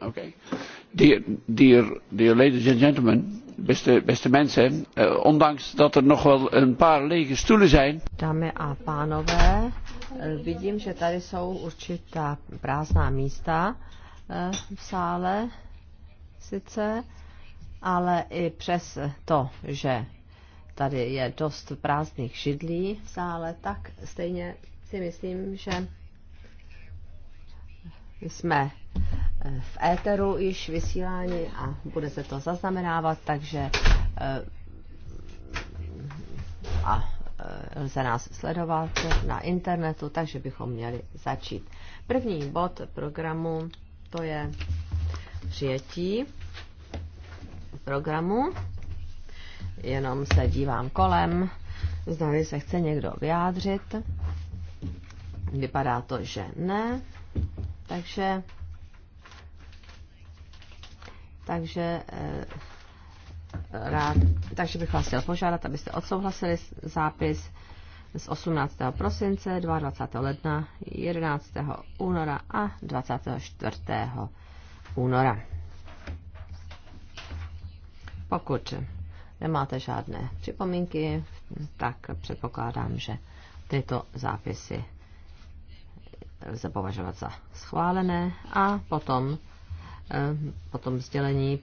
all Dear, dear, dear ladies and gentlemen, beste, beste mensen, eh, ondanks dat er nog wel een paar lege stoelen zijn. Dame a pánové, eh, vidím, že tady jsou určitá prázdná místa eh, v sále sice, ale i přes to, že tady je dost prázdných židlí v sále, tak stejně si myslím, že jsme eh, v éteru již vysílání a bude se to zaznamenávat, takže eh, a eh, lze nás sledovat na internetu, takže bychom měli začít. První bod programu to je přijetí programu. Jenom se dívám kolem, zdali se chce někdo vyjádřit. Vypadá to, že ne. Takže, takže eh, rád, takže bych vás chtěl požádat, abyste odsouhlasili zápis z 18. prosince, 22. ledna, 11. února a 24. února. Pokud nemáte žádné připomínky, tak předpokládám, že tyto zápisy lze považovat za schválené. A potom, eh, potom sdělení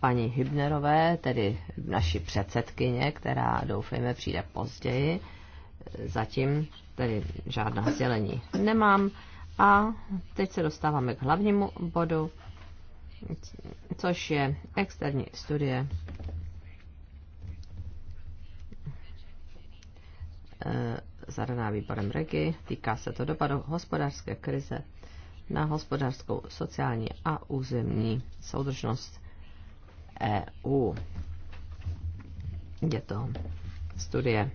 paní Hybnerové, tedy naší předsedkyně, která doufejme přijde později. Zatím tedy žádná sdělení nemám. A teď se dostáváme k hlavnímu bodu, což je externí studie eh, zadaná výborem REGI. Týká se to dopadu hospodářské krize na hospodářskou, sociální a územní soudržnost EU. Je to studie,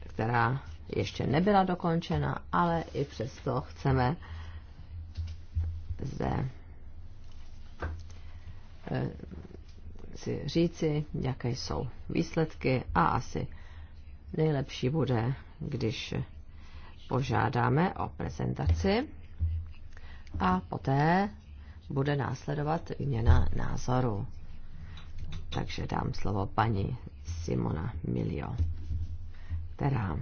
která ještě nebyla dokončena, ale i přesto chceme zde eh, si říci, jaké jsou výsledky a asi Nejlepší bude, když požádáme o prezentaci a poté bude následovat výměna názoru. Takže dám slovo paní Simona Milio, která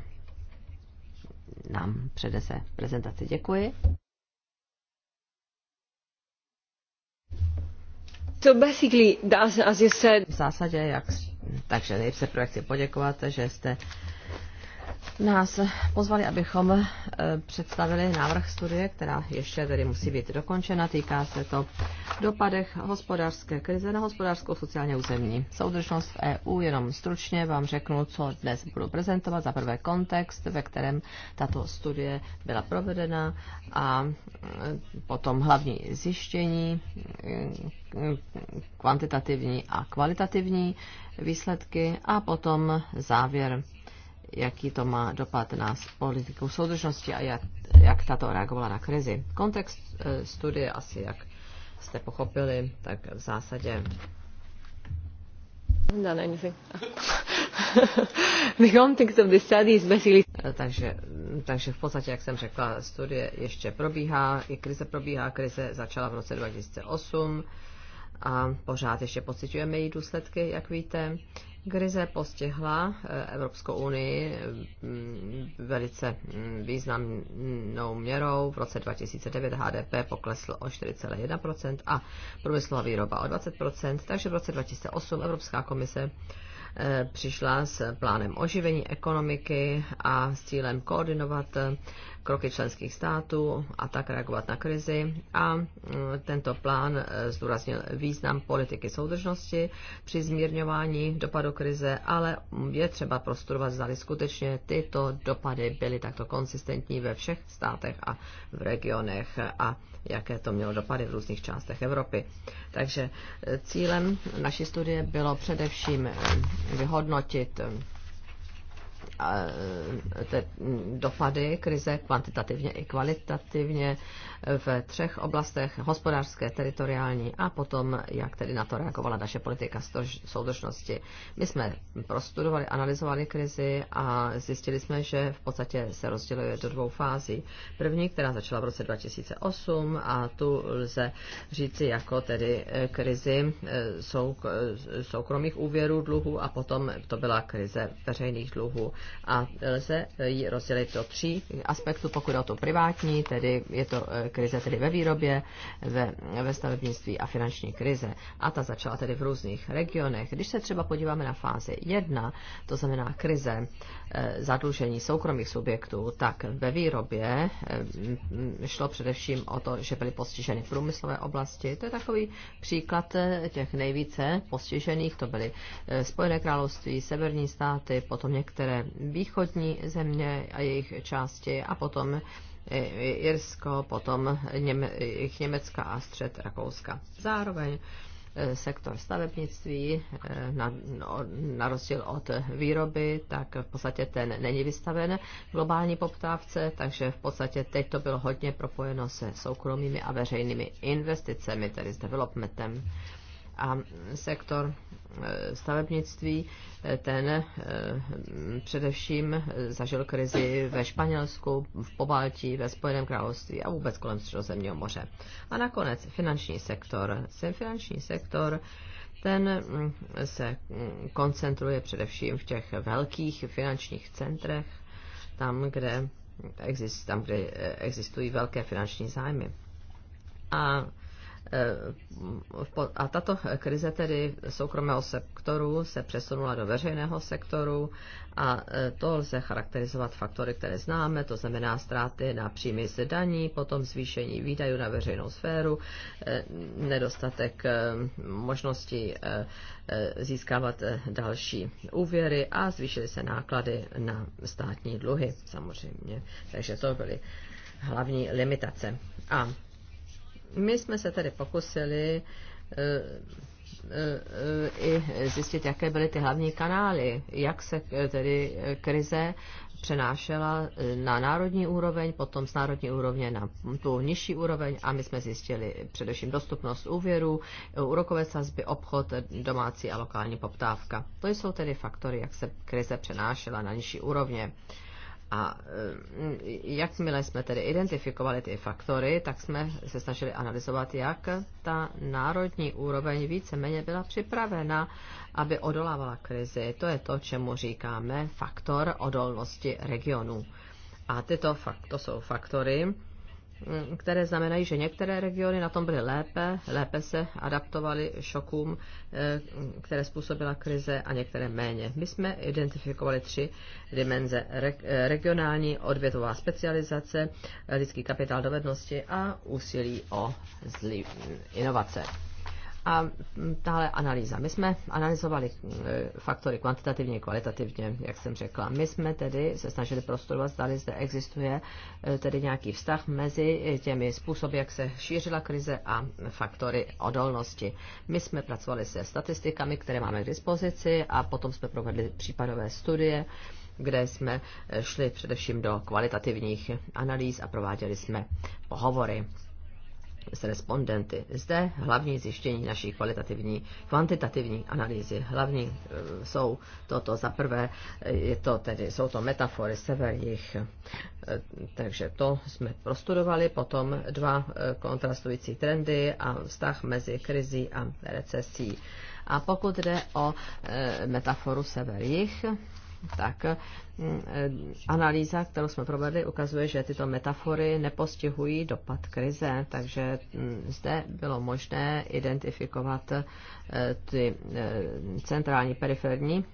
nám předese prezentaci. Děkuji. So basically, as, as you said... V zásadě, jak takže nejprve chci poděkovat, že jste nás pozvali, abychom eh, představili návrh studie, která ještě tedy musí být dokončena. Týká se to dopadech hospodářské krize na hospodářskou sociálně územní soudržnost v EU. Jenom stručně vám řeknu, co dnes budu prezentovat. Za prvé kontext, ve kterém tato studie byla provedena a eh, potom hlavní zjištění, eh, kvantitativní a kvalitativní výsledky a potom závěr jaký to má dopad na politiku soudržnosti a jak, jak tato reagovala na krizi. Kontext e, studie asi, jak jste pochopili, tak v zásadě the context of the study is basically... E, takže, takže v podstatě, jak jsem řekla, studie ještě probíhá, i krize probíhá, krize začala v roce 2008 a pořád ještě pocitujeme její důsledky, jak víte. Krize postihla eh, Evropskou unii mm, velice mm, významnou měrou. V roce 2009 HDP poklesl o 4,1% a průmyslová výroba o 20%, takže v roce 2008 Evropská komise Eh, přišla s plánem oživení ekonomiky a s cílem koordinovat eh, kroky členských států a tak reagovat na krizi. A eh, tento plán zdůraznil význam politiky soudržnosti při zmírňování dopadu krize, ale je třeba prostudovat, zda skutečně tyto dopady byly takto konsistentní ve všech státech a v regionech a jaké to mělo dopady v různých částech Evropy. Takže cílem naší studie bylo především eh, vyhodnotit eh, E, dopady krize kvantitativně i kvalitativně v třech oblastech, hospodářské, teritoriální a potom, jak tedy na to reagovala naše politika soudržnosti. My jsme prostudovali, analyzovali krizi a zjistili jsme, že v podstatě se rozděluje do dvou fází. První, která začala v roce 2008 a tu lze říci jako tedy e, krizi e, souk- soukromých úvěrů dluhu a potom to byla krize veřejných dluhů a lze ji rozdělit do tří aspektů, pokud je o to privátní, tedy je to eh, krize tedy ve výrobě, ve, ve stavebnictví a finanční krize. A ta začala tedy v různých regionech. Když se třeba podíváme na fázi 1, to znamená krize eh, zadlužení soukromých subjektů, tak ve výrobě eh, šlo především o to, že byly postiženy průmyslové oblasti. To je takový příklad těch nejvíce postižených. To byly Spojené království, severní státy, potom některé východní země a jejich části a potom Irsko, potom Něme, Německa a střed Rakouska. Zároveň e, sektor stavebnictví, e, na, no, na rozdíl od výroby, tak v podstatě ten není vystaven globální poptávce, takže v podstatě teď to bylo hodně propojeno se soukromými a veřejnými investicemi, tedy s developmentem a sektor e, stavebnictví, e, ten e, především zažil krizi ve Španělsku, v Pobaltí, ve Spojeném království a vůbec kolem Středozemního moře. A nakonec finanční sektor. Ten finanční sektor ten mm, se mm, koncentruje především v těch velkých finančních centrech, tam, kde, exist, tam, kde existují velké finanční zájmy. A Eh, a tato krize tedy soukromého sektoru se přesunula do veřejného sektoru a eh, to lze charakterizovat faktory, které známe, to znamená ztráty na příjmy z daní, potom zvýšení výdajů na veřejnou sféru, eh, nedostatek možnosti získávat další úvěry a zvýšily se náklady na státní dluhy samozřejmě. Takže to byly hlavní limitace. A my jsme se tady pokusili eh, eh, eh, i zjistit, jaké byly ty hlavní kanály, jak se tedy krize přenášela na národní úroveň, potom z národní úrovně na tu nižší úroveň a my jsme zjistili především dostupnost úvěru, úrokové sazby, obchod, domácí a lokální poptávka. To jsou tedy faktory, jak se krize přenášela na nižší úrovně. A eh, jakmile jsme tedy identifikovali ty faktory, tak jsme se snažili analyzovat, jak ta národní úroveň víceméně byla připravena, aby odolávala krizi. To je to, čemu říkáme faktor odolnosti regionu. A tyto fakt, to jsou faktory, Eh, které znamenají, že některé regiony na tom byly lépe, lépe se adaptovaly šokům, eh, které způsobila krize a některé méně. My jsme identifikovali tři dimenze. Eh, regionální odvětová specializace, lidský kapitál dovednosti a úsilí o zlý, inovace. A tahle analýza. My jsme analyzovali e, faktory kvantitativně, kvalitativně, jak jsem řekla. My jsme tedy se snažili prostudovat, zda zde existuje e, tedy nějaký vztah mezi těmi způsoby, jak se šířila krize a faktory odolnosti. My jsme pracovali se statistikami, které máme k dispozici a potom jsme provedli případové studie, kde jsme e, šli především do kvalitativních analýz a prováděli jsme pohovory s respondenty. Zde hlavní zjištění naší kvalitativní, kvantitativní analýzy. Hlavní e, jsou toto za prvé, e, je to tedy, jsou to metafory severních, e, takže to jsme prostudovali, potom dva kontrastující trendy a vztah mezi krizí a recesí. A pokud jde o metaforu sever-jih, tak eh, analýza, kterou jsme provedli, ukazuje, že tyto metafory nepostihují dopad krize, takže hm, zde bylo možné identifikovat eh, ty eh, centrální periferní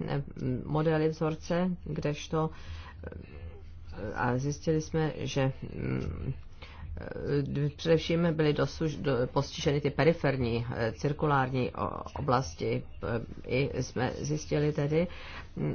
modely vzorce, kdežto a zjistili jsme, že hm, Především byly dosuž, do, postiženy ty periferní, cirkulární oblasti. I jsme zjistili tedy, hm,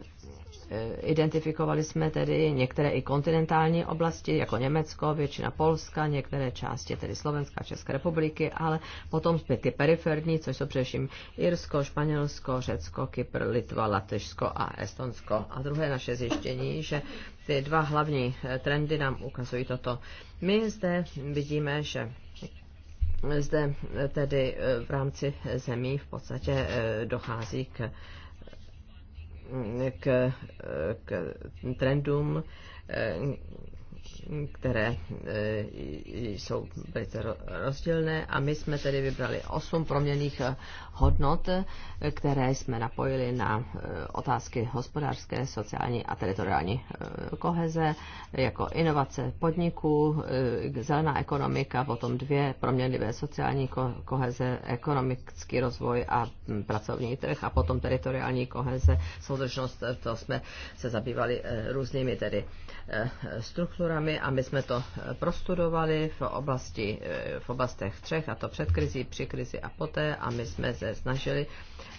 Eh, identifikovali jsme tedy některé i kontinentální oblasti, jako Německo, většina Polska, některé části tedy Slovenska, České republiky, ale potom zpět ty periferní, což jsou především Irsko, Španělsko, Řecko, Kypr, Litva, Latešsko a Estonsko. A druhé naše zjištění, že ty dva hlavní eh, trendy nám ukazují toto. My zde vidíme, že zde eh, tedy v rámci zemí v podstatě dochází k k, k trendům, které e, jsou velice rozdílné a my jsme tedy vybrali osm proměných e, hodnot, e, které jsme napojili na otázky hospodářské, sociální a teritoriální koheze, jako inovace podniků, zelená ekonomika, potom dvě proměnlivé sociální koheze, ekonomický rozvoj a pracovní trh a potom teritoriální koheze, soudržnost, to jsme se zabývali různými tedy Eh, strukturami a my jsme to eh, prostudovali v, oblasti, eh, v oblastech třech, a to před krizí, při krizi a poté a my jsme se snažili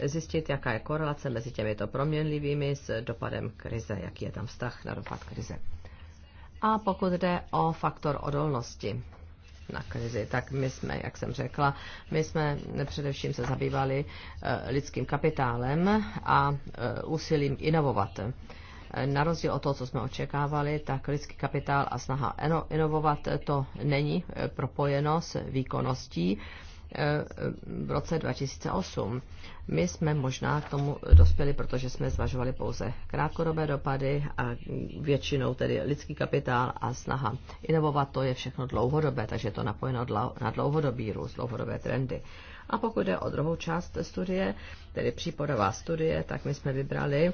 zjistit, jaká je korelace mezi těmito proměnlivými s dopadem krize, jaký je tam vztah na dopad krize. A pokud jde o faktor odolnosti, na krizi, tak my jsme, jak jsem řekla, my jsme především se zabývali lidským kapitálem a úsilím inovovat na rozdíl od toho, co jsme očekávali, tak lidský kapitál a snaha inovovat to není eh, propojeno s výkonností eh, v roce 2008. My jsme možná k tomu dospěli, protože jsme zvažovali pouze krátkodobé dopady a většinou tedy lidský kapitál a snaha inovovat, to je všechno dlouhodobé, takže je to napojeno na dlouhodobý růst, dlouhodobé trendy. A pokud jde o druhou část studie, tedy případová studie, tak my jsme vybrali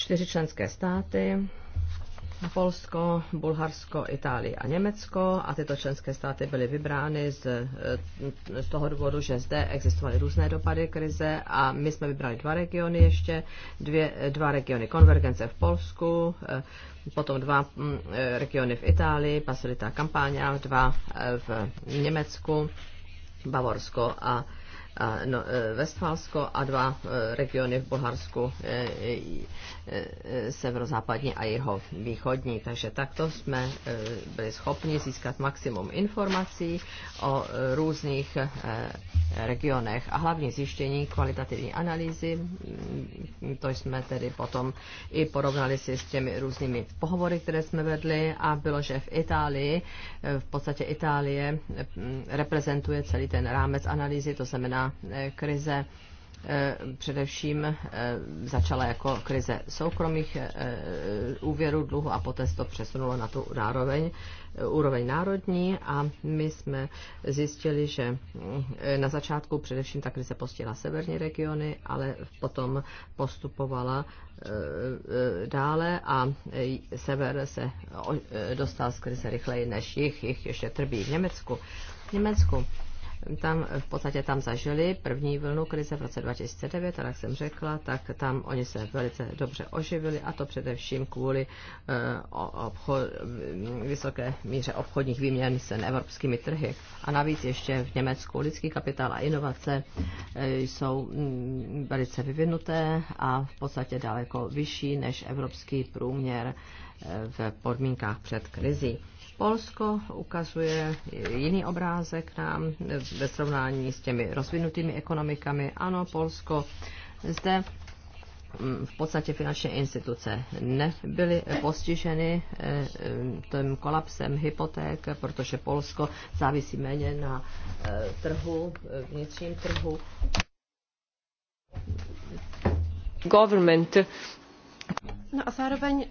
čtyři členské státy, Polsko, Bulharsko, Itálie a Německo a tyto členské státy byly vybrány z, eh, z toho důvodu, že zde existovaly různé dopady krize a my jsme vybrali dva regiony ještě, dvě, dva regiony konvergence v Polsku, eh, potom dva mm, eh, regiony v Itálii, Pasilita Kampáňa, dva v Německu, Bavorsko a a no, Westfalsko e, a dva e, regiony v Bulharsku, e, severozápadní a jeho východní. Takže takto jsme byli schopni získat maximum informací o různých regionech a hlavní zjištění kvalitativní analýzy. Mm, to jsme tedy potom i porovnali si s těmi různými pohovory, které jsme vedli a bylo, že v Itálii, v podstatě Itálie mm, reprezentuje celý ten rámec analýzy, to znamená Korona eh, krize eh, především eh, začala jako krize soukromých úvěrů dluhu a poté se to přesunulo na tu nároveň, úroveň národní a my jsme zjistili, že na začátku především ta krize postihla severní regiony, ale potom postupovala dále a sever se dostal z krize rychleji než jich, jich ještě trbí v Německu. V Německu tam v podstatě tam zažili první vlnu krize v roce 2009, a jak jsem řekla, tak tam oni se velice dobře oživili a to především kvůli eh, obchod, mm, vysoké míře obchodních výměn s evropskými trhy. A navíc ještě v Německu lidský kapitál a inovace eh, jsou mm, velice vyvinuté a v podstatě daleko vyšší než evropský průměr eh, v podmínkách před krizí. Polsko ukazuje jiný obrázek nám ve srovnání s těmi rozvinutými ekonomikami. Ano, Polsko zde mm, v podstatě finanční instituce nebyly postiženy eh, tím kolapsem hypoték, protože Polsko závisí méně na eh, trhu, eh, vnitřním trhu. Government. No a zároveň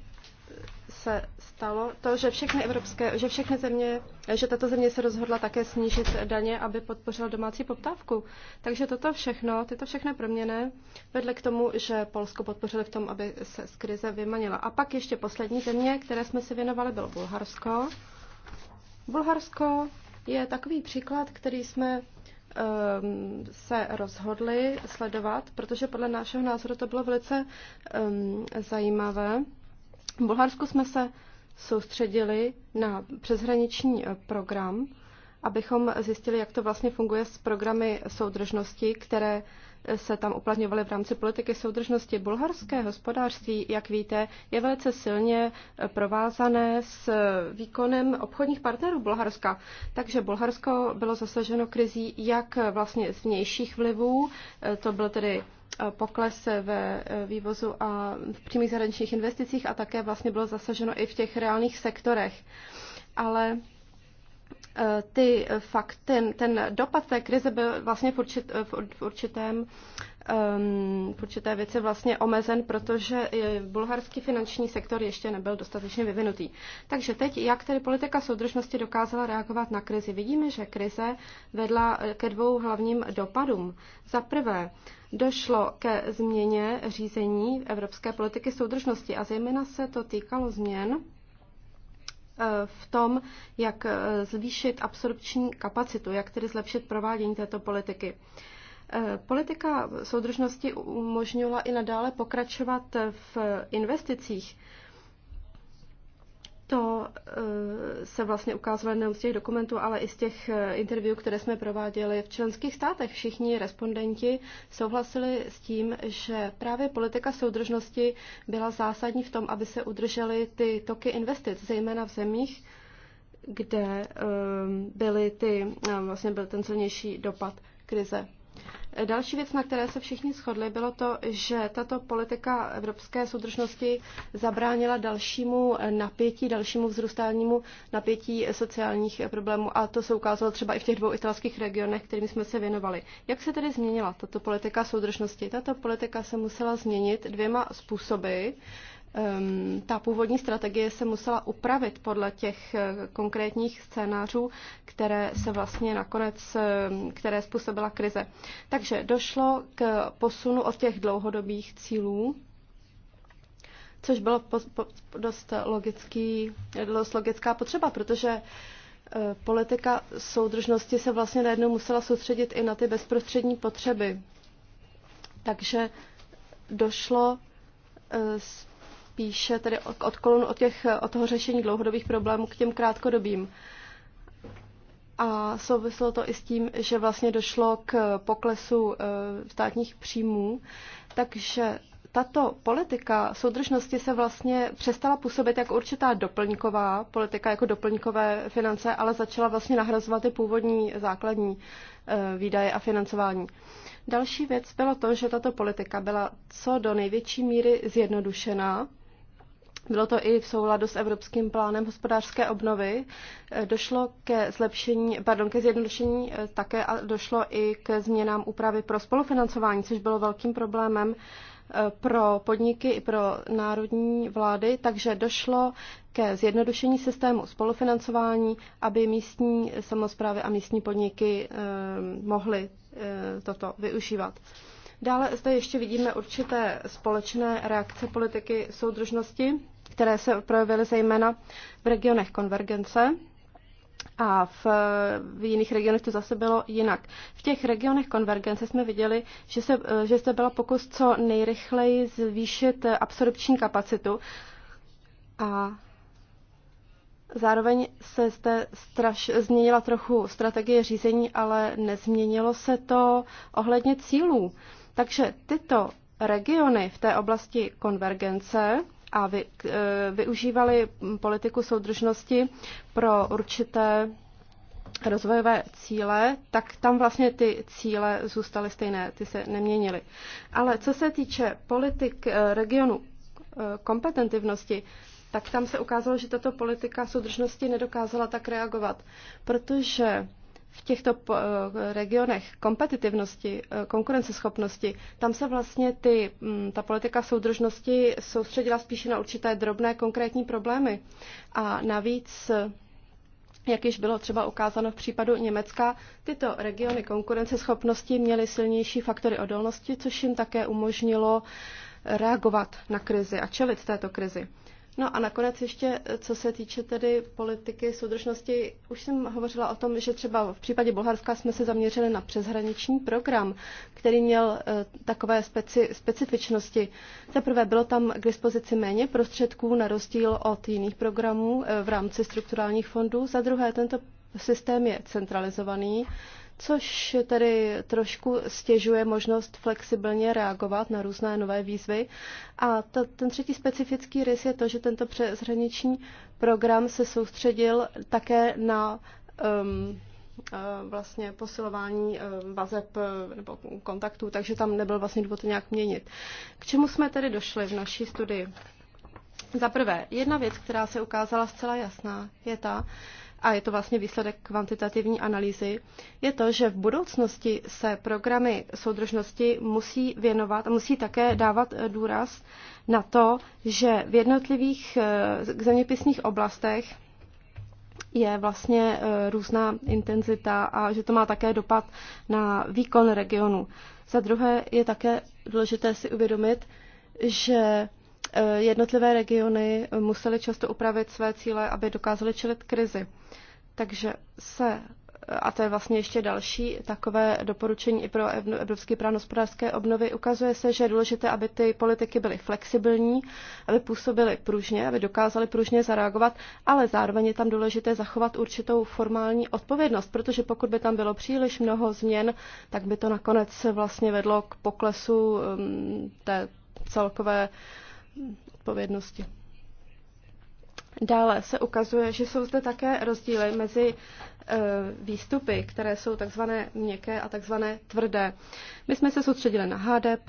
se stalo to, že všechny evropské, že všechny země, že tato země se rozhodla také snížit daně, aby podpořila domácí poptávku. Takže toto všechno, tyto všechny proměny vedly k tomu, že Polsko podpořilo v tom, aby se z krize vymanila. A pak ještě poslední země, které jsme si věnovali, bylo Bulharsko. Bulharsko je takový příklad, který jsme um, se rozhodli sledovat, protože podle našeho názoru to bylo velice um, zajímavé. V Bulharsku jsme se soustředili na přeshraniční eh, program, abychom zjistili, jak to vlastně funguje s programy soudržnosti, které se tam uplatňovaly v rámci politiky soudržnosti. Bulharské hospodářství, jak víte, je velice silně provázané s výkonem obchodních partnerů Bulharska. Takže Bulharsko bylo zasaženo krizí jak vlastně z vnějších vlivů, eh, to byl tedy eh, pokles ve eh, vývozu a v přímých zahraničních investicích a také vlastně bylo zasaženo i v těch reálných sektorech. Ale Eh, ty eh, fakt, ten, ten dopad té krize byl vlastně v, určit, eh, v určitém ehm, v určité věci vlastně omezen, protože bulharský finanční sektor ještě nebyl dostatečně vyvinutý. Takže teď, jak tedy politika soudržnosti dokázala reagovat na krizi? Vidíme, že krize vedla ke dvou hlavním dopadům. Za prvé, došlo ke změně řízení evropské politiky soudržnosti a zejména se to týkalo změn Eh, v tom, jak eh, zvýšit absorpční kapacitu, jak tedy zlepšit provádění této politiky. Eh, politika soudržnosti umožnila i nadále pokračovat v investicích. To eh, se vlastně ukázalo nejen z těch dokumentů, ale i z těch eh, interviewů, které jsme prováděli v členských státech. Všichni respondenti souhlasili s tím, že právě politika soudržnosti byla zásadní v tom, aby se udržely ty toky investic, zejména v zemích, kde eh, byly ty, vlastně byl ten silnější dopad krize. Další věc, na které se všichni shodli, bylo to, že tato politika evropské soudržnosti zabránila dalšímu napětí, dalšímu vzrůstálnímu napětí sociálních problémů a to se ukázalo třeba i v těch dvou italských regionech, kterými jsme se věnovali. Jak se tedy změnila tato politika soudržnosti? Tato politika se musela změnit dvěma způsoby um, ta původní strategie se musela upravit podle těch eh, konkrétních scénářů, které se vlastně nakonec, ehm, které způsobila krize. Takže došlo k posunu od těch dlouhodobých cílů, což bylo po, po, dost, logický, dost logická potřeba, protože eh, politika soudržnosti se vlastně najednou musela soustředit i na ty bezprostřední potřeby. Takže došlo eh, spíše tedy odklon od, těch, od toho řešení dlouhodobých problémů k těm krátkodobým. A souvislo to i s tím, že vlastně došlo k poklesu eh, státních příjmů, takže tato politika soudržnosti se vlastně přestala působit jako určitá doplňková politika, jako doplňkové finance, ale začala vlastně nahrazovat i původní základní eh, výdaje a financování. Další věc bylo to, že tato politika byla co do největší míry zjednodušená bylo to i v souladu s Evropským plánem hospodářské obnovy. Eh, došlo ke zlepšení, pardon, ke zjednodušení eh, také a došlo i ke změnám úpravy pro spolufinancování, což bylo velkým problémem eh, pro podniky i pro národní vlády, takže došlo ke zjednodušení systému spolufinancování, aby místní samozprávy a místní podniky mohly toto využívat. Dále zde ještě vidíme určité společné reakce politiky soudržnosti, které se projevily zejména v regionech konvergence a v, v jiných regionech to zase bylo jinak. V těch regionech konvergence jsme viděli, že, se, že zde byla pokus co nejrychleji zvýšit absorpční kapacitu a Zároveň se zde straš, změnila trochu strategie řízení, ale nezměnilo se to ohledně cílů. Takže tyto regiony v té oblasti konvergence a vy, e, využívali politiku soudržnosti pro určité rozvojové cíle, tak tam vlastně ty cíle zůstaly stejné, ty se neměnily. Ale co se týče politik e, regionu e, kompetentivnosti, tak tam se ukázalo, že tato politika soudržnosti nedokázala tak reagovat, protože v těchto eh, regionech kompetitivnosti, eh, konkurenceschopnosti, tam se vlastně ty, mm, ta politika soudržnosti soustředila spíše na určité drobné konkrétní problémy. A navíc, jak již bylo třeba ukázáno v případu Německa, tyto regiony konkurenceschopnosti měly silnější faktory odolnosti, což jim také umožnilo reagovat na krizi a čelit této krizi. No a nakonec ještě, co se týče tedy politiky soudržnosti, už jsem hovořila o tom, že třeba v případě Bulharska jsme se zaměřili na přeshraniční program, který měl eh, takové speci, specifičnosti. prvé, bylo tam k dispozici méně prostředků na rozdíl od jiných programů eh, v rámci strukturálních fondů. Za druhé, tento systém je centralizovaný, což tedy trošku stěžuje možnost flexibilně reagovat na různé nové výzvy. A to, ten třetí specifický rys je to, že tento přeshraniční program se soustředil také na um, uh, vlastně posilování um, vazeb uh, nebo kontaktů, takže tam nebyl vlastně důvod to nějak měnit. K čemu jsme tedy došli v naší studii? Za prvé, jedna věc, která se ukázala zcela jasná, je ta, a je to vlastně výsledek kvantitativní analýzy, je to, že v budoucnosti se programy soudržnosti musí věnovat a musí také dávat eh, důraz na to, že v jednotlivých eh, zeměpisných oblastech je vlastně eh, různá intenzita a že to má také dopad na výkon regionu. Za druhé je také důležité si uvědomit, že Eh, jednotlivé regiony musely často upravit své cíle, aby dokázaly čelit krizi. Takže se, eh, a to je vlastně ještě další takové doporučení i pro Evropský plán hospodářské obnovy, ukazuje se, že je důležité, aby ty politiky byly flexibilní, aby působily pružně, aby dokázaly pružně zareagovat, ale zároveň je tam důležité zachovat určitou formální odpovědnost, protože pokud by tam bylo příliš mnoho změn, tak by to nakonec vlastně vedlo k poklesu ehm, té celkové uh, odpovědnosti. Dále se ukazuje, že jsou zde také rozdíly mezi e, výstupy, které jsou takzvané měkké a takzvané tvrdé. My jsme se soustředili na HDP,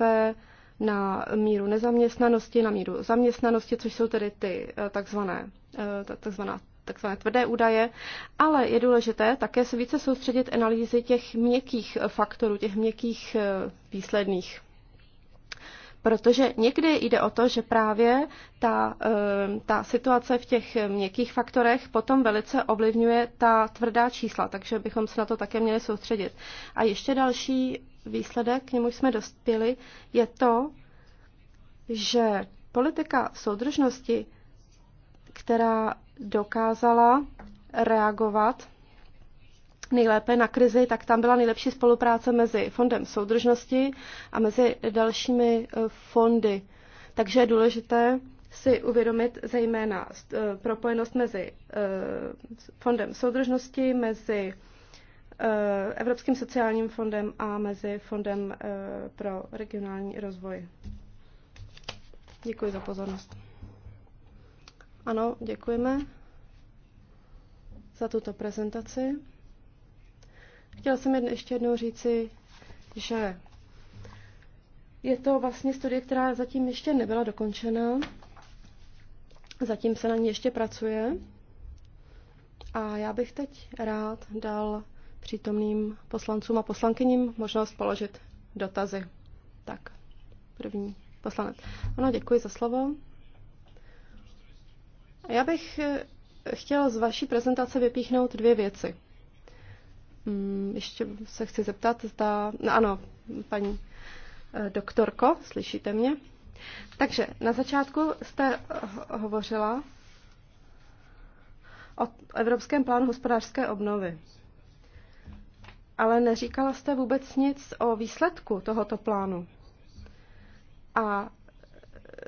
na míru nezaměstnanosti, na míru zaměstnanosti, což jsou tedy ty e, takzvané, e, takzvaná, takzvané tvrdé údaje, ale je důležité také se více soustředit analýzy těch měkkých faktorů, těch měkkých výsledných protože někdy jde o to, že právě ta, eh, ta situace v těch měkkých faktorech potom velice ovlivňuje ta tvrdá čísla, takže bychom se na to také měli soustředit. A ještě další výsledek, k němu jsme dospěli, je to, že politika soudržnosti, která dokázala reagovat nejlépe na krizi, tak tam byla nejlepší spolupráce mezi Fondem soudržnosti a mezi dalšími eh, fondy. Takže je důležité si uvědomit zejména eh, propojenost mezi eh, Fondem soudržnosti, mezi Evropským sociálním fondem a mezi Fondem pro regionální rozvoj. Děkuji za pozornost. Ano, děkujeme za tuto prezentaci. Chtěla jsem ještě jednou říci, že je to vlastně studie, která zatím ještě nebyla dokončena. Zatím se na ní ještě pracuje. A já bych teď rád dal přítomným poslancům a poslankyním možnost položit dotazy. Tak, první poslanec. Ano, děkuji za slovo. Já bych chtěl z vaší prezentace vypíchnout dvě věci. Mm, ještě se chci zeptat, zda... No ano, paní eh, doktorko, slyšíte mě? Takže na začátku jste eh, hovořila o Evropském plánu hospodářské obnovy. Ale neříkala jste vůbec nic o výsledku tohoto plánu. A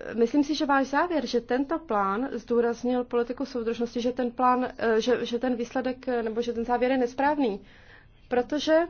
eh, myslím si, že váš závěr, že tento plán zdůraznil politiku soudržnosti, že ten plán, že, že ten výsledek nebo že ten závěr je nesprávný, protože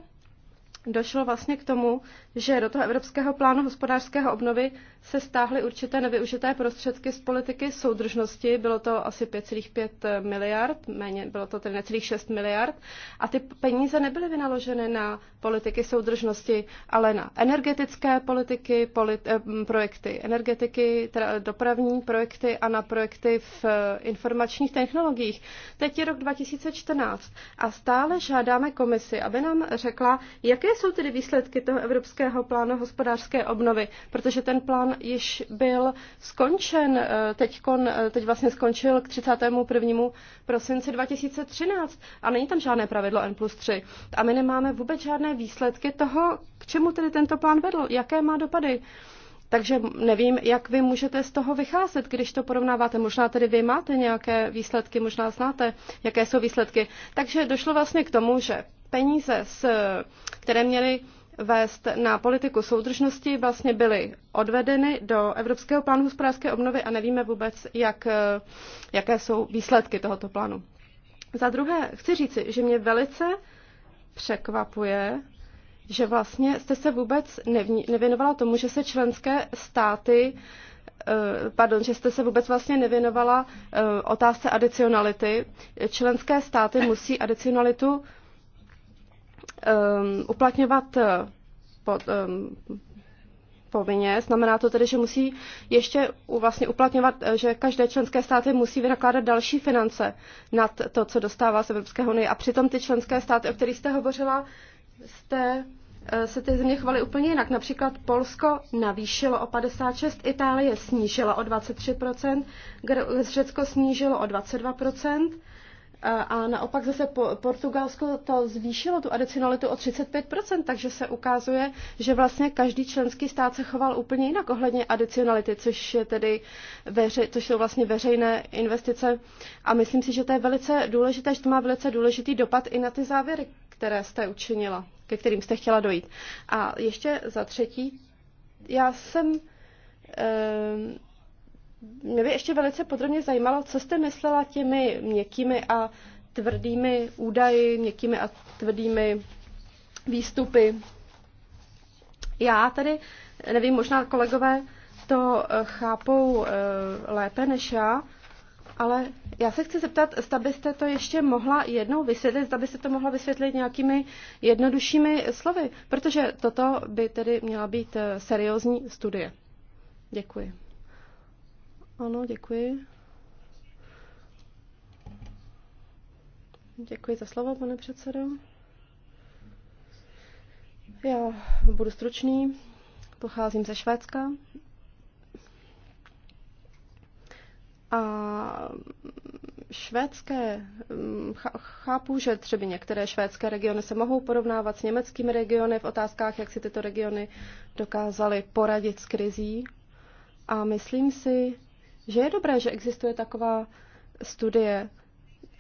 došlo vlastně k tomu, že do toho Evropského plánu hospodářského obnovy se stáhly určité nevyužité prostředky z politiky soudržnosti. Bylo to asi 5,5 miliard, méně, bylo to tedy necelých 6 miliard. A ty peníze nebyly vynaloženy na politiky soudržnosti, ale na energetické politiky, polit, eh, projekty energetiky, teda dopravní projekty a na projekty v eh, informačních technologiích. Teď je rok 2014 a stále žádáme komisi, aby nám řekla, jaké jsou tedy výsledky toho Evropského plánu hospodářské obnovy? Protože ten plán již byl skončen, eh, teď, kon, eh, teď vlastně skončil k 31. prosinci 2013 a není tam žádné pravidlo N plus 3. A my nemáme vůbec žádné výsledky toho, k čemu tedy tento plán vedl, jaké má dopady. Takže nevím, jak vy můžete z toho vycházet, když to porovnáváte. Možná tedy vy máte nějaké výsledky, možná znáte, jaké jsou výsledky. Takže došlo vlastně k tomu, že peníze, s, které měly vést na politiku soudržnosti, vlastně byly odvedeny do Evropského plánu hospodářské obnovy a nevíme vůbec, jak, jaké jsou výsledky tohoto plánu. Za druhé, chci říci, že mě velice překvapuje, že vlastně jste se vůbec nevěnovala tomu, že se členské státy eh, pardon, že jste se vůbec vlastně nevěnovala eh, otázce adicionality. Členské státy musí adicionalitu um, uplatňovat eh, pod, um, povinně. Znamená to tedy, že musí ještě vlastně uplatňovat, eh, že každé členské státy musí vynakládat další finance nad to, co dostává z Evropské unie. A přitom ty členské státy, o kterých jste hovořila, jste eh, se ty země chvaly úplně jinak. Například Polsko navýšilo o 56, Itálie snížila o 23%, Řecko snížilo o 22%, a naopak zase Portugalsko to zvýšilo tu adicionalitu o 35%, takže se ukazuje, že vlastně každý členský stát se choval úplně jinak ohledně adicionality, což, je tedy veře, což jsou vlastně veřejné investice. A myslím si, že to je velice důležité, že to má velice důležitý dopad i na ty závěry, které jste učinila, ke kterým jste chtěla dojít. A ještě za třetí, já jsem... Eh, mě by ještě velice podrobně zajímalo, co jste myslela těmi měkkými a tvrdými údaji, měkkými a tvrdými výstupy. Já tady, nevím, možná kolegové to eh, chápou eh, lépe než já, ale já se chci zeptat, zda byste to ještě mohla jednou vysvětlit, zda byste to mohla vysvětlit nějakými jednoduššími slovy, protože toto by tedy měla být eh, seriózní studie. Děkuji. Ano, děkuji. Děkuji za slovo, pane předsedo. Já budu stručný. Pocházím ze Švédska. A švédské, mm, chápu, že třeba některé švédské regiony se mohou porovnávat s německými regiony v otázkách, jak si tyto regiony dokázaly poradit s krizí. A myslím si, že je dobré, že existuje taková studie.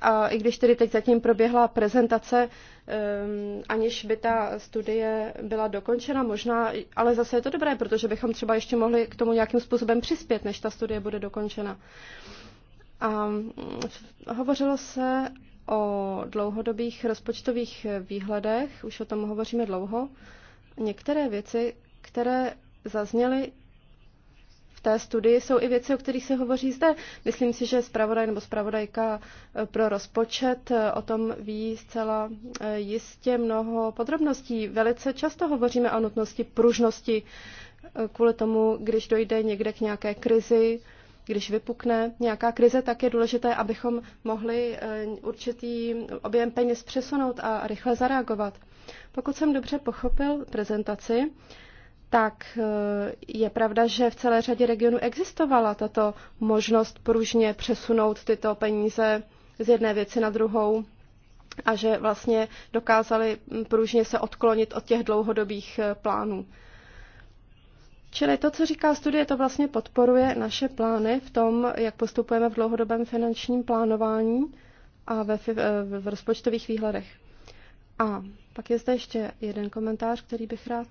A i když tedy teď zatím proběhla prezentace, um, aniž by ta studie byla dokončena, možná, ale zase je to dobré, protože bychom třeba ještě mohli k tomu nějakým způsobem přispět, než ta studie bude dokončena. A mm, hovořilo se o dlouhodobých rozpočtových výhledech, už o tom hovoříme dlouho. Některé věci, které zazněly, té studii jsou i věci, o kterých se hovoří zde. Myslím si, že zpravodaj nebo zpravodajka e, pro rozpočet e, o tom ví zcela e, jistě mnoho podrobností. Velice často hovoříme o nutnosti pružnosti kvůli tomu, když dojde někde k nějaké krizi, když vypukne nějaká krize, tak je důležité, abychom mohli určitý objem peněz přesunout a rychle zareagovat. Pokud jsem dobře pochopil prezentaci, tak eh, je pravda, že v celé řadě regionů existovala tato možnost pružně přesunout tyto peníze z jedné věci na druhou a že vlastně dokázali hm, pružně se odklonit od těch dlouhodobých eh, plánů. Čili to, co říká studie, to vlastně podporuje naše plány v tom, jak postupujeme v dlouhodobém finančním plánování a ve, eh, v rozpočtových výhledech. A pak je zde ještě jeden komentář, který bych rád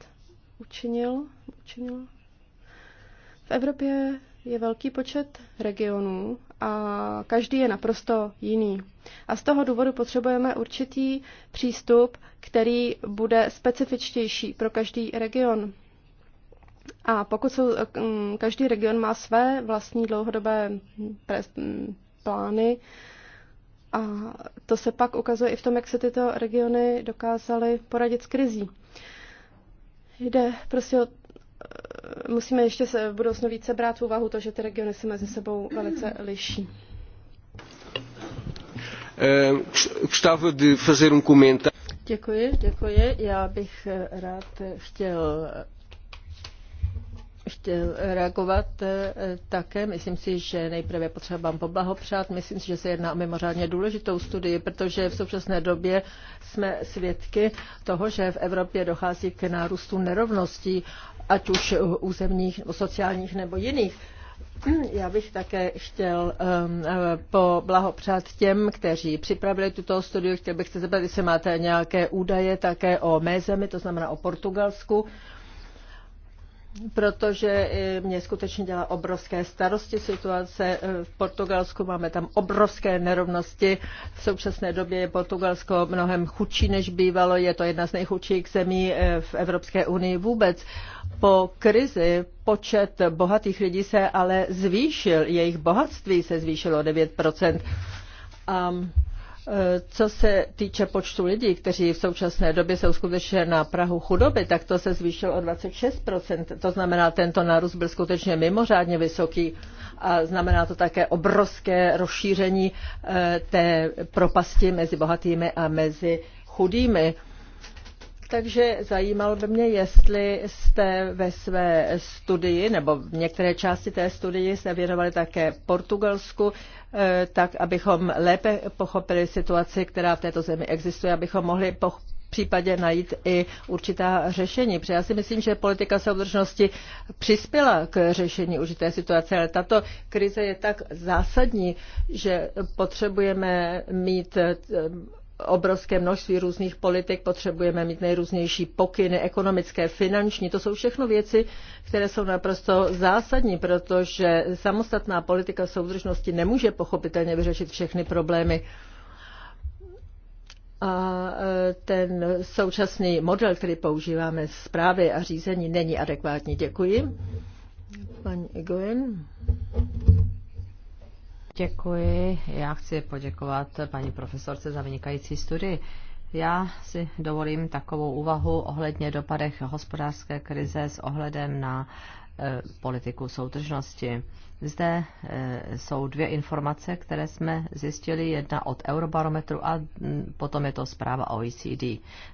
učinil. učinil. V Evropě je velký počet regionů a každý je naprosto jiný. A z toho důvodu potřebujeme určitý přístup, který bude specifičtější pro každý region. A pokud jsou, mm, každý region má své vlastní dlouhodobé mm, plány, a to se pak ukazuje i v tom, jak se tyto regiony dokázaly poradit s krizí. Jde prostě o eh, musíme ještě se v budoucnu více brát v úvahu to, že ty regiony se mezi sebou velice liší. Eh, um děkuji, děkuji. Já bych eh, rád chtěl chtěl reagovat eh, také. Myslím si, že nejprve potřeba vám poblahopřát. Myslím si, že se jedná o mimořádně důležitou studii, protože v současné době jsme svědky toho, že v Evropě dochází k nárůstu nerovností, ať už územních, sociálních nebo jiných. Já bych také chtěl um, poblahopřát těm, kteří připravili tuto studiu. Chtěl bych se zeptat, jestli máte nějaké údaje také o mé zemi, to znamená o Portugalsku. Uh, protože eh, mě skutečně dělá obrovské starosti situace. Eh, v Portugalsku máme tam obrovské nerovnosti. V současné době je Portugalsko mnohem chudší, než bývalo. Je to jedna z nejchudších zemí eh, v Evropské unii vůbec. Po krizi počet bohatých lidí se ale zvýšil. Jejich bohatství se zvýšilo 9 um, Eh, co se týče počtu lidí, kteří v současné době jsou skutečně na Prahu chudoby, tak to se zvýšilo o 26%. To znamená, tento nárůst byl skutečně mimořádně vysoký a znamená to také obrovské rozšíření eh, té propasti mezi bohatými a mezi chudými takže zajímalo by mě, jestli jste ve své studii nebo v některé části té studii se věnovali také Portugalsku, eh, tak abychom lépe pochopili situaci, která v této zemi existuje, abychom mohli v případě najít i určitá řešení. Protože já si myslím, že politika soudržnosti přispěla k řešení určité situace, ale tato krize je tak zásadní, že potřebujeme mít eh, obrovské množství různých politik, potřebujeme mít nejrůznější pokyny, ekonomické, finanční. To jsou všechno věci, které jsou naprosto zásadní, protože samostatná politika soudržnosti nemůže pochopitelně vyřešit všechny problémy. A e, ten současný model, který používáme zprávy a řízení, není adekvátní. Děkuji. Paní Igoen. Děkuji. Já chci poděkovat paní profesorce za vynikající studii. Já si dovolím takovou úvahu ohledně dopadech hospodářské krize s ohledem na Eh, politiku soudržnosti. Zde eh, jsou dvě informace, které jsme zjistili, jedna od Eurobarometru a mm, potom je to zpráva OECD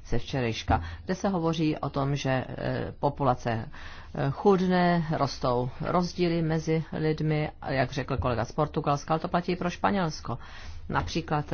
ze včerejška, kde se hovoří o tom, že eh, populace chudne, rostou rozdíly mezi lidmi, jak řekl kolega z Portugalska, ale to platí i pro Španělsko. Například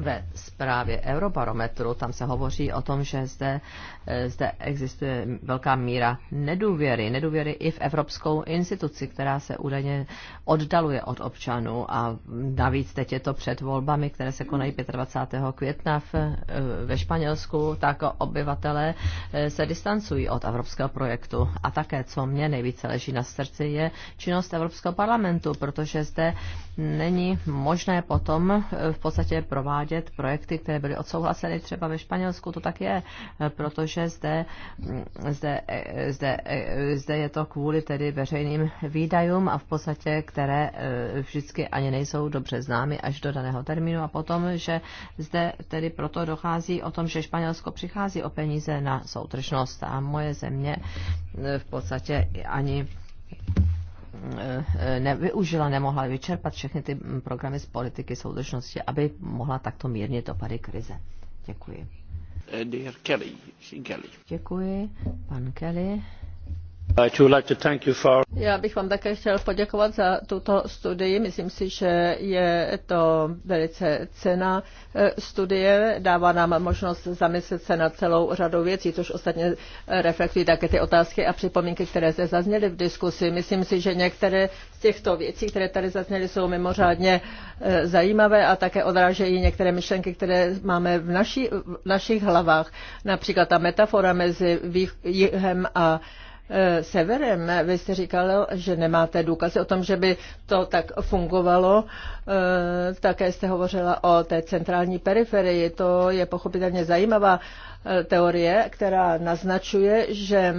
ve zprávě Eurobarometru, tam se hovoří o tom, že zde, eh, zde existuje velká míra nedůvěry, nedůvěry i v evropskou instituci, která se údajně oddaluje od občanů a navíc teď je to před volbami, které se konají 25. května v, eh, ve Španělsku, tak obyvatelé eh, se distancují od evropského projektu. A také, co mě nejvíce leží na srdci, je činnost Evropského parlamentu, protože zde není možné potom eh, v podstatě provádět projekty, které byly odsouhlaseny třeba ve Španělsku, to tak je, eh, protože zde, mm, zde, eh, zde, zde je to kvůli tedy veřejným výdajům a v podstatě, které vždycky ani nejsou dobře známy až do daného termínu a potom, že zde tedy proto dochází o tom, že Španělsko přichází o peníze na soutržnost a moje země v podstatě ani Eh, nevyužila, nemohla vyčerpat všechny ty mm, programy z politiky soudržnosti, aby mohla takto mírně dopady krize. Děkuji. Eh, dear Kelly, Kelly. Děkuji, pan Kelly. Já bych vám také chtěl poděkovat za tuto studii. Myslím si, že je to velice cena eh, studie. Dává nám možnost zamyslet se na celou řadou věcí, což ostatně reflektují také ty otázky a připomínky, které zde zazněly v diskusi. Myslím si, že některé z těchto věcí, které tady zazněly, jsou mimořádně eh, zajímavé a také odrážejí některé myšlenky, které máme v, v našich hlavách. Například ta metafora mezi jihem a Eh, severem. Vy jste říkal, že nemáte důkazy o tom, že by to tak fungovalo. Eh, také jste hovořila o té centrální periferii. To je pochopitelně zajímavá eh, teorie, která naznačuje, že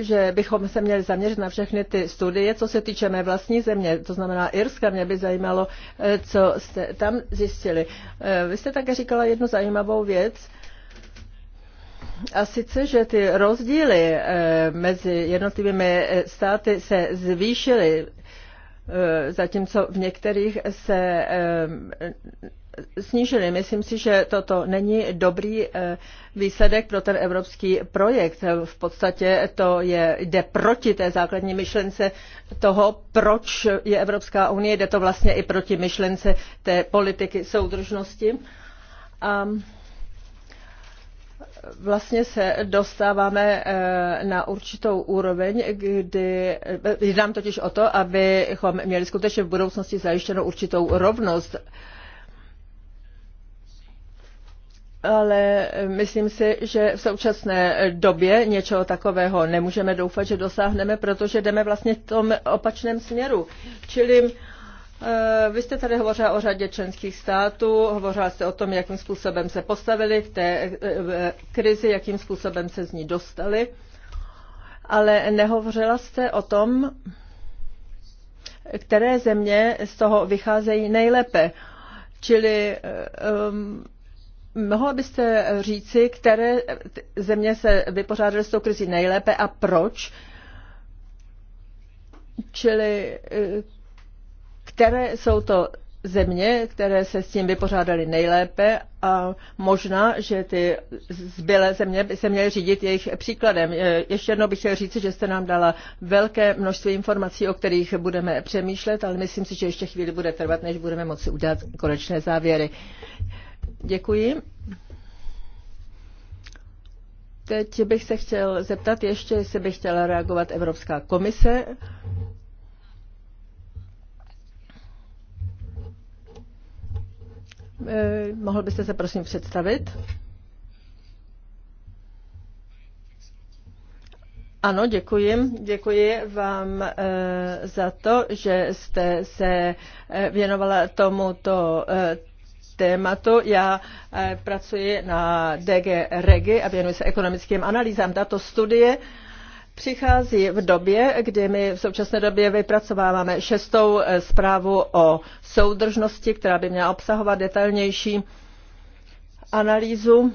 že bychom se měli zaměřit na všechny ty studie, co se týče mé vlastní země, to znamená Irska, mě by zajímalo, co jste tam zjistili. Vy jste také říkala jednu zajímavou věc, a sice, že ty rozdíly eh, mezi jednotlivými eh, státy se zvýšily, eh, zatímco v některých se snížily. Myslím si, že toto není dobrý výsledek pro ten evropský projekt. V podstatě to je, jde proti té základní myšlence toho, proč je Evropská unie, jde to vlastně i proti myšlence té politiky soudržnosti. A, vlastně se dostáváme eh, na určitou úroveň, kdy eh, jde totiž o to, abychom měli skutečně v budoucnosti zajištěnou určitou rovnost. Ale myslím si, že v současné době něčeho takového nemůžeme doufat, že dosáhneme, protože jdeme vlastně v tom opačném směru. Čili Eh, vy jste tady hovořila o řadě členských států, hovořila jste o tom, jakým způsobem se postavili k té eh, krizi, jakým způsobem se z ní dostali, ale nehovořila jste o tom, které země z toho vycházejí nejlépe. Čili um, mohla byste říci, které země se vypořádaly s tou krizí nejlépe a proč? Čili které jsou to země, které se s tím vypořádaly nejlépe a možná, že ty zbylé země by se měly řídit jejich příkladem. Ještě jednou bych chtěl říct, že jste nám dala velké množství informací, o kterých budeme přemýšlet, ale myslím si, že ještě chvíli bude trvat, než budeme moci udělat konečné závěry. Děkuji. Teď bych se chtěl zeptat ještě, jestli by chtěla reagovat Evropská komise. Eh, mohl byste se prosím představit? Ano, děkuji. Děkuji vám eh, za to, že jste se eh, věnovala tomuto tématu. Já pracuji na DG Regi a věnuji se ekonomickým analýzám. Tato studie přichází v době, kdy my v současné době vypracováváme šestou eh, zprávu o soudržnosti, která by měla obsahovat detailnější analýzu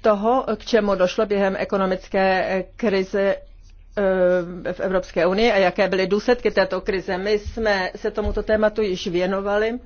toho, k čemu došlo během ekonomické eh, krize eh, v Evropské unii a jaké byly důsledky této krize. My jsme se tomuto tématu již věnovali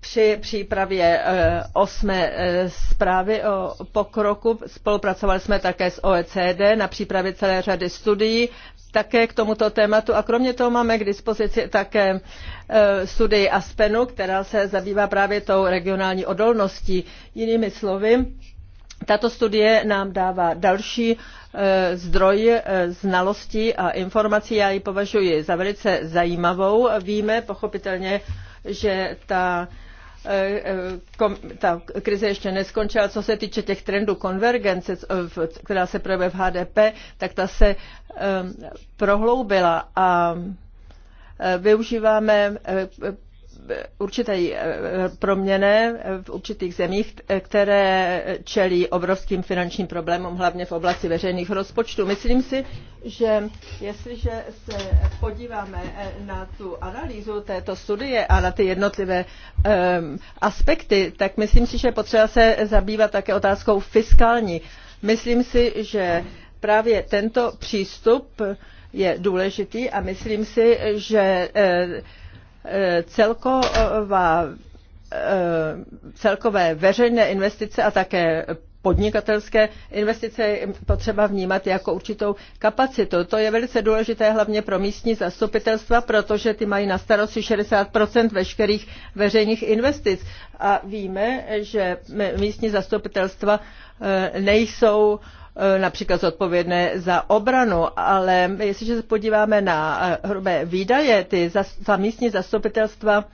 při přípravě eh, osmé eh, zprávy o pokroku spolupracovali jsme také s OECD na přípravě celé řady studií také k tomuto tématu a kromě toho máme k dispozici také eh, studii Aspenu, která se zabývá právě tou regionální odolností. Jinými slovy, tato studie nám dává další zdroj znalostí a informací. Já ji považuji za velice zajímavou. Víme pochopitelně, že ta e, e, ta krize ještě neskončila. Co se týče těch trendů konvergence, e, která se projevuje v HDP, tak ta se prohloubila a využíváme určité eh, proměny eh, v určitých zemích, eh, které čelí obrovským finančním problémům, hlavně v oblasti veřejných rozpočtů. Myslím si, že jestliže se podíváme na tu analýzu této studie a na ty jednotlivé aspekty, tak myslím si, že je potřeba se zabývat také otázkou fiskální. Myslím si, že právě tento přístup je důležitý a myslím si, že Celková, eh, celkové veřejné investice a také podnikatelské investice je potřeba vnímat jako určitou kapacitu. To je velice důležité hlavně pro místní zastupitelstva, protože ty mají na starosti 60 veškerých veřejných investic. A víme, že místní zastupitelstva eh, nejsou uh, Eh, například zodpovědné za obranu, ale jestliže se podíváme na eh, hrubé výdaje, ty za, za místní zastupitelstva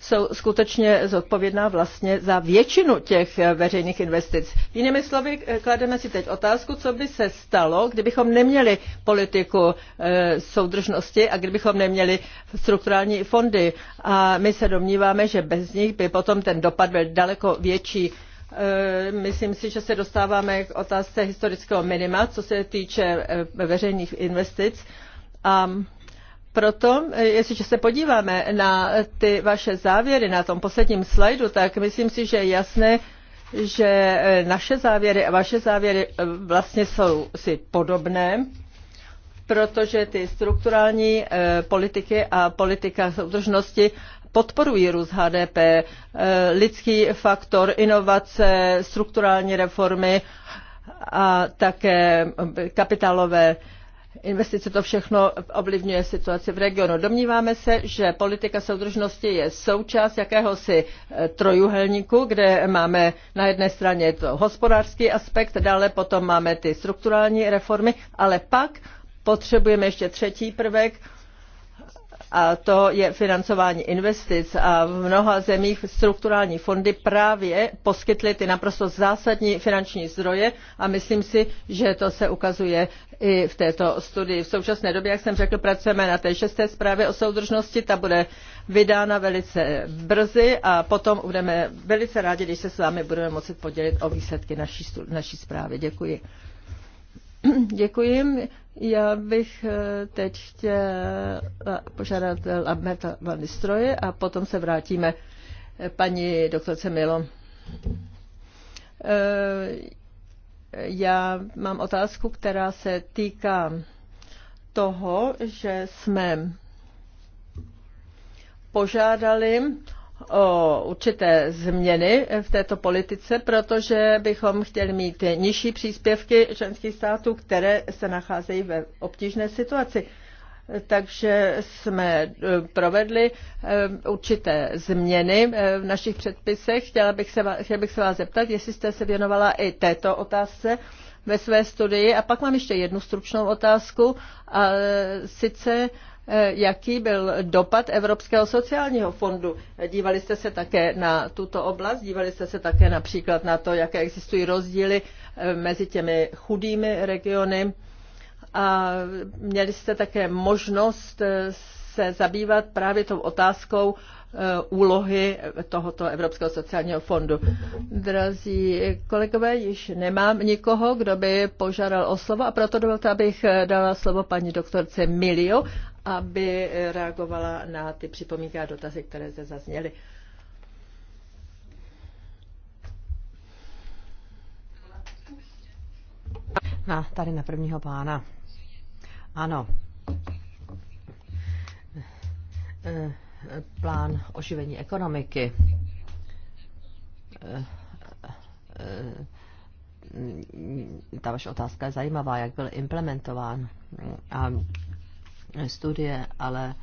jsou skutečně zodpovědná vlastně za většinu těch eh, veřejných investic. Jinými slovy, klademe si teď otázku, co by se stalo, kdybychom neměli politiku soudržnosti a kdybychom neměli strukturální fondy. A my se domníváme, že bez nich by potom ten dopad byl daleko větší. Eh, myslím si, že se dostáváme k otázce historického minima, co se týče eh, veřejných investic. A proto, eh, jestliže se podíváme na ty vaše závěry na tom posledním slajdu, tak myslím si, že je jasné, že naše závěry a vaše závěry vlastně jsou si podobné, protože ty strukturální politiky a politika soudržnosti podporují růst HDP, eh, lidský faktor, inovace, strukturální reformy a také eh, kapitálové investice, to všechno ovlivňuje situaci v regionu. Domníváme se, že politika soudržnosti je součást jakéhosi eh, trojuhelníku, kde máme na jedné straně to hospodářský aspekt, dále potom máme ty strukturální reformy, ale pak potřebujeme ještě třetí prvek, a to je financování investic. A v mnoha zemích strukturální fondy právě poskytly ty naprosto zásadní finanční zdroje a myslím si, že to se ukazuje i v této studii. V současné době, jak jsem řekl, pracujeme na té šesté zprávě o soudržnosti, ta bude vydána velice brzy a potom budeme velice rádi, když se s vámi budeme moci podělit o výsledky naší, naší zprávy. Děkuji. Děkuji. Já bych eh, teď chtěla požádat Alberta Van Stroje a potom se vrátíme eh, paní doktorce Milo. Eh, já mám otázku, která se týká toho, že jsme požádali o určité změny v této politice, protože bychom chtěli mít nižší příspěvky členských států, které se nacházejí ve obtížné situaci. Takže jsme eh, provedli eh, určité změny eh, v našich předpisech. Chtěla bych se, vás chtěla bych se vás zeptat, jestli jste se věnovala i této otázce ve své studii. A pak mám ještě jednu stručnou otázku. A sice Eh, jaký byl dopad Evropského sociálního fondu. Dívali jste se také na tuto oblast, dívali jste se také například na to, jaké existují rozdíly eh, mezi těmi chudými regiony a měli jste také možnost eh, se zabývat právě tou otázkou úlohy tohoto Evropského sociálního fondu. Drazí kolegové, již nemám nikoho, kdo by požádal o slovo a proto dovolte, abych dala slovo paní doktorce Milio, aby reagovala na ty připomínky a dotazy, které zde zazněly. Na, tady na prvního pána. Ano. Plán oživení ekonomiky ta vaše otázka je zajímavá, jak byl implementován. A studie, ale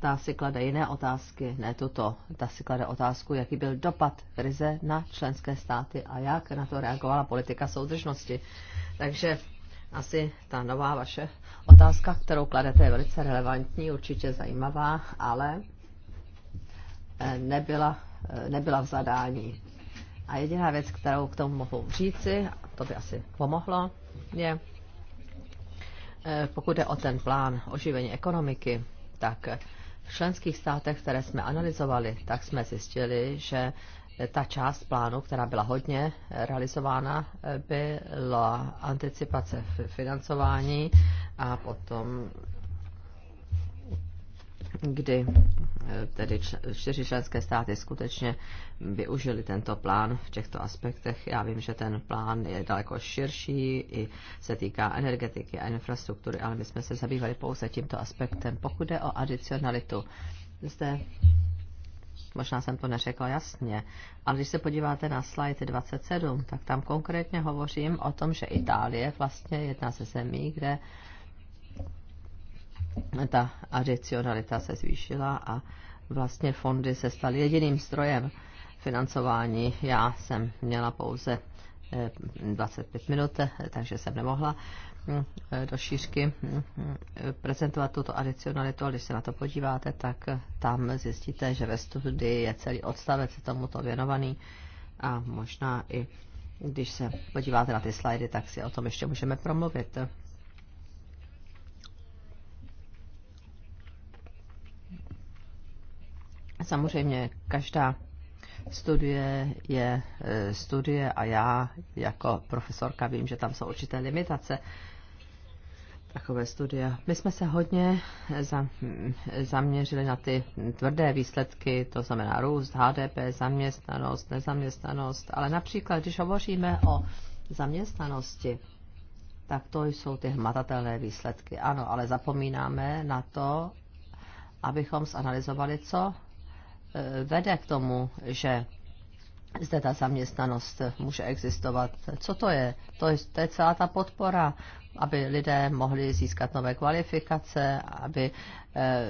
ta si klade jiné otázky, ne tuto. Ta si klade otázku, jaký byl dopad krize na členské státy a jak na to reagovala politika soudržnosti. Takže asi ta nová vaše otázka, kterou kladete, je velice relevantní, určitě zajímavá, ale eh, nebyla, eh, nebyla v zadání. A jediná věc, kterou k tomu mohu říci, a to by asi pomohlo, je, Eh, pokud je o ten plán oživení ekonomiky, tak v členských státech, které jsme analyzovali, tak jsme zjistili, že ta část plánu, která byla hodně eh, realizována, eh, byla anticipace financování a potom kdy eh, tedy čtyři členské státy skutečně využili tento plán v těchto aspektech. Já vím, že ten plán je daleko širší, i se týká energetiky a infrastruktury, ale my jsme se zabývali pouze tímto aspektem. Pokud jde o adicionalitu, zde možná jsem to neřekla jasně, ale když se podíváte na slide 27, tak tam konkrétně hovořím o tom, že Itálie vlastně je jedna ze zemí, kde ta adicionalita se zvýšila a vlastně fondy se staly jediným strojem financování. Já jsem měla pouze 25 eh, minut, eh, takže jsem nemohla hm, eh, do šířky hm, hm, prezentovat tuto adicionalitu, když se na to podíváte, tak tam zjistíte, že ve studii je celý odstavec tomuto věnovaný a možná i když se podíváte na ty slajdy, tak si o tom ještě můžeme promluvit. Samozřejmě každá studie je e, studie a já jako profesorka vím, že tam jsou určité limitace takové studie. My jsme se hodně hm, zaměřili na ty tvrdé výsledky, to znamená růst, HDP, zaměstnanost, nezaměstnanost, ale například, když hovoříme o zaměstnanosti, tak to jsou ty hmatatelné výsledky. Ano, ale zapomínáme na to, abychom zanalizovali, co Eh, vede k tomu, že zde ta zaměstnanost může existovat. Co to je? To je, to je celá ta podpora, aby lidé mohli získat nové kvalifikace, aby eh,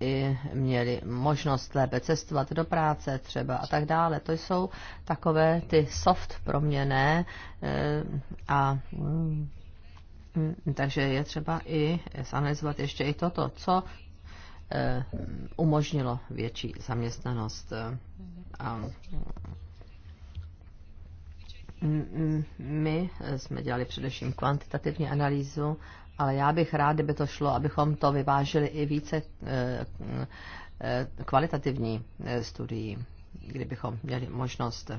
i měli možnost lépe cestovat do práce třeba a tak dále. To jsou takové ty soft proměny eh, a mm, mm, takže je třeba i zanalizovat ještě i toto, co Eh, umožnilo větší zaměstnanost. Eh, a my jsme dělali především kvantitativní analýzu, ale já bych rád, kdyby to šlo, abychom to vyvážili i více eh, kvalitativní studií, kdybychom měli možnost.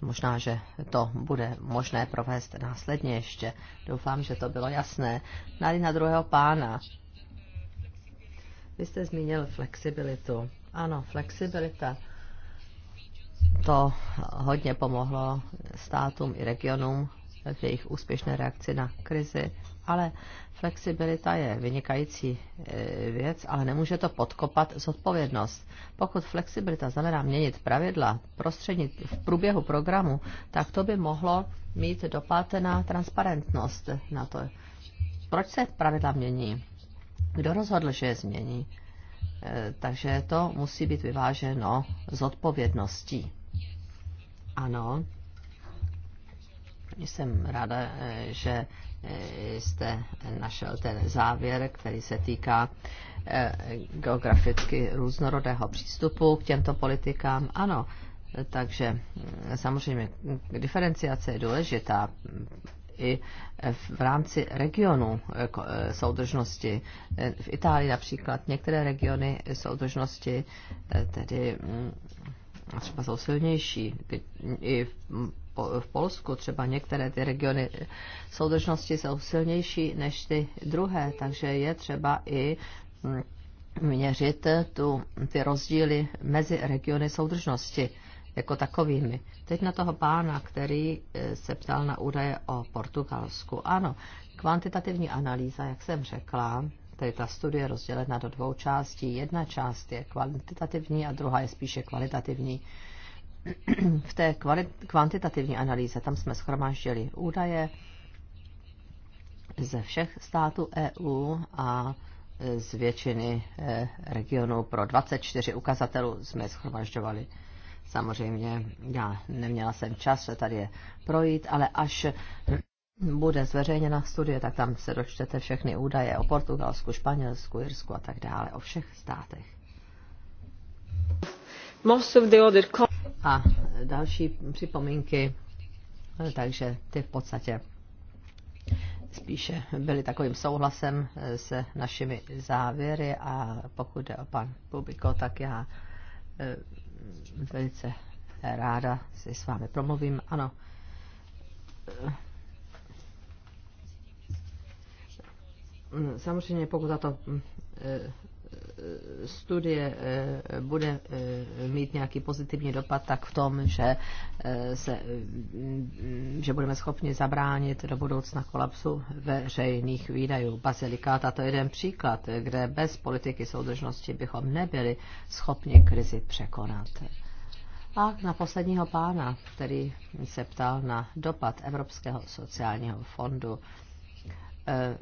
Možná, že to bude možné provést následně ještě. Doufám, že to bylo jasné. na druhého pána vy jste zmínil flexibilitu. Ano, flexibilita. To hodně pomohlo státům i regionům v jejich úspěšné reakci na krizi, ale flexibilita je vynikající eh, věc, ale nemůže to podkopat zodpovědnost. Pokud flexibilita znamená měnit pravidla prostřednit v průběhu programu, tak to by mohlo mít dopad na transparentnost, na to, proč se pravidla mění kdo rozhodl, že je změní. Eh, takže to musí být vyváženo s odpovědností. Ano, jsem ráda, eh, že eh, jste našel ten závěr, který se týká geograficky různorodého přístupu k těmto politikám. Ano, takže mm, samozřejmě diferenciace je důležitá i v rámci regionu eh, eh, soudržnosti. Eh, v Itálii například některé regiony soudržnosti tedy mm, třeba jsou silnější. I mm, v Polsku třeba některé ty regiony soudržnosti jsou silnější než ty druhé, takže je třeba i mm, měřit tu, ty rozdíly mezi regiony soudržnosti jako takovými. Teď na toho pána, který eh, se ptal na údaje o Portugalsku. Ano, kvantitativní analýza, jak jsem řekla, tedy ta studie je rozdělena do dvou částí. Jedna část je kvantitativní a druhá je spíše kvalitativní. V té kvalit- kvantitativní analýze tam jsme schromáždili údaje ze všech států EU a eh, z většiny eh, regionů pro 24 ukazatelů jsme schromažďovali Samozřejmě já neměla jsem čas se tady je projít, ale až bude zveřejněna studie, tak tam se dočtete všechny údaje o Portugalsku, Španělsku, Irsku a tak dále, o všech státech. A další připomínky, takže ty v podstatě spíše byly takovým souhlasem eh, se našimi závěry a pokud jde o pan Publiko, tak já eh, velice ráda si s vámi promluvím. Ano. Samozřejmě, pokud tato studie eh, bude eh, mít nějaký pozitivní dopad, tak v tom, že, eh, se, mm, že budeme schopni zabránit do budoucna kolapsu veřejných výdajů. Bazilikát, a to je jeden příklad, kde bez politiky soudržnosti bychom nebyli schopni krizi překonat. A na posledního pána, který se ptal na dopad Evropského sociálního fondu Eh,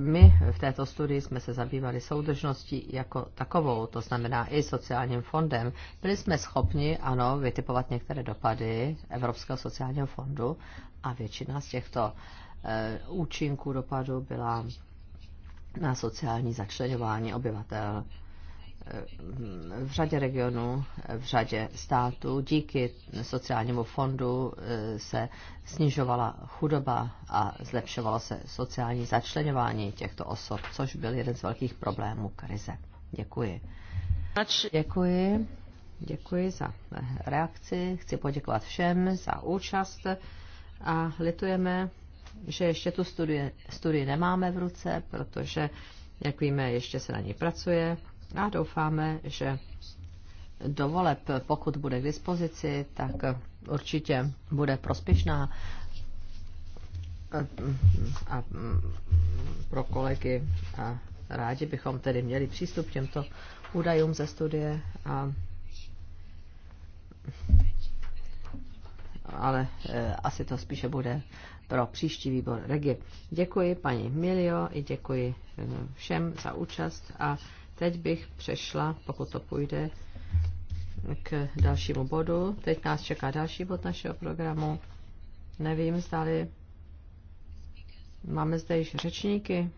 my v této studii jsme se zabývali soudržností jako takovou, to znamená i sociálním fondem. Byli jsme schopni, ano, vytipovat některé dopady Evropského sociálního fondu a většina z těchto eh, účinků dopadu byla na sociální začlenování obyvatel v řadě regionů, v řadě států díky sociálnímu fondu eh, se snižovala chudoba a zlepšovalo se sociální začlenování těchto osob, což byl jeden z velkých problémů krize. Děkuji. Děkuji. Děkuji za reakci. Chci poděkovat všem za účast a litujeme, že ještě tu studii, studii nemáme v ruce, protože, jak víme, ještě se na ní pracuje. A doufáme, že dovoleb, pokud bude k dispozici, tak určitě bude prospěšná a pro kolegy a rádi bychom tedy měli přístup k těmto údajům ze studie a ale e, asi to spíše bude pro příští výbor regie. Děkuji paní Milio i děkuji e, všem za účast a teď bych přešla, pokud to půjde, k dalšímu bodu. Teď nás čeká další bod našeho programu. Nevím, zdali máme zde již řečníky.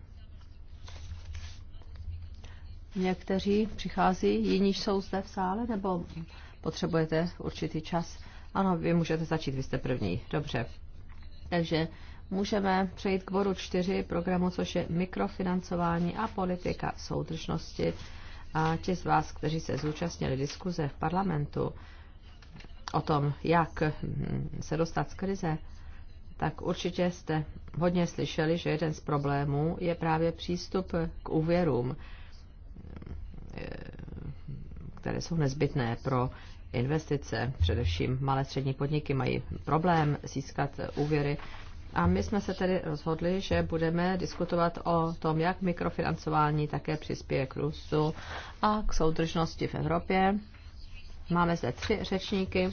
Někteří přichází, jiní jsou zde v sále, nebo potřebujete určitý čas? Ano, vy můžete začít, vy jste první. Dobře. Takže můžeme přejít k bodu 4 programu, což je mikrofinancování a politika soudržnosti. A ti z vás, kteří se zúčastnili diskuze v parlamentu o tom, jak hm, se dostat z krize, tak určitě jste hodně slyšeli, že jeden z problémů je právě přístup k úvěrům, eh, které jsou nezbytné pro investice. Především malé střední podniky mají problém získat úvěry a my jsme se tedy rozhodli, že budeme diskutovat o tom, jak mikrofinancování také přispěje k růstu a k soudržnosti v Evropě. Máme zde tři řečníky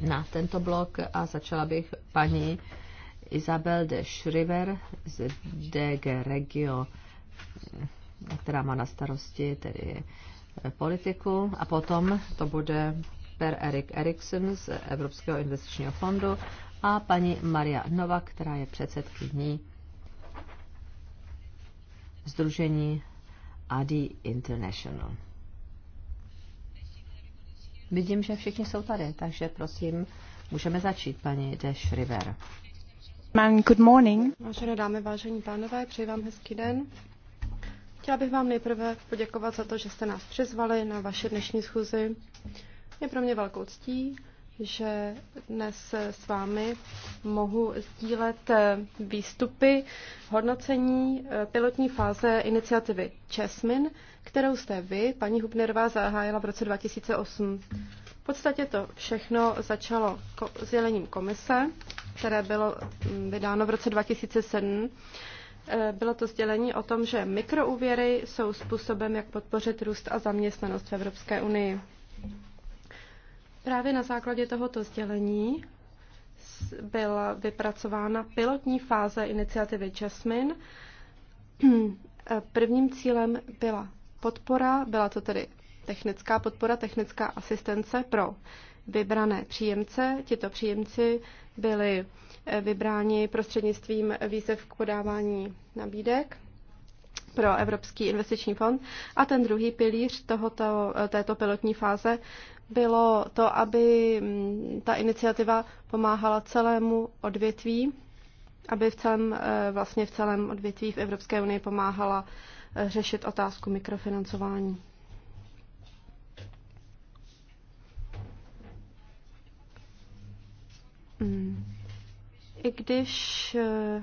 na tento blok a začala bych paní Isabel de Schriver z DG Regio, která má na starosti tedy eh, politiku a potom to bude Per Erik Eriksson z Evropského investičního fondu a paní Maria Nova, která je předsedkyní Združení ADI International. Vidím, že všichni jsou tady, takže prosím, můžeme začít, paní De Man, Good morning. Vážené dámy, vážení pánové, přeji vám hezký den. Chtěla bych vám nejprve poděkovat za to, že jste nás přizvali na vaše dnešní schůzi. Je pro mě velkou ctí že dnes s vámi mohu sdílet eh, výstupy hodnocení eh, pilotní fáze iniciativy Česmin, kterou jste vy, paní Hubnerová, zahájila v roce 2008. V podstatě to všechno začalo sdělením komise, které bylo mm, vydáno v roce 2007. Eh, bylo to sdělení o tom, že mikroúvěry jsou způsobem, jak podpořit růst a zaměstnanost v Evropské unii. Právě na základě tohoto sdělení byla vypracována pilotní fáze iniciativy Jasmine. Prvním cílem byla podpora, byla to tedy technická podpora, technická asistence pro vybrané příjemce. Tito příjemci byli eh, vybráni prostřednictvím výzev k podávání nabídek pro Evropský investiční fond. A ten druhý pilíř tohoto, eh, této pilotní fáze bylo to, aby mm, ta iniciativa pomáhala celému odvětví, aby v celém, eh, vlastně v celém odvětví v Evropské unii pomáhala eh, řešit otázku mikrofinancování. Hmm. I když eh,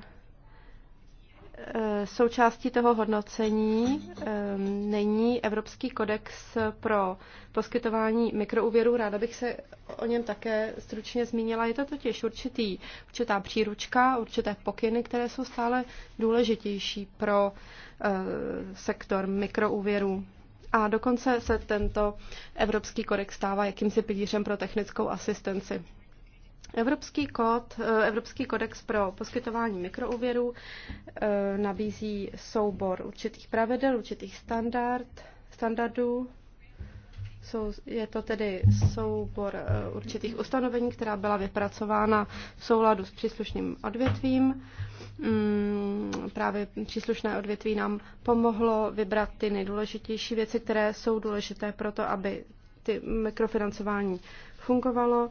Eh, součástí toho hodnocení eh, není Evropský kodex pro poskytování mikroúvěrů. Ráda bych se o něm také stručně zmínila. Je to totiž určitý, určitá příručka, určité pokyny, které jsou stále důležitější pro eh, sektor mikroúvěrů. A dokonce se tento Evropský kodex stává jakýmsi pilířem pro technickou asistenci. Evropský kód, eh, Evropský kodex pro poskytování mikroúvěru eh, nabízí soubor určitých pravidel, určitých standard, standardů. Jsou, je to tedy soubor eh, určitých ustanovení, která byla vypracována v souladu s příslušným odvětvím. Mm, právě příslušné odvětví nám pomohlo vybrat ty nejdůležitější věci, které jsou důležité pro to, aby ty mikrofinancování fungovalo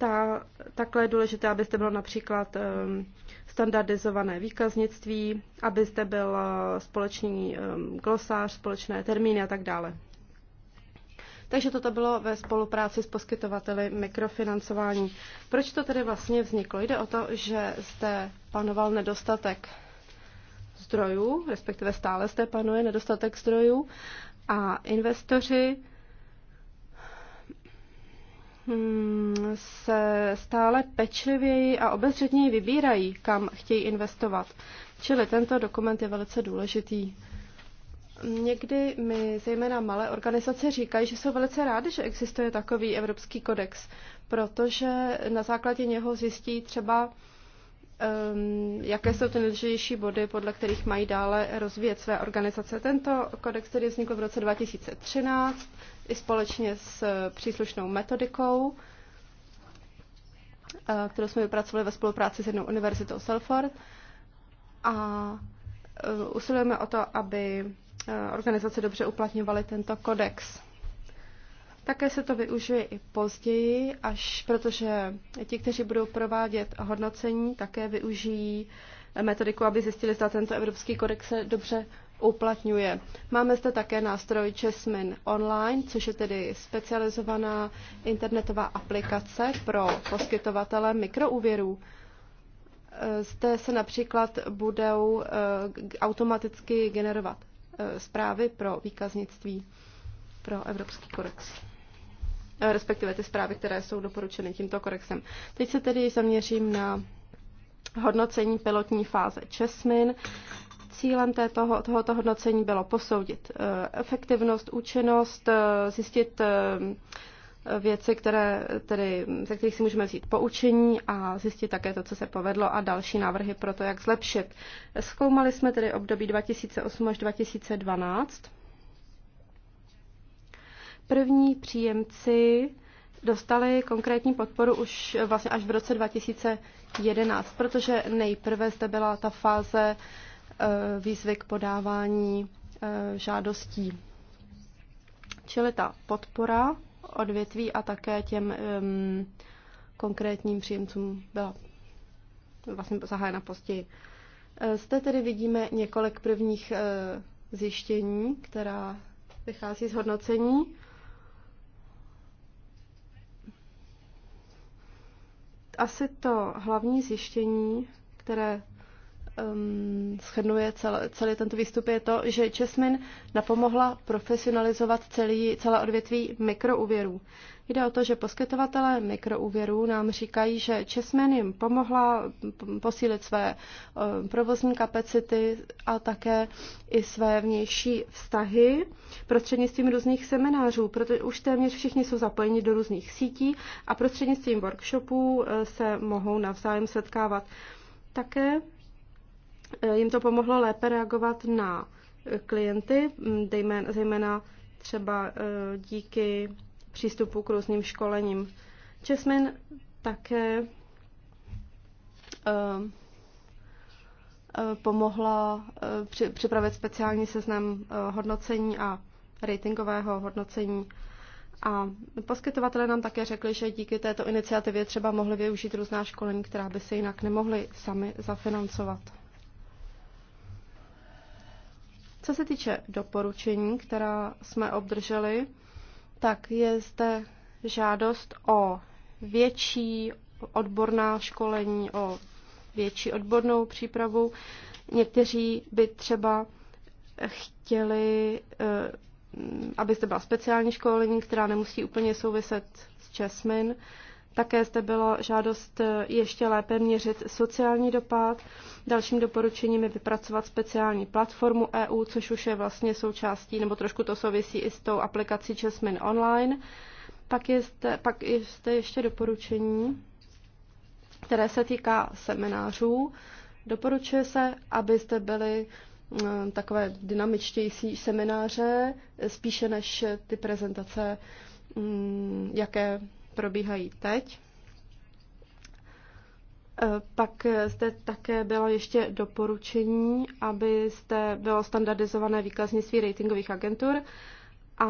ta, takhle je důležité, abyste bylo například ehm, standardizované výkaznictví, abyste byl eh, společný ehm, glosář, společné termíny a tak dále. Takže toto bylo ve spolupráci s poskytovateli mikrofinancování. Proč to tedy vlastně vzniklo? Jde o to, že zde panoval nedostatek zdrojů, respektive stále zde panuje nedostatek zdrojů a investoři Hmm, se stále pečlivěji a obezřetněji vybírají, kam chtějí investovat. Čili tento dokument je velice důležitý. Někdy mi zejména malé organizace říkají, že jsou velice rádi, že existuje takový evropský kodex, protože na základě něho zjistí třeba, um, jaké jsou ty nejdůležitější body, podle kterých mají dále rozvíjet své organizace. Tento kodex který vznikl v roce 2013, i společně s eh, příslušnou metodikou, eh, kterou jsme vypracovali ve spolupráci s jednou univerzitou Salford. A eh, usilujeme o to, aby organizace dobře uplatňovaly tento kodex. Také se to využije i později, až protože ti, kteří budou provádět hodnocení, také využijí metodiku, aby zjistili, zda tento evropský kodex se dobře uplatňuje. Máme zde také nástroj Česmin Online, což je tedy specializovaná internetová aplikace pro poskytovatele mikroúvěrů. Eh, zde se například budou eh, automaticky generovat eh, zprávy pro výkaznictví pro Evropský korex respektive ty zprávy, které jsou doporučeny tímto korexem. Teď se tedy zaměřím na hodnocení pilotní fáze Česmin. Cílem této, tohoto hodnocení bylo posoudit eh, efektivnost, účinnost, eh, zjistit eh, věci, které, tedy, ze kterých si můžeme vzít poučení a zjistit také to, co se povedlo a další návrhy pro to, jak zlepšit. Zkoumali jsme tedy období 2008 až 2012. První příjemci dostali konkrétní podporu už vlastně až v roce 2011, protože nejprve zde byla ta fáze uh, Eh, výzvy k podávání eh, žádostí. Čili ta podpora odvětví a také těm um, konkrétním příjemcům byla vlastně zahájena později. Eh, zde tedy vidíme několik prvních zjištění, která vychází z hodnocení. Asi to hlavní zjištění, které um, schrnuje cel, celý tento výstup, je to, že Česmin napomohla profesionalizovat celý, celé odvětví mikroúvěrů. Jde o to, že poskytovatelé mikroúvěrů nám říkají, že Česmin jim pomohla posílit své um, provozní kapacity a také i své vnější vztahy prostřednictvím různých seminářů, protože už téměř všichni jsou zapojeni do různých sítí a prostřednictvím workshopů uh, se mohou navzájem setkávat. Také Eh, jim to pomohlo lépe reagovat na eh, klienty, mm, dejme, zejména třeba eh, díky přístupu k různým školením. Česmin také ehm, pomohla připravit speciální seznam hodnocení a ratingového hodnocení. A poskytovatelé nám také řekli, že díky této iniciativě třeba mohli využít různá školení, která by se jinak nemohli sami zafinancovat. Co se týče doporučení, která jsme obdrželi, tak je zde žádost o větší odborná školení, o větší odbornou přípravu. Někteří by třeba chtěli, eh, aby zde byla speciální školení, která nemusí úplně souviset s Česmin. Také zde bylo žádost eh, ještě lépe měřit sociální dopad. Dalším doporučením je vypracovat speciální platformu EU, což už je vlastně součástí, nebo trošku to souvisí i s tou aplikací Česmin Online. Pak je zde, pak je zde ještě doporučení, které se týká seminářů. Doporučuje se, abyste byli eh, takové dynamičtější semináře, eh, spíše než ty prezentace, mm, jaké probíhají teď. E, pak zde také bylo ještě doporučení, aby zde bylo standardizované výkaznictví ratingových agentur. A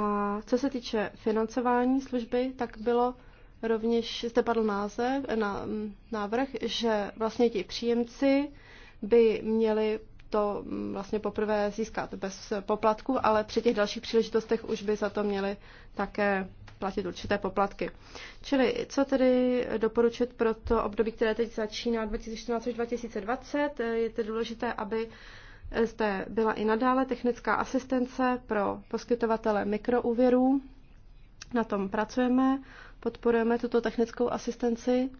co se týče financování služby, tak bylo rovněž, zde padl název, na, návrh, že vlastně ti příjemci by měli to vlastně poprvé získat bez poplatku, ale při těch dalších příležitostech už by za to měli také platit určité poplatky. Čili co tedy doporučit pro to období, které teď začíná 2014 až 2020, je to důležité, aby zde byla i nadále technická asistence pro poskytovatele mikroúvěrů. Na tom pracujeme, podporujeme tuto technickou asistenci.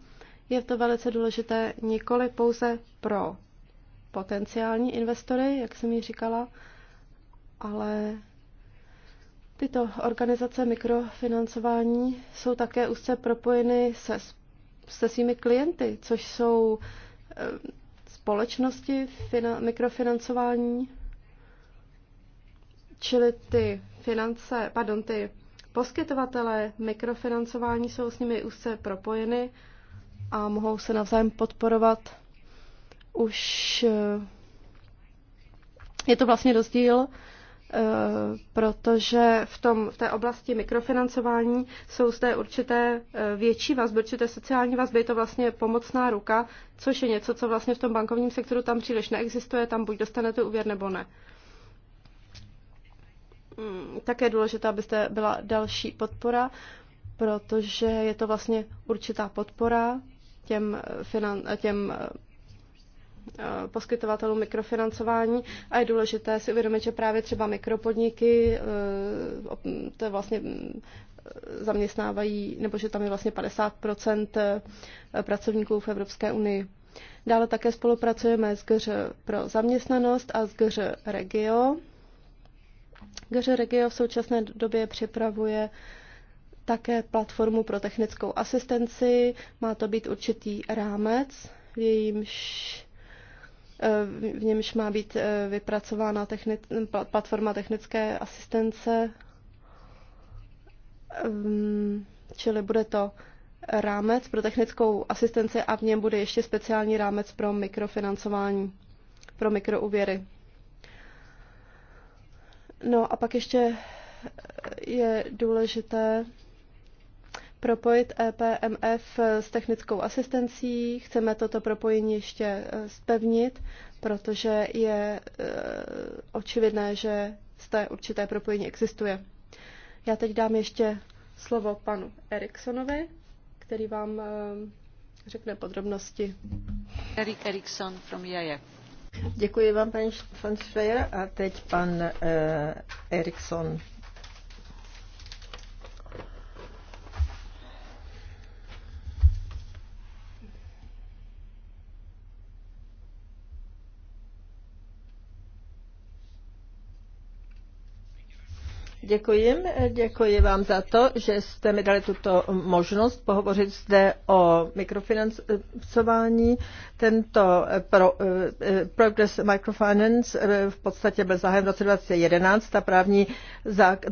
Je to velice důležité nikoli pouze pro potenciální investory, jak jsem ji říkala, ale Tyto organizace mikrofinancování jsou také úzce propojeny se, se svými klienty, což jsou eh, společnosti fina, mikrofinancování, čili ty finance, pardon, ty poskytovatelé mikrofinancování jsou s nimi úzce propojeny a mohou se navzájem podporovat. Už eh, je to vlastně rozdíl Eh, protože v, tom, v té oblasti mikrofinancování jsou zde určité eh, větší vazby, určité sociální vazby, je to vlastně pomocná ruka, což je něco, co vlastně v tom bankovním sektoru tam příliš neexistuje, tam buď dostanete úvěr nebo ne. Hmm, také je důležité, abyste byla další podpora, protože je to vlastně určitá podpora těm, eh, finan- těm Eh, poskytovatelů mikrofinancování a je důležité si uvědomit, že právě třeba mikropodniky, eh, to je vlastně eh, zaměstnávají, nebo že tam je vlastně 50 pracovníků v Evropské unii. Dále také spolupracujeme s GŘ pro zaměstnanost a s GŘ Regio. GŘ Regio v současné době připravuje také platformu pro technickou asistenci. Má to být určitý rámec, v jejímž Eh, v němž má být eh, vypracována techni- platforma technické asistence, ehm, čili bude to rámec pro technickou asistenci a v něm bude ještě speciální rámec pro mikrofinancování, pro mikrouvěry. No a pak ještě je důležité propojit EPMF s technickou asistencí. Chceme toto propojení ještě e, zpevnit, protože je e, očividné, že té určité propojení existuje. Já teď dám ještě slovo panu Eriksonovi, který vám e, řekne podrobnosti. Erik Erikson from IAE. Děkuji vám, paní von Schreier, a teď pan uh, Erikson. Děkuji. Děkuji vám za to, že jste mi dali tuto možnost pohovořit zde o mikrofinancování. Tento pro, eh, eh, Progress Microfinance eh, v podstatě byl zahájen v roce 2011. Ta právní,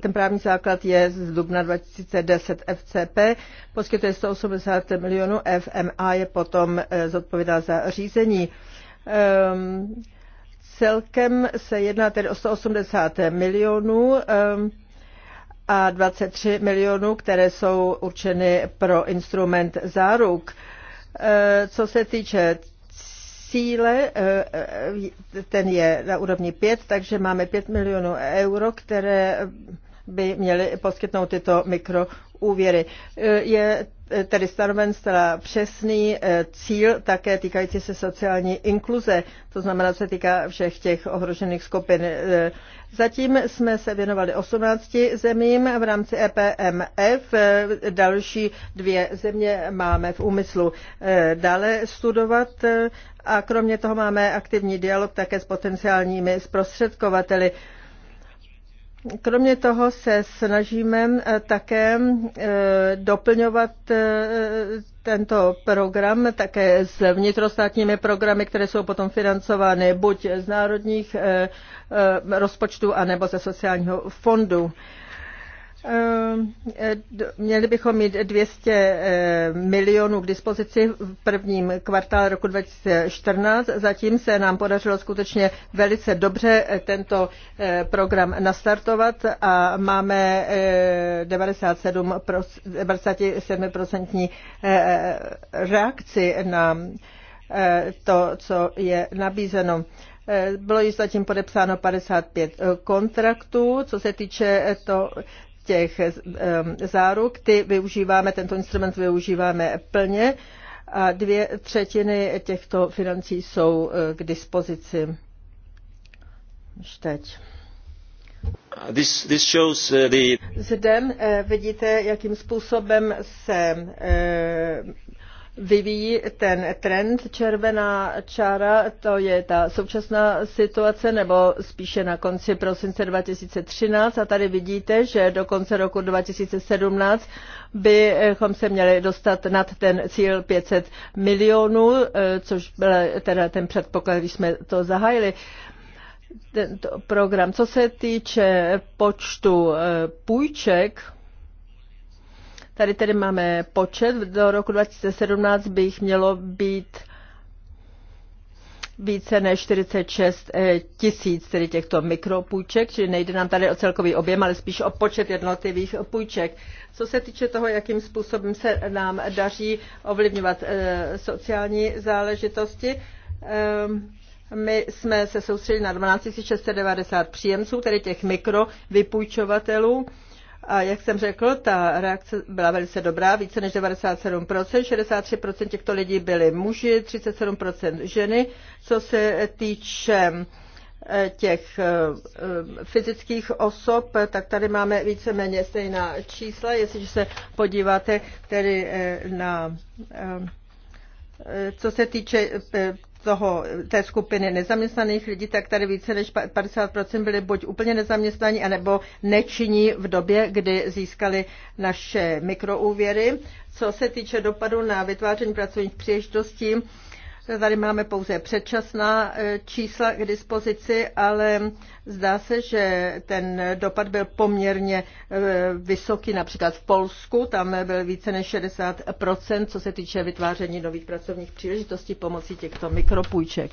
ten právní základ je z dubna 2010 FCP. Poskytuje 180 milionů. FMA je potom zodpovědná za řízení. Um, Celkem se jedná tedy o 180 milionů. Um, a 23 milionů, které jsou určeny pro instrument záruk. Eh, co se týče cíle, eh, ten je na úrovni 5, takže máme 5 milionů euro, které by měly poskytnout tyto mikroúvěry. Je tedy stanoven zcela přesný eh, cíl také týkající se sociální inkluze, to znamená, se týká všech těch ohrožených skupin. Eh, zatím jsme se věnovali 18 zemím v rámci EPMF, eh, další dvě země máme v úmyslu dále studovat a kromě toho máme aktivní dialog také s potenciálními zprostředkovateli. Kromě toho se snažíme eh, také eh, doplňovat eh, tento program také s vnitrostátními programy, které jsou potom financovány buď z národních rozpočtů, anebo ze sociálního fondu. Ehm, e, měli bychom mít 200 e, milionů k dispozici v prvním kvartále roku 2014. Zatím se nám podařilo skutečně velice dobře e, tento program nastartovat a máme 97, reakci na to, co je nabízeno. Bylo již zatím podepsáno 55 kontraktů, co se týče to, těch eh, záruk, ty využíváme, tento instrument využíváme plně a dvě třetiny těchto financí jsou eh, k dispozici. Už teď. This, this shows eh, the... Zde vidíte, jakým způsobem se vyvíjí ten trend. Červená čára, to je ta současná situace, nebo spíše na konci prosince 2013. A tady vidíte, že do konce roku 2017 bychom se měli dostat nad ten cíl 500 milionů, eh, což byl teda ten předpoklad, když jsme to zahájili tento program. Co se týče počtu eh, půjček, Tady tedy máme počet. Do roku 2017 by jich mělo být více než 46 eh, tisíc tedy těchto mikropůjček, čili nejde nám tady o celkový objem, ale spíš o počet jednotlivých půjček. Co se týče toho, jakým způsobem se nám daří ovlivňovat eh, sociální záležitosti, eh, my jsme se soustředili na 12 690 příjemců, tedy těch mikrovypůjčovatelů. A jak jsem řekl, ta reakce byla velice dobrá, více než 97%, 63% těchto lidí byli muži, 37% ženy. Co se týče eh, těch eh, eh, fyzických osob, tak tady máme víceméně stejná čísla. Jestliže se podíváte tedy na co se týče toho, té skupiny nezaměstnaných lidí, tak tady více než 50% byli buď úplně nezaměstnaní, anebo nečiní v době, kdy získali naše mikroúvěry. Co se týče dopadu na vytváření pracovních příležitostí, Tady máme pouze předčasná e, čísla k dispozici, ale zdá se, že ten dopad byl poměrně e, vysoký, například v Polsku, tam byl více než 60%, co se týče vytváření nových pracovních příležitostí pomocí těchto mikropůjček.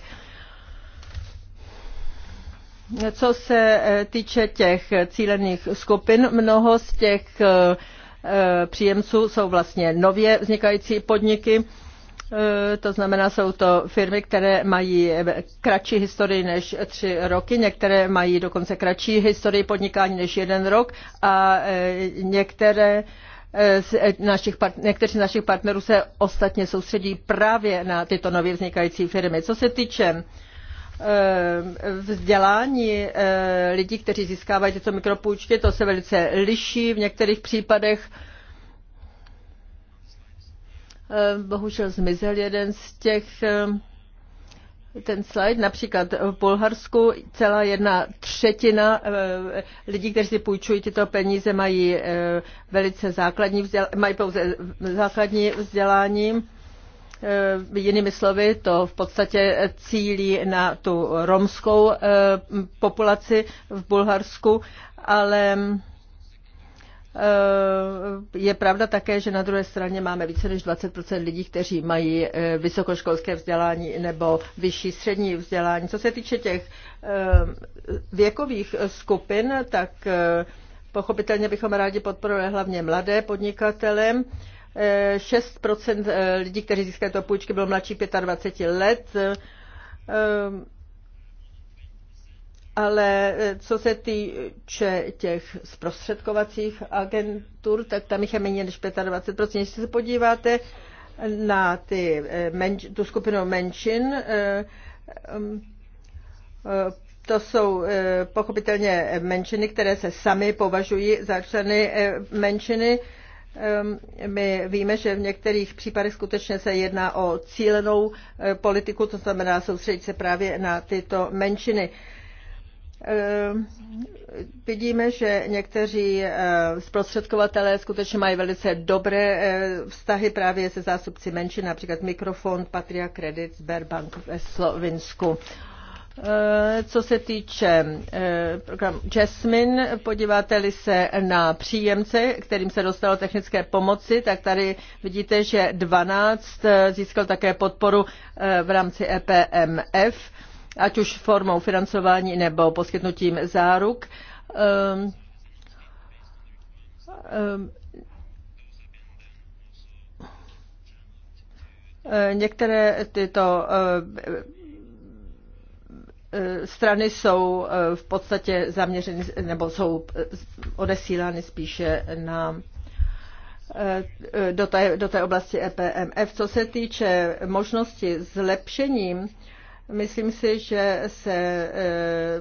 Co se e, týče těch cílených skupin, mnoho z těch příjemců jsou vlastně nově vznikající podniky Eh, to znamená, jsou to firmy, které mají kratší historii než tři roky, některé mají dokonce kratší historii podnikání než jeden rok a eh, některé eh, z našich někteří z našich partnerů se ostatně soustředí právě na tyto nově vznikající firmy. Co se týče vzdělání lidí, kteří získávají tyto mikropůjčky, to se velice liší v některých případech Eh, bohužel zmizel jeden z těch eh, ten slide, například v Bulharsku celá jedna třetina eh, lidí, kteří si půjčují tyto peníze, mají velice základní vzdělání, mají pouze základní vzdělání. Jinými slovy, to v podstatě cílí na tu romskou populaci v Bulharsku, ale Eh, je pravda také, že na druhé straně máme více než 20 lidí, kteří mají eh, vysokoškolské vzdělání nebo vyšší střední vzdělání. Co se týče těch eh, věkových skupin, tak pochopitelně bychom rádi podporovali hlavně mladé podnikatele. 6 lidí, kteří získali to půjčky, bylo mladší 25 let ale eh, co se týče těch zprostředkovacích agentur, tak tam jich je méně než 25%. Když se podíváte na ty, eh, menš, tu skupinu menšin, eh, mm, to jsou pochopitelně menšiny, které se sami považují za členy menšiny. Ehm, my víme, že v některých případech skutečně se jedná o cílenou politiku, to znamená soustředit se právě na tyto menšiny. Eh, vidíme, že někteří eh, zprostředkovatelé skutečně mají velice dobré eh, vztahy právě se zástupci menšin, například Mikrofon, Patria Credit, Sberbank ve Slovinsku. Co se týče programu Jasmine, podíváte-li se na příjemce, kterým se dostalo technické pomoci, tak tady vidíte, že 12 získal také podporu v rámci EPMF ať už formou financování nebo poskytnutím záruk. Ehm, ehm, eh, některé tyto eh, eh, strany jsou v podstatě zaměřeny nebo jsou odesílány spíše na do té, do té oblasti EPMF. Co se týče možnosti zlepšení Myslím si, že se eh,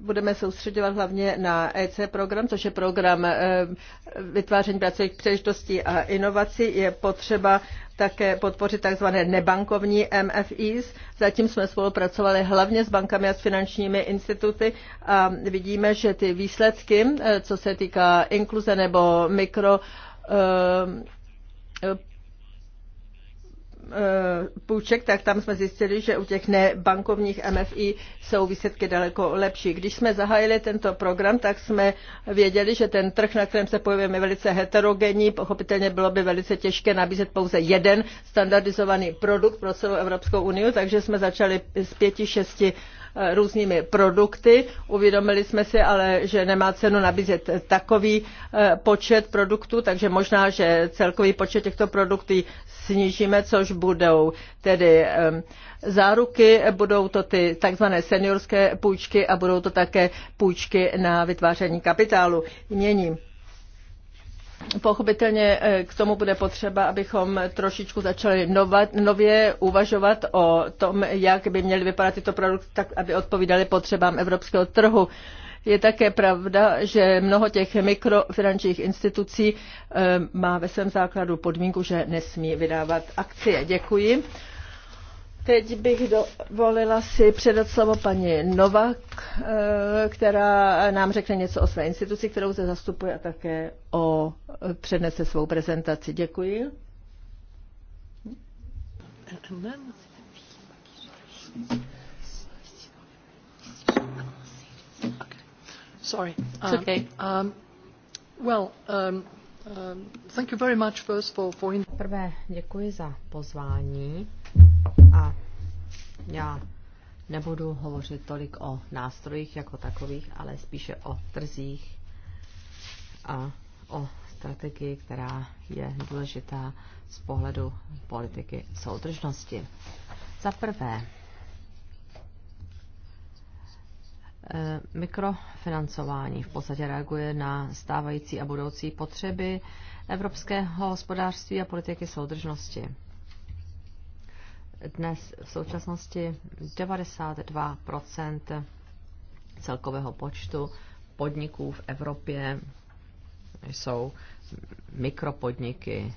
budeme soustředovat hlavně na EC program, což je program eh, vytváření pracovních příležitostí a inovací. Je potřeba také podpořit tzv. nebankovní MFIs. Zatím jsme spolupracovali hlavně s bankami a s finančními instituty a vidíme, že ty výsledky, eh, co se týká inkluze nebo mikro Eh, půjček, tak tam jsme zjistili, že u těch nebankovních MFI jsou výsledky daleko lepší. Když jsme zahájili tento program, tak jsme věděli, že ten trh, na kterém se pohybujeme, je velice heterogenní. Pochopitelně bylo by velice těžké nabízet pouze jeden standardizovaný produkt pro celou Evropskou unii, takže jsme začali s pěti, šesti různými produkty. Uvědomili jsme si ale, že nemá cenu nabízet takový eh, počet produktů, takže možná, že celkový počet těchto produktů snížíme, což budou tedy záruky, budou to ty takzvané seniorské půjčky a budou to také půjčky na vytváření kapitálu. Měním. Pochopitelně eh, k tomu bude potřeba, abychom trošičku začali novat, nově uvažovat o tom, jak by měly vypadat tyto produkty, tak aby odpovídaly potřebám evropského trhu. Je také pravda, že mnoho těch mikrofinančních institucí eh, má ve svém základu podmínku, že nesmí vydávat akcie. Děkuji. Teď bych dovolila si předat slovo paní Novak, eh, která nám řekne něco o své instituci, kterou se zastupuje a také o eh, přednese svou prezentaci. Děkuji. Sorry. Um, okay. um, well, um, um, thank you very much first for, for... Prvé děkuji za pozvání a já nebudu hovořit tolik o nástrojích jako takových, ale spíše o trzích a o strategii, která je důležitá z pohledu politiky soudržnosti. Za prvé, eh, mikrofinancování v podstatě reaguje na stávající a budoucí potřeby evropského hospodářství a politiky soudržnosti dnes v současnosti 92 celkového počtu podniků v Evropě jsou mikropodniky,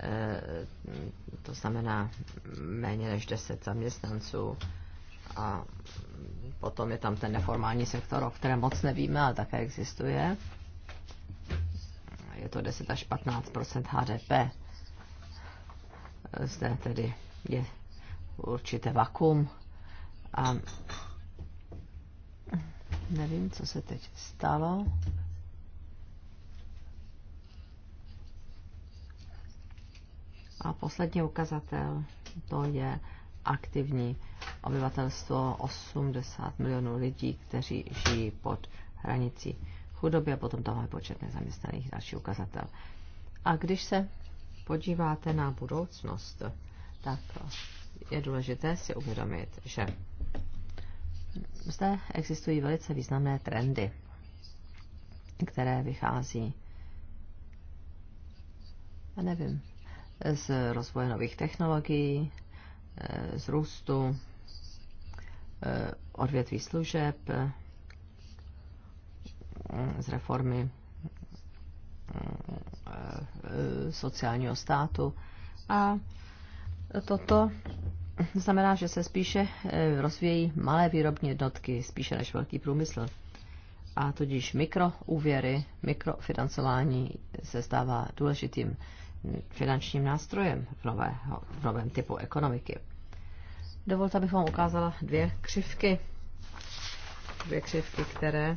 eh, to znamená méně než 10 zaměstnanců a potom je tam ten neformální sektor, o kterém moc nevíme, ale také existuje. Je to 10 až 15 HDP. Zde tedy je určité vakuum a nevím, co se teď stalo. A poslední ukazatel, to je aktivní obyvatelstvo 80 milionů lidí, kteří žijí pod hranicí chudoby a potom tam je počet nezaměstnaných, další ukazatel. A když se podíváte na budoucnost, tak je důležité si uvědomit, že zde existují velice významné trendy, které vychází, a nevím, z rozvoje nových technologií, eh, z růstu, eh, odvětví služeb, eh, z reformy sociálního státu a toto znamená, že se spíše eh, rozvíjejí malé výrobní jednotky, spíše než velký průmysl. A tudíž mikroúvěry, mikrofinancování se stává důležitým finančním nástrojem v, nového, v novém typu ekonomiky. Dovolte, abych vám ukázala dvě křivky. Dvě křivky, které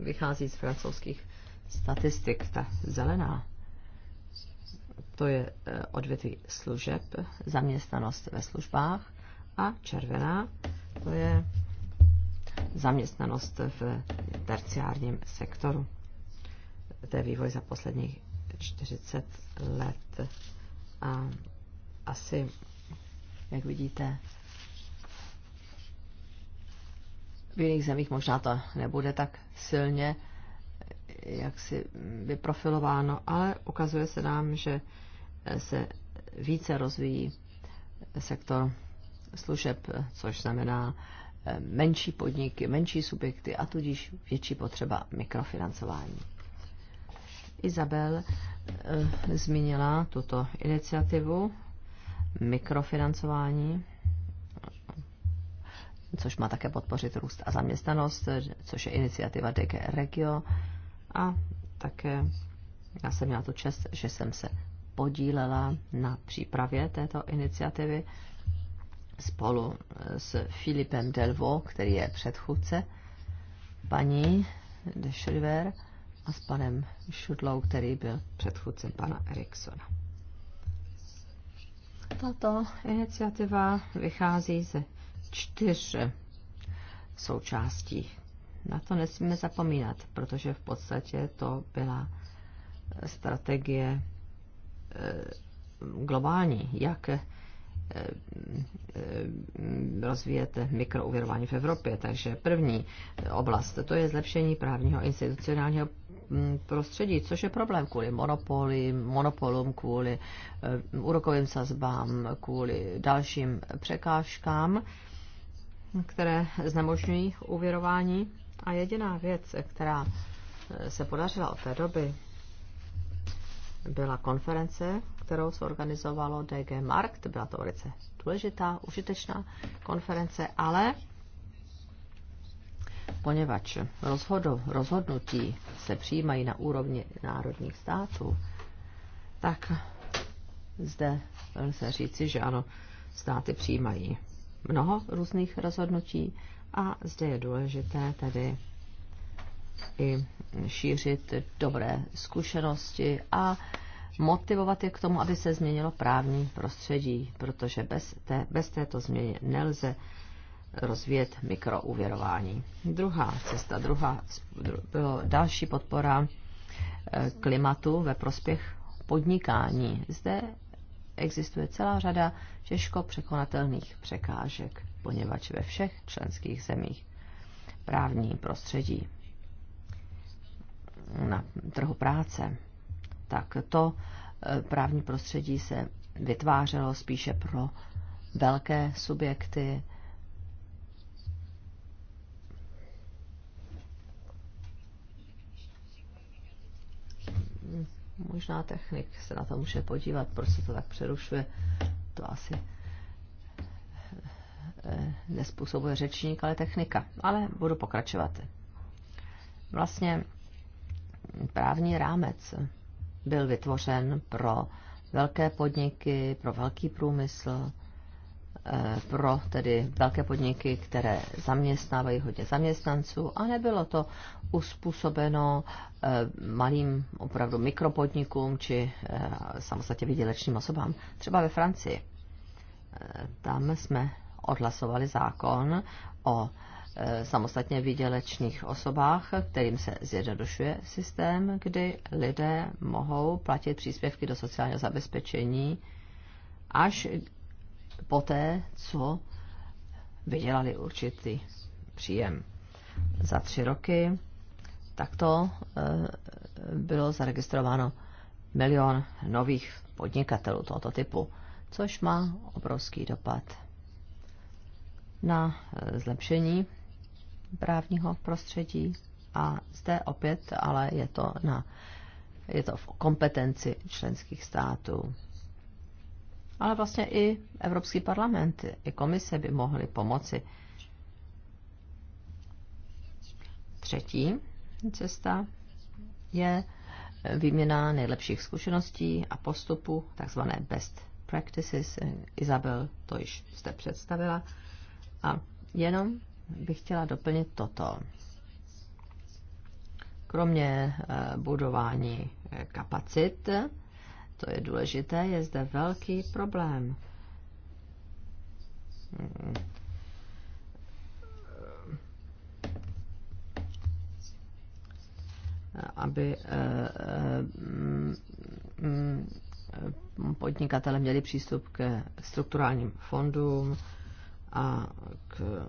vychází z francouzských statistik. Ta zelená to je eh, odvětví služeb, zaměstnanost ve službách a červená, to je zaměstnanost v terciárním sektoru. To je vývoj za posledních 40 let. A asi, jak vidíte, v jiných zemích možná to nebude tak silně jaksi vyprofilováno, ale ukazuje se nám, že se více rozvíjí sektor služeb, což znamená eh, menší podniky, menší subjekty a tudíž větší potřeba mikrofinancování. Izabel eh, zmínila tuto iniciativu mikrofinancování, což má také podpořit růst a zaměstnanost, což je iniciativa DG Regio, a také já jsem měla tu čest, že jsem se podílela na přípravě této iniciativy spolu s Filipem Delvo, který je předchůdce paní de Schriver a s panem Šudlou, který byl předchůdcem pana Eriksona. Tato iniciativa vychází ze čtyř součástí na to nesmíme zapomínat, protože v podstatě to byla strategie eh, globální, jak eh, eh, rozvíjet mikrouvěrování v Evropě. Takže první oblast, to je zlepšení právního institucionálního mm, prostředí, což je problém kvůli monopoly, monopolům, kvůli úrokovým sazbám, kvůli dalším překážkám, které znemožňují uvěrování a jediná věc, která eh, se podařila od té doby, byla konference, kterou se organizovalo DG Markt. Byla to velice důležitá, užitečná konference, ale poněvadž rozhodu, rozhodnutí se přijímají na úrovni národních států, tak zde lze říci, že ano, státy přijímají mnoho různých rozhodnutí a zde je důležité tedy i šířit dobré zkušenosti a motivovat je k tomu, aby se změnilo právní prostředí, protože bez, té, bez této změny nelze rozvíjet mikrouvěrování. Druhá cesta, druhá bylo další podpora eh, klimatu ve prospěch podnikání. Zde existuje celá řada těžko překonatelných překážek, poněvadž ve všech členských zemích právní prostředí na trhu práce, tak to eh, právní prostředí se vytvářelo spíše pro velké subjekty Možná technik se na to může podívat, proč se to tak přerušuje. To asi eh, nespůsobuje řečník, ale technika. Ale budu pokračovat. Vlastně právní rámec byl vytvořen pro velké podniky, pro velký průmysl, Eh, pro tedy velké podniky, které zaměstnávají hodně zaměstnanců a nebylo to uspůsobeno eh, malým opravdu mikropodnikům či eh, samostatně vydělečným osobám. Třeba ve Francii. Tam jsme odhlasovali zákon o samostatně výdělečných osobách, kterým se zjednodušuje systém, kdy lidé mohou platit příspěvky do sociálního zabezpečení až poté, co vydělali určitý příjem za tři roky, tak to eh, bylo zaregistrováno milion nových podnikatelů tohoto typu, což má obrovský dopad na eh, zlepšení právního prostředí a zde opět ale je to, na, je to v kompetenci členských států ale vlastně i Evropský parlament, i komise by mohly pomoci. Třetí cesta je výměna nejlepších zkušeností a postupu, takzvané best practices. Izabel to již jste představila. A jenom bych chtěla doplnit toto. Kromě eh, budování eh, kapacit, to je důležité, je zde velký problém. aby eh, eh, podnikatele měli přístup ke strukturálním fondům a k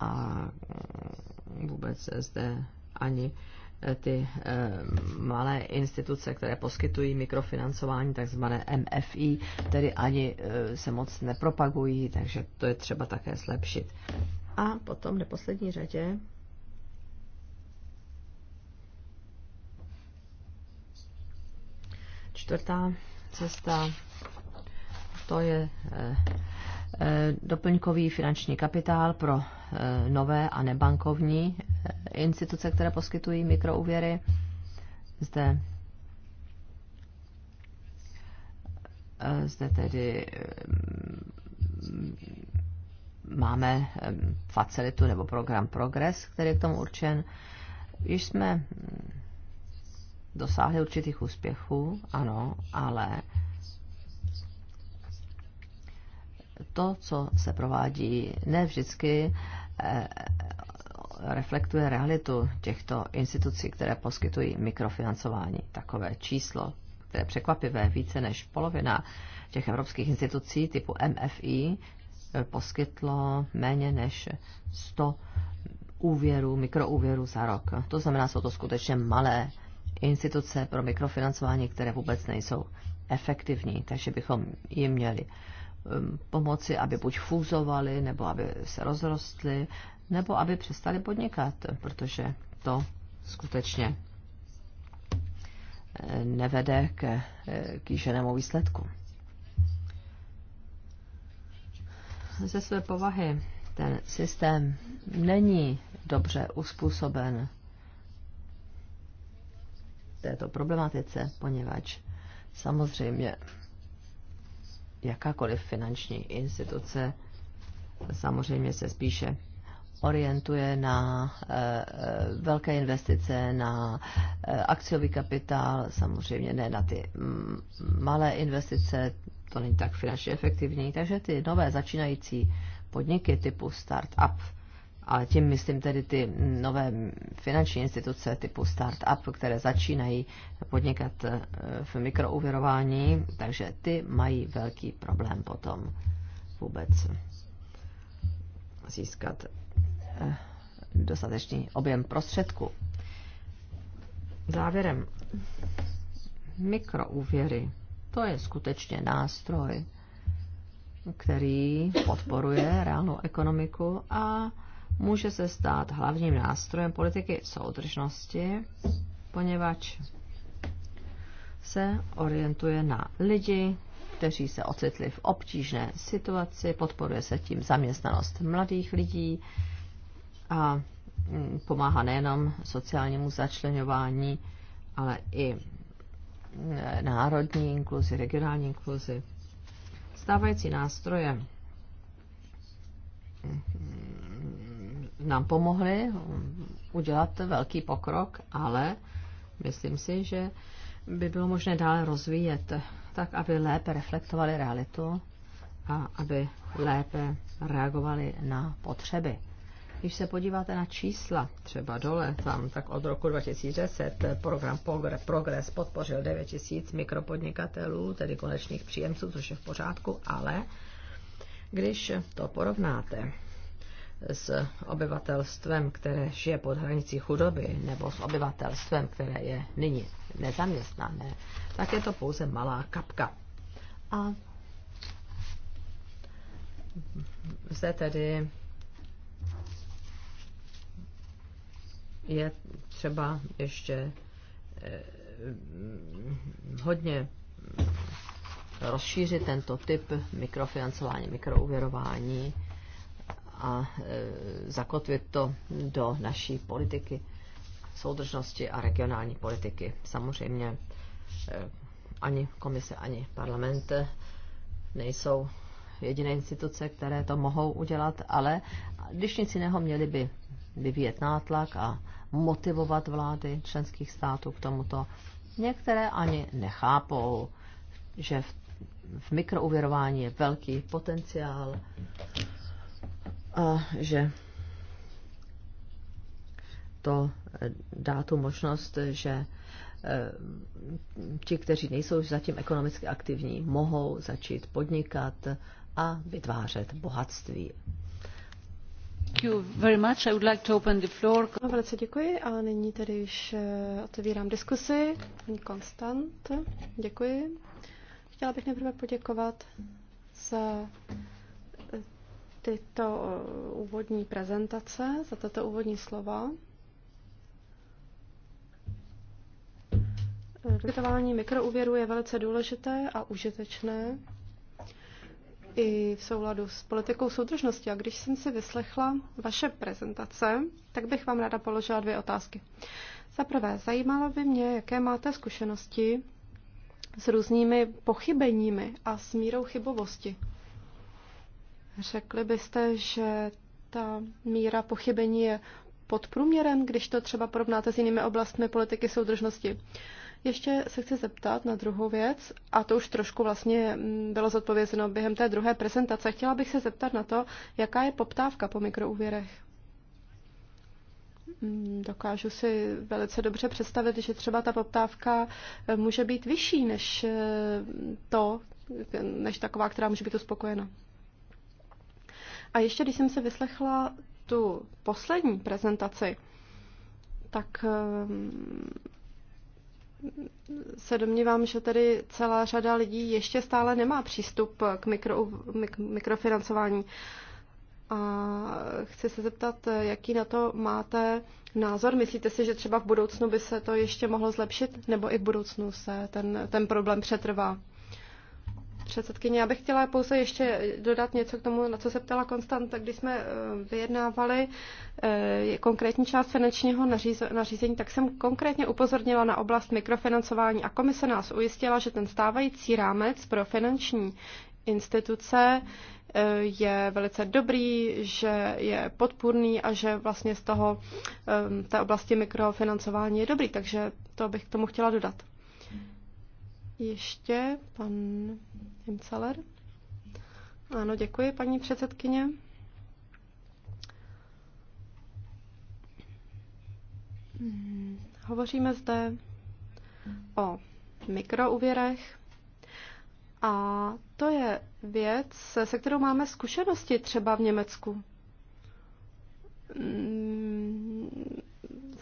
a vůbec zde ani Eh, ty eh, malé instituce, které poskytují mikrofinancování, takzvané MFI, tedy ani eh, se moc nepropagují, takže to je třeba také zlepšit. A potom v neposlední řadě čtvrtá cesta, to je Eh, doplňkový finanční kapitál pro eh, nové a nebankovní eh, instituce, které poskytují mikrouvěry. Zde zde tedy mm, máme facilitu nebo program Progress, který je k tomu určen. Již jsme mm, dosáhli určitých úspěchů, ano, ale to, co se provádí, ne vždycky eh, reflektuje realitu těchto institucí, které poskytují mikrofinancování. Takové číslo, které je překvapivé, více než polovina těch evropských institucí typu MFI eh, poskytlo méně než 100 úvěrů, mikroúvěrů za rok. To znamená, jsou to skutečně malé instituce pro mikrofinancování, které vůbec nejsou efektivní, takže bychom jim měli Um, pomoci, aby buď fúzovali, nebo aby se rozrostly, nebo aby přestali podnikat, protože to skutečně eh, nevede k eh, kýženému výsledku. Ze své povahy ten systém není dobře uspůsoben této problematice, poněvadž samozřejmě jakákoliv finanční instituce samozřejmě se spíše orientuje na eh, eh, velké investice, na eh, akciový kapitál, samozřejmě ne na ty mm, malé investice, to není tak finančně efektivní, takže ty nové začínající podniky typu start-up a tím myslím tedy ty nové finanční instituce typu startup, které začínají podnikat eh, v mikrouvěrování, takže ty mají velký problém potom vůbec získat eh, dostatečný objem prostředků. Závěrem, mikrouvěry, to je skutečně nástroj, který podporuje reálnou ekonomiku a může se stát hlavním nástrojem politiky soudržnosti, poněvadž se orientuje na lidi, kteří se ocitli v obtížné situaci, podporuje se tím zaměstnanost mladých lidí a mm, pomáhá nejenom sociálnímu začlenování, ale i mm, národní inkluzi, regionální inkluzi. Stávající nástroje nám pomohly udělat velký pokrok, ale myslím si, že by bylo možné dále rozvíjet, tak aby lépe reflektovali realitu a aby lépe reagovali na potřeby. Když se podíváte na čísla, třeba dole, tam tak od roku 2010 program Progress podpořil 9 tisíc mikropodnikatelů, tedy konečných příjemců, což je v pořádku, ale když to porovnáte s obyvatelstvem, které žije pod hranicí chudoby, nebo s obyvatelstvem, které je nyní nezaměstnané, tak je to pouze malá kapka. A zde tedy je třeba ještě eh, hodně rozšířit tento typ mikrofinancování, mikrouvěrování a e, zakotvit to do naší politiky soudržnosti a regionální politiky. Samozřejmě e, ani komise, ani parlament nejsou jediné instituce, které to mohou udělat, ale když nic jiného, měli by vyvíjet nátlak a motivovat vlády členských států k tomuto. Některé ani nechápou, že v, v mikrouvěrování je velký potenciál a že to eh, dá tu možnost, že eh, ti, kteří nejsou zatím ekonomicky aktivní, mohou začít podnikat a vytvářet bohatství. velice děkuji a nyní tedy již eh, otevírám diskusi. Pani Konstant, děkuji. Chtěla bych nejprve poděkovat za tyto eh, úvodní prezentace, za tato úvodní slova. Rozdělování mikroúvěru je velice důležité a užitečné i v souladu s politikou soudržnosti. A když jsem si vyslechla vaše prezentace, tak bych vám ráda položila dvě otázky. Za prvé, zajímalo by mě, jaké máte zkušenosti s různými pochybeními a s mírou chybovosti Řekli byste, že ta míra pochybení je pod průměrem, když to třeba porovnáte s jinými oblastmi politiky soudržnosti. Ještě se chci zeptat na druhou věc, a to už trošku vlastně mm, bylo zodpovězeno během té druhé prezentace. Chtěla bych se zeptat na to, jaká je poptávka po mikroúvěrech. Mm, dokážu si velice dobře představit, že třeba ta poptávka eh, může být vyšší než eh, to, než taková, která může být uspokojena. A ještě když jsem se vyslechla tu poslední prezentaci, tak ehm, se domnívám, že tady celá řada lidí ještě stále nemá přístup k, mikro, mik, mikrofinancování. A chci se zeptat, jaký na to máte názor. Myslíte si, že třeba v budoucnu by se to ještě mohlo zlepšit, nebo i v budoucnu se ten, ten problém přetrvá? předsedkyně. Já bych chtěla pouze ještě dodat něco k tomu, na co se ptala Konstanta, když jsme eh, vyjednávali eh, konkrétní část finančního nařízení, tak jsem konkrétně upozornila na oblast mikrofinancování a komise nás ujistila, že ten stávající rámec pro finanční instituce eh, je velice dobrý, že je podpůrný a že vlastně z toho té oblasti mikrofinancování je dobrý, takže to bych k tomu chtěla dodat. Ještě pan Imceler. Ano, děkuji, paní předsedkyně. Hovoříme zde o mikrouvěrech a to je věc, se kterou máme zkušenosti třeba v Německu.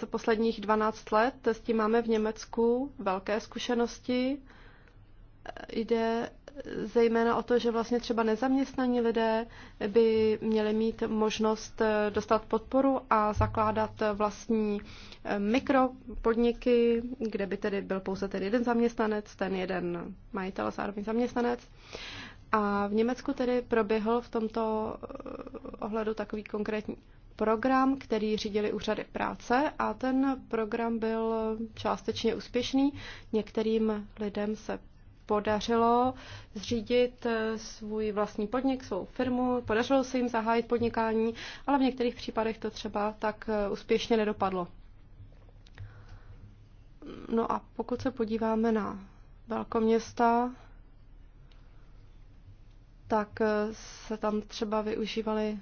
Za posledních 12 let s tím máme v Německu velké zkušenosti. Jde zejména o to, že vlastně třeba nezaměstnaní lidé by měli mít možnost eh, dostat podporu a zakládat vlastní eh, mikropodniky, kde by tedy byl pouze ten jeden zaměstnanec, ten jeden majitel a zároveň zaměstnanec. A v Německu tedy proběhl v tomto eh, ohledu takový konkrétní program, který řídili úřady práce a ten program byl částečně úspěšný. Některým lidem se podařilo zřídit eh, svůj vlastní podnik, svou firmu, podařilo se jim zahájit podnikání, ale v některých případech to třeba tak eh, úspěšně nedopadlo. No a pokud se podíváme na velkoměsta, tak eh, se tam třeba využívaly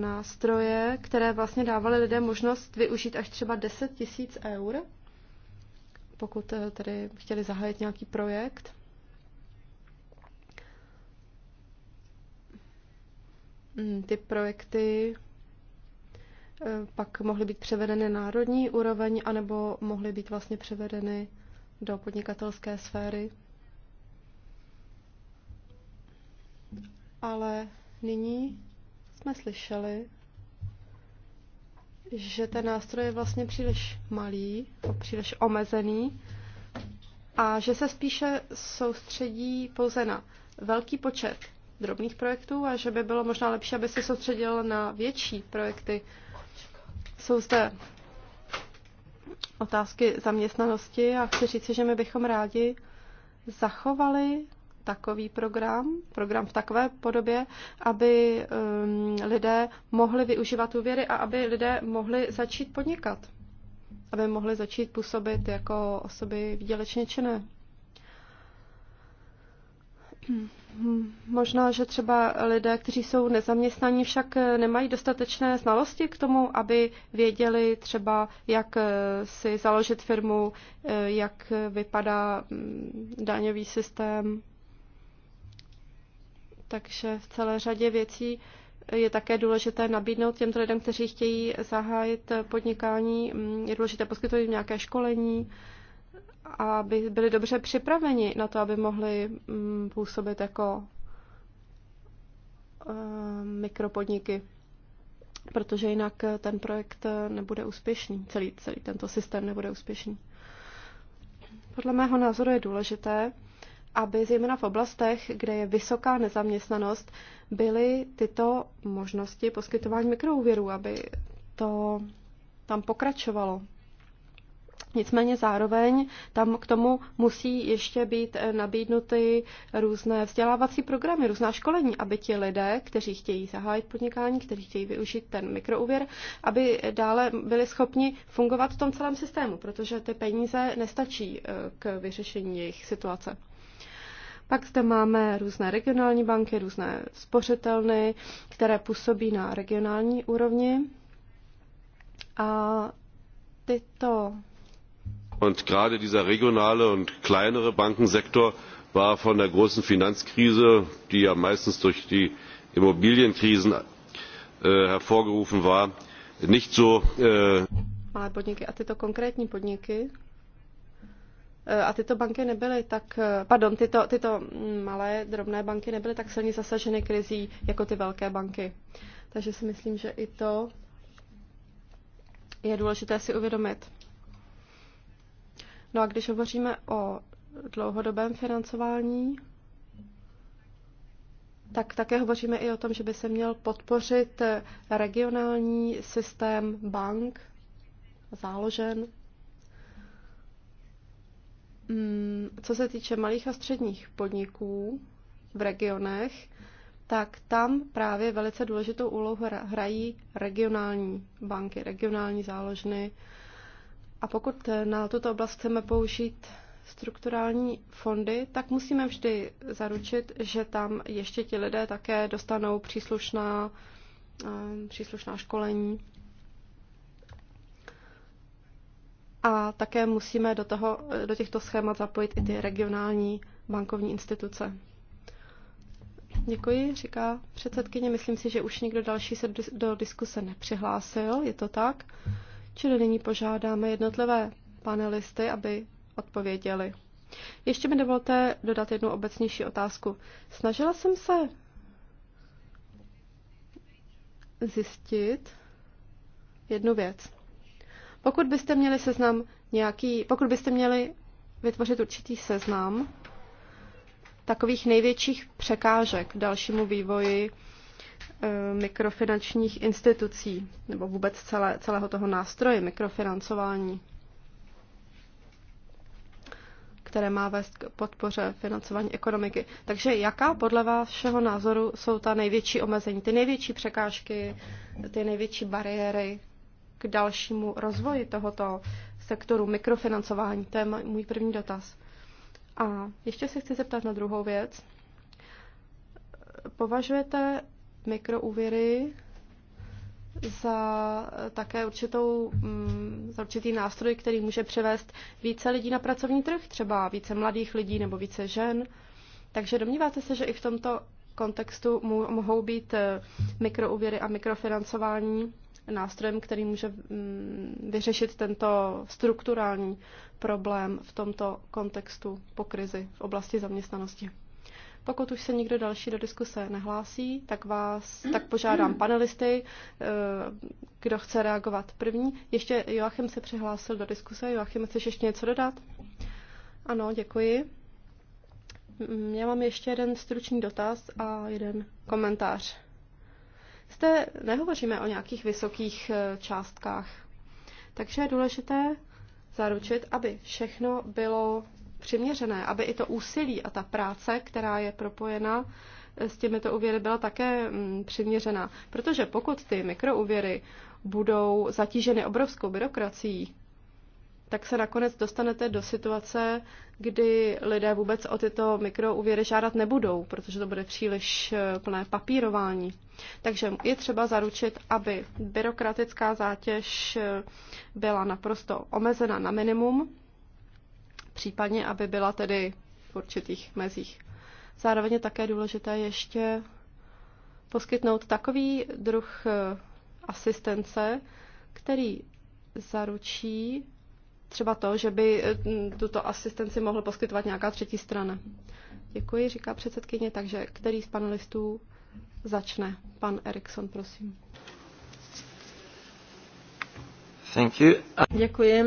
nástroje, které vlastně dávaly lidem možnost využít až třeba 10 tisíc eur pokud eh, tedy chtěli zahájit nějaký projekt. Hmm, ty projekty eh, pak mohly být převedeny na národní úroveň, anebo mohly být vlastně převedeny do podnikatelské sféry. Ale nyní jsme slyšeli, že ten nástroj je vlastně příliš malý, příliš omezený a že se spíše soustředí pouze na velký počet drobných projektů a že by bylo možná lepší, aby se soustředil na větší projekty. Jsou zde otázky zaměstnanosti a chci říci, že my bychom rádi zachovali takový program, program v takové podobě, aby um, lidé mohli využívat úvěry a aby lidé mohli začít podnikat, aby mohli začít působit jako osoby výdělečně činné. Možná, že třeba lidé, kteří jsou nezaměstnaní, však nemají dostatečné znalosti k tomu, aby věděli třeba, jak eh, si založit firmu, eh, jak vypadá mm, daňový systém takže v celé řadě věcí je také důležité nabídnout těmto lidem, kteří chtějí zahájit podnikání, mm, je důležité poskytovat jim nějaké školení, aby byli dobře připraveni na to, aby mohli mm, působit jako eh, mikropodniky, protože jinak ten projekt nebude úspěšný, celý, celý tento systém nebude úspěšný. Podle mého názoru je důležité, aby zejména v oblastech, kde je vysoká nezaměstnanost, byly tyto možnosti poskytování mikroúvěrů, aby to tam pokračovalo. Nicméně zároveň tam k tomu musí ještě být eh, nabídnuty různé vzdělávací programy, různá školení, aby ti lidé, kteří chtějí zahájit podnikání, kteří chtějí využít ten mikroúvěr, aby dále byli schopni fungovat v tom celém systému, protože ty peníze nestačí eh, k vyřešení jejich situace. Pak zde máme různé regionální banky, různé spořitelny, které působí na regionální úrovni. A tyto Und gerade dieser regionale und kleinere Bankensektor war von der großen Finanzkrise, die ja meistens durch die Immobilienkrisen äh, hervorgerufen war, nicht so. Äh Malé podniky a tyto konkrétní podniky Eh, a tyto banky nebyly tak, eh, pardon, tyto, tyto malé drobné banky nebyly tak silně zasaženy krizí jako ty velké banky. Takže si myslím, že i to je důležité si uvědomit. No a když hovoříme o dlouhodobém financování, tak také hovoříme i o tom, že by se měl podpořit regionální systém bank, záložen, Mm, co se týče malých a středních podniků v regionech, tak tam právě velice důležitou úlohu hrají regionální banky, regionální záložny. A pokud eh, na tuto oblast chceme použít strukturální fondy, tak musíme vždy zaručit, že tam ještě ti lidé také dostanou příslušná, eh, příslušná školení. a také musíme do, toho, do těchto schémat zapojit i ty regionální bankovní instituce. Děkuji, říká předsedkyně. Myslím si, že už nikdo další se do diskuse nepřihlásil, je to tak. Čili nyní požádáme jednotlivé panelisty, aby odpověděli. Ještě mi dovolte dodat jednu obecnější otázku. Snažila jsem se zjistit jednu věc. Pokud byste měli seznam nějaký, pokud byste měli vytvořit určitý seznam takových největších překážek dalšímu vývoji eh, mikrofinančních institucí nebo vůbec celé, celého toho nástroje mikrofinancování, které má vést k podpoře financování ekonomiky. Takže jaká podle vás všeho názoru jsou ta největší omezení, ty největší překážky, ty největší bariéry, k dalšímu rozvoji tohoto sektoru mikrofinancování? To je můj první dotaz. A ještě se chci zeptat na druhou věc. Považujete mikroúvěry za také určitou, mm, za určitý nástroj, který může převést více lidí na pracovní trh, třeba více mladých lidí nebo více žen. Takže domníváte se, že i v tomto kontextu mohou být mikroúvěry a mikrofinancování nástrojem, který může mm, vyřešit tento strukturální problém v tomto kontextu po krizi v oblasti zaměstnanosti. Pokud už se nikdo další do diskuse nehlásí, tak vás tak požádám panelisty, eh, kdo chce reagovat první. Ještě Joachim se přihlásil do diskuse. Joachim, chceš ještě něco dodat? Ano, děkuji. Mm, já mám ještě jeden stručný dotaz a jeden komentář. Zde nehovoříme o nějakých vysokých eh, částkách. Takže je důležité zaručit, aby všechno bylo přiměřené, aby i to úsilí a ta práce, která je propojena eh, s těmito úvěry, byla také mm, přiměřená. Protože pokud ty mikroúvěry budou zatíženy obrovskou byrokracií, tak se nakonec dostanete do situace, kdy lidé vůbec o tyto mikroúvěry žádat nebudou, protože to bude příliš eh, plné papírování. Takže je třeba zaručit, aby byrokratická zátěž eh, byla naprosto omezena na minimum, případně aby byla tedy v určitých mezích. Zároveň je také důležité ještě poskytnout takový druh eh, asistence, který zaručí, třeba to, že by eh, tuto asistenci mohl poskytovat nějaká třetí strana. Děkuji, říká předsedkyně, takže který z panelistů začne? Pan Erikson, prosím. Thank you. Děkuji.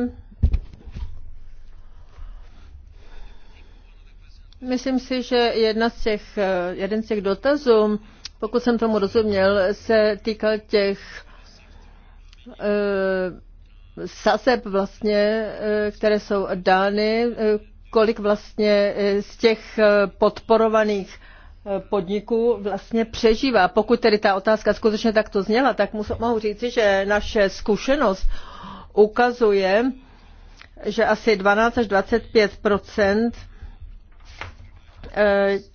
Myslím si, že jedna z těch, eh, jeden z těch dotazů, pokud jsem tomu rozuměl, se týkal těch eh, sazeb vlastně, eh, které jsou dány, eh, kolik vlastně eh, z těch podporovaných podniků vlastně přežívá. Pokud tedy ta otázka skutečně takto zněla, tak mohu říci, že naše zkušenost ukazuje, že asi 12 až 25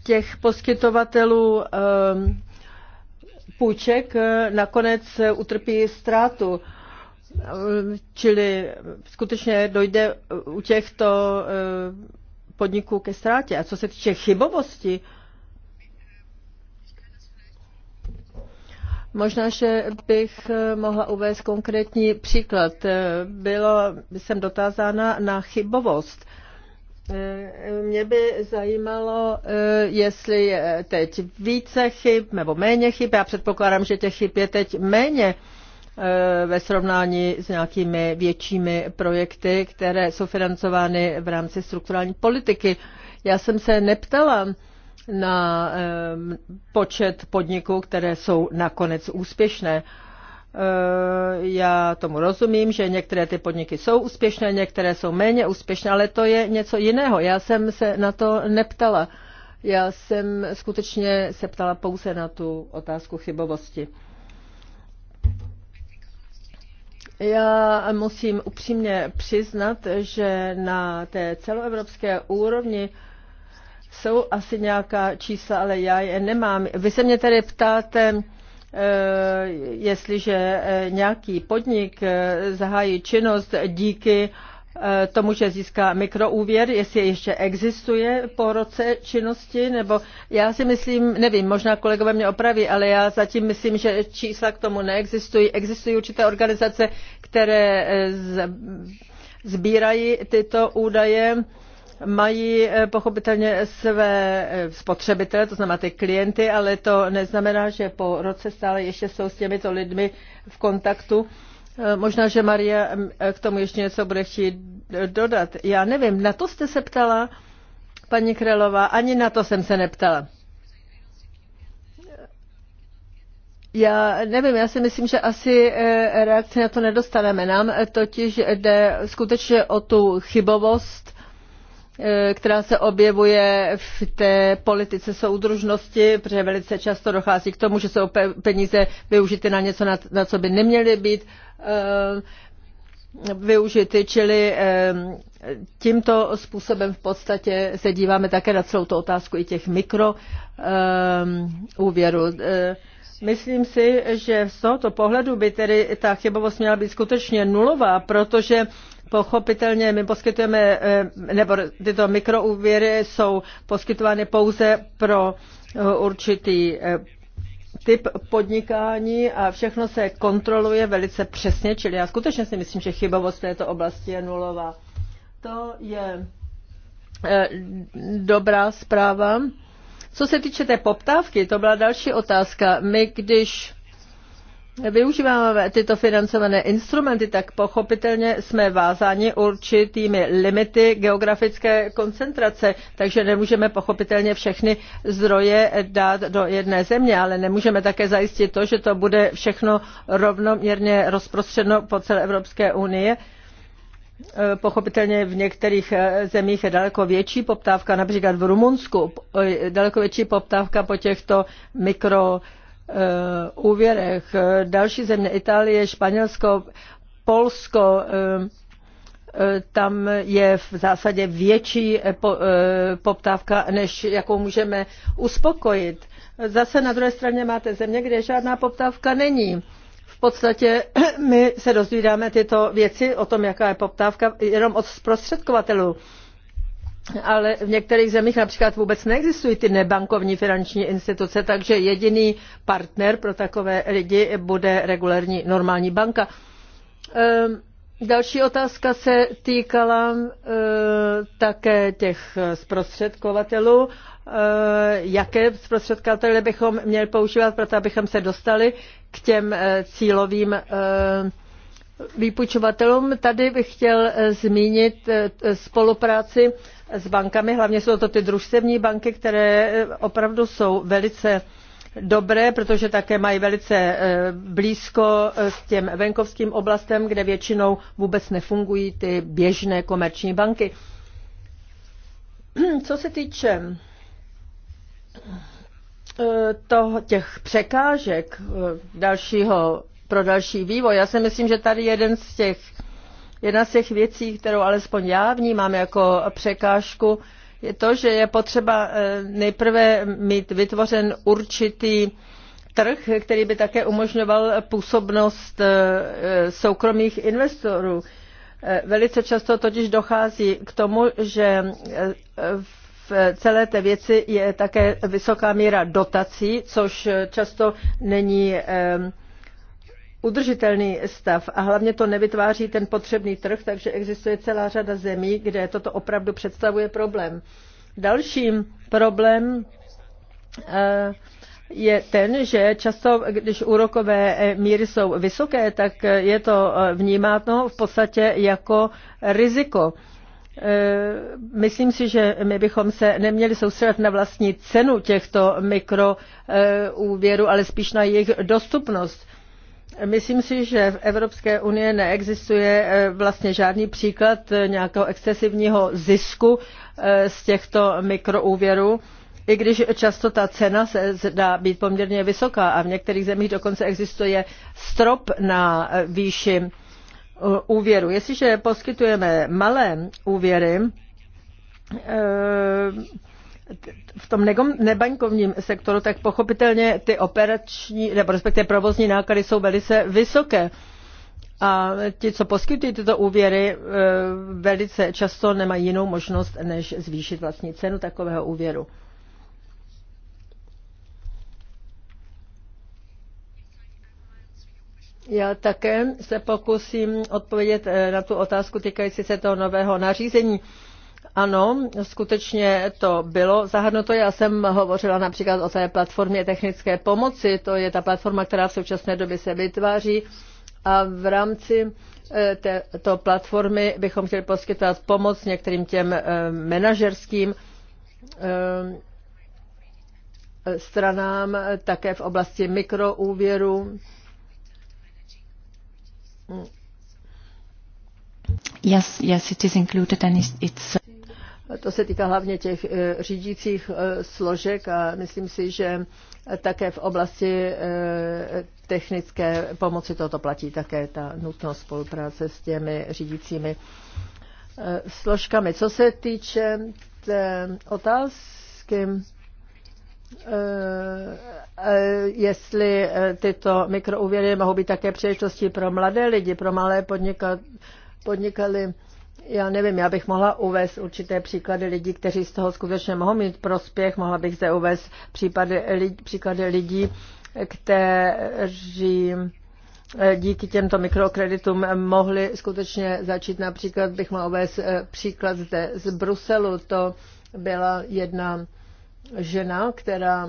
těch poskytovatelů půjček nakonec utrpí ztrátu. Čili skutečně dojde u těchto eh, podniků ke ztrátě. A co se týče chybovosti, Možná, že bych eh, mohla uvést konkrétní příklad. Eh, Byla jsem dotázána na chybovost. Mě by zajímalo, jestli je teď více chyb nebo méně chyb. Já předpokládám, že těch chyb je teď méně. Eh, ve srovnání s nějakými většími projekty, které jsou financovány v rámci strukturální politiky. Já jsem se neptala na eh, počet podniků, které jsou nakonec úspěšné. Eh, já tomu rozumím, že některé ty podniky jsou úspěšné, některé jsou méně úspěšné, ale to je něco jiného. Já jsem se na to neptala. Já jsem skutečně se ptala pouze na tu otázku chybovosti. Já musím upřímně přiznat, že na té celoevropské úrovni jsou asi nějaká čísla, ale já je nemám. Vy se mě tady ptáte, eh, jestliže eh, nějaký podnik eh, zahájí činnost díky Eh, tomu, že získá mikroúvěr, jestli ještě existuje po roce činnosti, nebo já si myslím, nevím, možná kolegové mě opraví, ale já zatím myslím, že čísla k tomu neexistují. Existují určité organizace, které eh, sbírají tyto údaje, mají eh, pochopitelně své spotřebitele, to znamená ty klienty, ale to neznamená, že po roce stále ještě jsou s těmito lidmi v kontaktu. Eh, možná, že Maria eh, k tomu ještě něco bude chtít eh, dodat. Já nevím, na to jste se ptala, paní Krelová, ani na to jsem se neptala. Já nevím, já si myslím, že asi reakci na to nedostaneme. Nám totiž jde skutečně o tu chybovost Eh, která se objevuje v té politice soudružnosti, protože velice často dochází k tomu, že jsou peníze využity na něco, na co by neměly být eh, využity, čili eh, tímto způsobem v podstatě se díváme také na celou tu otázku i těch mikroúvěrů. Um, Myslím si, že z tohoto pohledu by tedy ta chybovost měla být skutečně nulová, protože pochopitelně my poskytujeme, eh, nebo tyto mikroúvěry jsou poskytovány pouze pro eh, určitý eh, typ podnikání a všechno se kontroluje velice přesně, čili já skutečně si myslím, že chybovost v této oblasti je nulová. To je dobrá zpráva. Co se týče té poptávky, to byla další otázka. My, když využíváme tyto financované instrumenty, tak pochopitelně jsme vázáni určitými limity geografické koncentrace, takže nemůžeme pochopitelně všechny zdroje dát do jedné země, ale nemůžeme také zajistit to, že to bude všechno rovnoměrně rozprostřeno po celé Evropské unii Eh, pochopitelně v některých eh, zemích je daleko větší poptávka, například v Rumunsku, eh, daleko větší poptávka po těchto mikro úvěrech. Další země, Itálie, Španělsko, Polsko, tam je v zásadě větší poptávka, než jakou můžeme uspokojit. Zase na druhé straně máte země, kde žádná poptávka není podstatě my se dozvídáme tyto věci o tom, jaká je poptávka, jenom od zprostředkovatelů. Ale v některých zemích například vůbec neexistují ty nebankovní finanční instituce, takže jediný partner pro takové lidi bude regulární normální banka. Ehm, další otázka se týkala ehm, také těch zprostředkovatelů Eh, jaké zprostředkatele bychom měli používat proto, abychom se dostali k těm eh, cílovým eh, výpočovatelům? Tady bych chtěl zmínit spolupráci s bankami, hlavně jsou to ty družstevní banky, které opravdu jsou velice dobré, protože také mají velice blízko s těm venkovským oblastem, kde většinou vůbec nefungují ty běžné komerční banky. Co se týče Eh, toho, těch překážek eh, dalšího, pro další vývoj, já si myslím, že tady jeden z těch, jedna z těch věcí, kterou alespoň já vnímám jako překážku, je to, že je potřeba eh, nejprve mít vytvořen určitý trh, který by také umožňoval působnost soukromých investorů. Velice často totiž dochází k tomu, že v v celé té věci je také vysoká míra dotací, což často není udržitelný stav a hlavně to nevytváří ten potřebný trh, takže existuje celá řada zemí, kde toto opravdu představuje problém. Dalším problém eh, je ten, že často, když úrokové míry jsou vysoké, tak je to eh, vnímáno v podstatě jako riziko. Eh, myslím si, že my bychom se neměli soustředit na vlastní cenu těchto mikroúvěrů, ale spíš na jejich dostupnost. Myslím si, že v Evropské unii neexistuje eh, vlastně žádný příklad nějakého excesivního zisku eh, z těchto mikroúvěrů, i když často ta cena se zdá být poměrně vysoká a v některých zemích dokonce existuje strop na výši Eh, úvěru. Jestliže poskytujeme malé úvěry, eh, v tom nebankovním sektoru, tak pochopitelně ty operační, nebo respektive provozní náklady jsou velice vysoké. A ti, co poskytují tyto úvěry, eh, velice často nemají jinou možnost, než zvýšit vlastní cenu takového úvěru. Já také se pokusím odpovědět eh, na tu otázku týkající se toho nového nařízení. Ano, skutečně to bylo zahrnuto. Já jsem hovořila například o té platformě technické pomoci. To je ta platforma, která v současné době se vytváří. A v rámci eh, této platformy bychom chtěli poskytovat pomoc některým těm eh, manažerským stranám, také v oblasti mikroúvěru Yes, yes, it is included and it's... To se týká hlavně těch eh, řídících eh, složek a myslím si, že také v oblasti eh, technické pomoci toto platí také ta nutnost spolupráce s těmi řídícími složkami. Co se týče té otázky, Eh, eh, jestli eh, tyto mikroúvěry mohou být také příležitostí pro mladé lidi, pro malé podnikatele. Já nevím, já bych mohla uvést určité příklady lidí, kteří z toho skutečně mohou mít prospěch. Mohla bych zde uvést případy, lidi, příklady lidí, kteří díky těmto mikrokreditům mohli skutečně začít. Například bych mohla uvést příklad zde z Bruselu. To byla jedna žena, která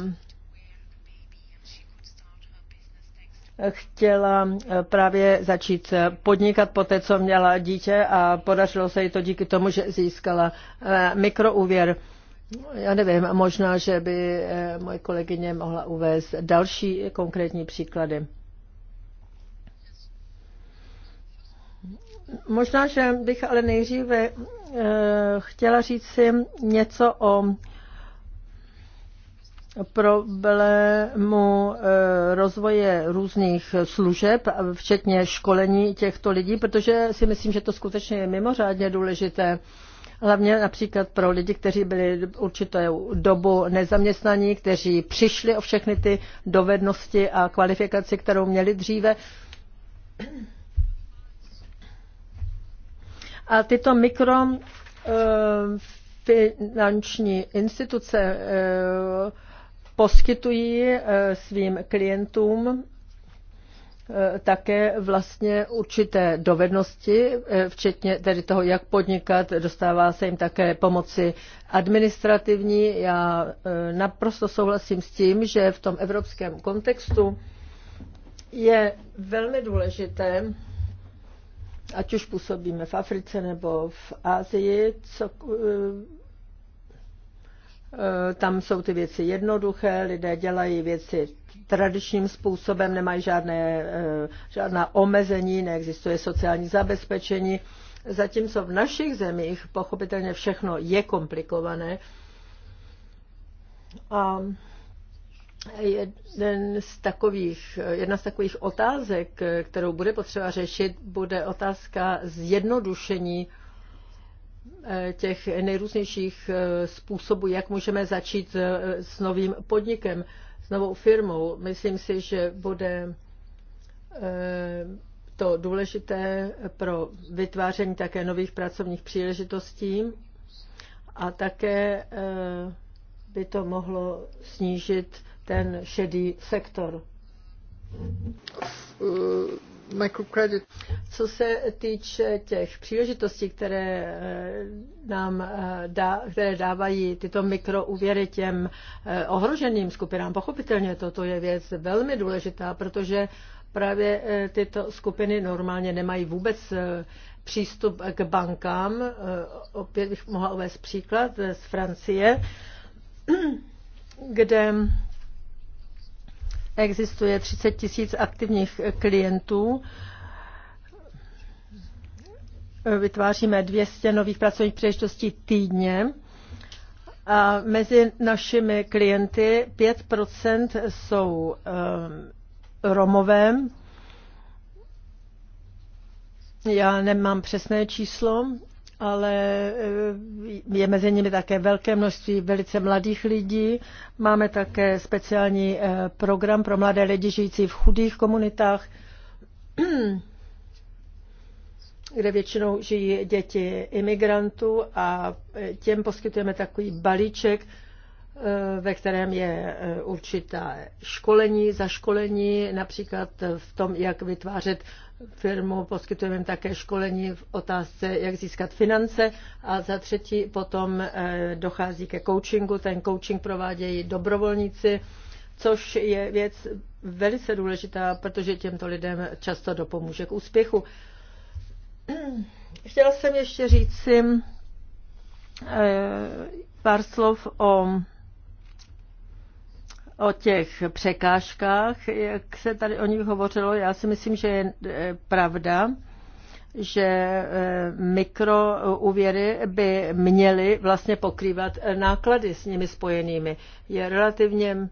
chtěla eh, právě začít eh, podnikat po té, co měla dítě a podařilo se jí to díky tomu, že získala eh, mikroúvěr. Já nevím, možná, že by moje kolegyně mohla uvést další konkrétní příklady. Možná, že bych ale nejdříve chtěla říct si něco o problému eh, rozvoje různých služeb, včetně školení těchto lidí, protože si myslím, že to skutečně je mimořádně důležité. Hlavně například pro lidi, kteří byli určitou dobu nezaměstnaní, kteří přišli o všechny ty dovednosti a kvalifikaci, kterou měli dříve. A tyto mikro eh, finanční instituce eh, poskytují eh, svým klientům eh, také vlastně určité dovednosti, eh, včetně tedy toho, jak podnikat, dostává se jim také pomoci administrativní. Já naprosto souhlasím s tím, že v tom evropském kontextu je velmi důležité, ať už působíme v Africe nebo v Asii, co, Eh, tam jsou ty věci jednoduché, lidé dělají věci tradičním způsobem, nemají žádné, eh, žádná omezení, neexistuje sociální zabezpečení. Zatímco v našich zemích pochopitelně všechno je komplikované. A jeden z takových, jedna z takových otázek, kterou bude potřeba řešit, bude otázka zjednodušení Eh, těch nejrůznějších eh, způsobů, jak můžeme začít eh, s novým podnikem, s novou firmou. Myslím si, že bude to důležité pro vytváření také nových pracovních příležitostí a také by to mohlo snížit ten šedý sektor. Co se týče těch příležitostí, které eh, nám eh, dá, které dávají tyto mikroúvěry těm eh, ohroženým skupinám, pochopitelně toto je věc velmi důležitá, protože právě tyto skupiny normálně nemají vůbec přístup k bankám. Opět bych mohla uvést příklad z Francie, kde Existuje 30 tisíc aktivních klientů. Vytváříme 200 nových pracovních příležitostí týdně. A mezi našimi klienty 5 jsou um, Romové. Já nemám přesné číslo, ale eh, je mezi nimi také velké množství velice mladých lidí. Máme také speciální eh, program pro mladé lidi žijící v chudých komunitách, kde většinou žijí děti imigrantů a eh, těm poskytujeme takový balíček, ve kterém je určitá školení, zaškolení, například v tom, jak vytvářet firmu, poskytujeme jim také školení v otázce, jak získat finance a za třetí potom eh, dochází ke coachingu. Ten coaching provádějí dobrovolníci, což je věc velice důležitá, protože těmto lidem často dopomůže k úspěchu. Chtěla jsem ještě říct si eh, pár slov o o těch překážkách, jak se tady o nich hovořilo, já si myslím, že je e, pravda, že e, mikrouvěry by měly vlastně pokrývat e, náklady s nimi spojenými. Je relativně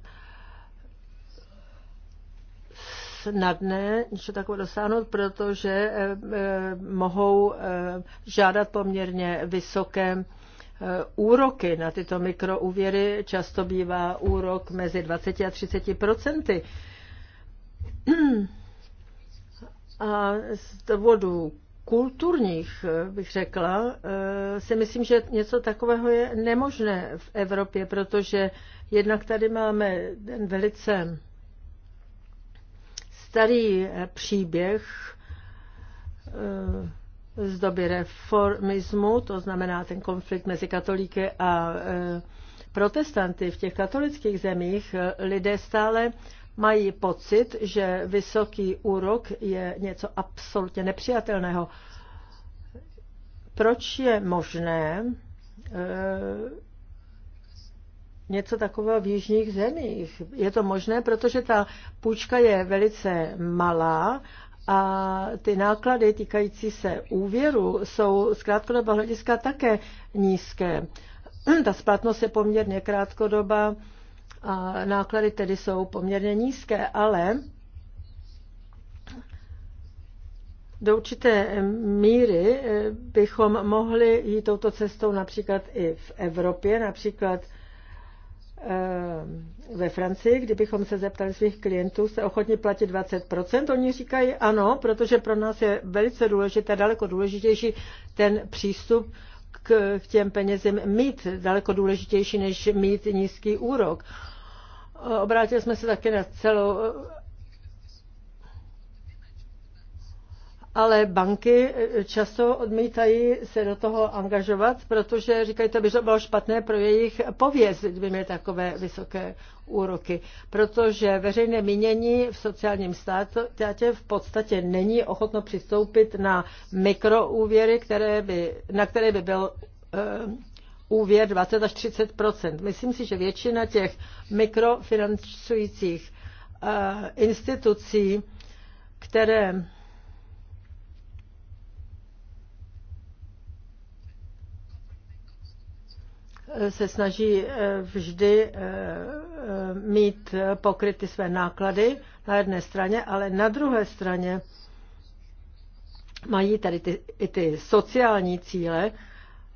snadné něco takové dosáhnout, protože mohou žádat poměrně vysoké Eh, úroky na tyto mikroúvěry často bývá úrok mezi 20 a 30 procenty. A z důvodu kulturních, eh, bych řekla, eh, si myslím, že něco takového je nemožné v Evropě, protože jednak tady máme ten velice starý příběh z doby reformismu, to znamená ten konflikt mezi katolíky a e, protestanty v těch katolických zemích, e, lidé stále mají pocit, že vysoký úrok je něco absolutně nepřijatelného. Proč je možné e, něco takového v jižních zemích. Je to možné, protože ta půjčka je velice malá a ty náklady týkající se úvěru jsou z krátkodobého hlediska také nízké. Ta splatnost je poměrně krátkodoba a náklady tedy jsou poměrně nízké, ale do určité míry eh, bychom mohli jít touto cestou například i v Evropě, například Eh, ve Francii, kdybychom se zeptali svých klientů, se ochotně platit 20%, oni říkají ano, protože pro nás je velice důležité, daleko důležitější ten přístup k, k těm penězím mít, daleko důležitější, než mít nízký úrok. Eh, obrátili jsme se také na celou ale banky eh, často odmítají se do toho angažovat, protože říkají, to by to bylo špatné pro jejich pověst, kdyby měly takové vysoké úroky. Protože veřejné mínění v sociálním státě v podstatě není ochotno přistoupit na mikroúvěry, které by, na které by byl eh, úvěr 20 až 30 Myslím si, že většina těch mikrofinancujících eh, institucí, které se snaží eh, vždy eh, eh, mít pokryty své náklady na jedné straně, ale na druhé straně mají tady ty, i ty sociální cíle,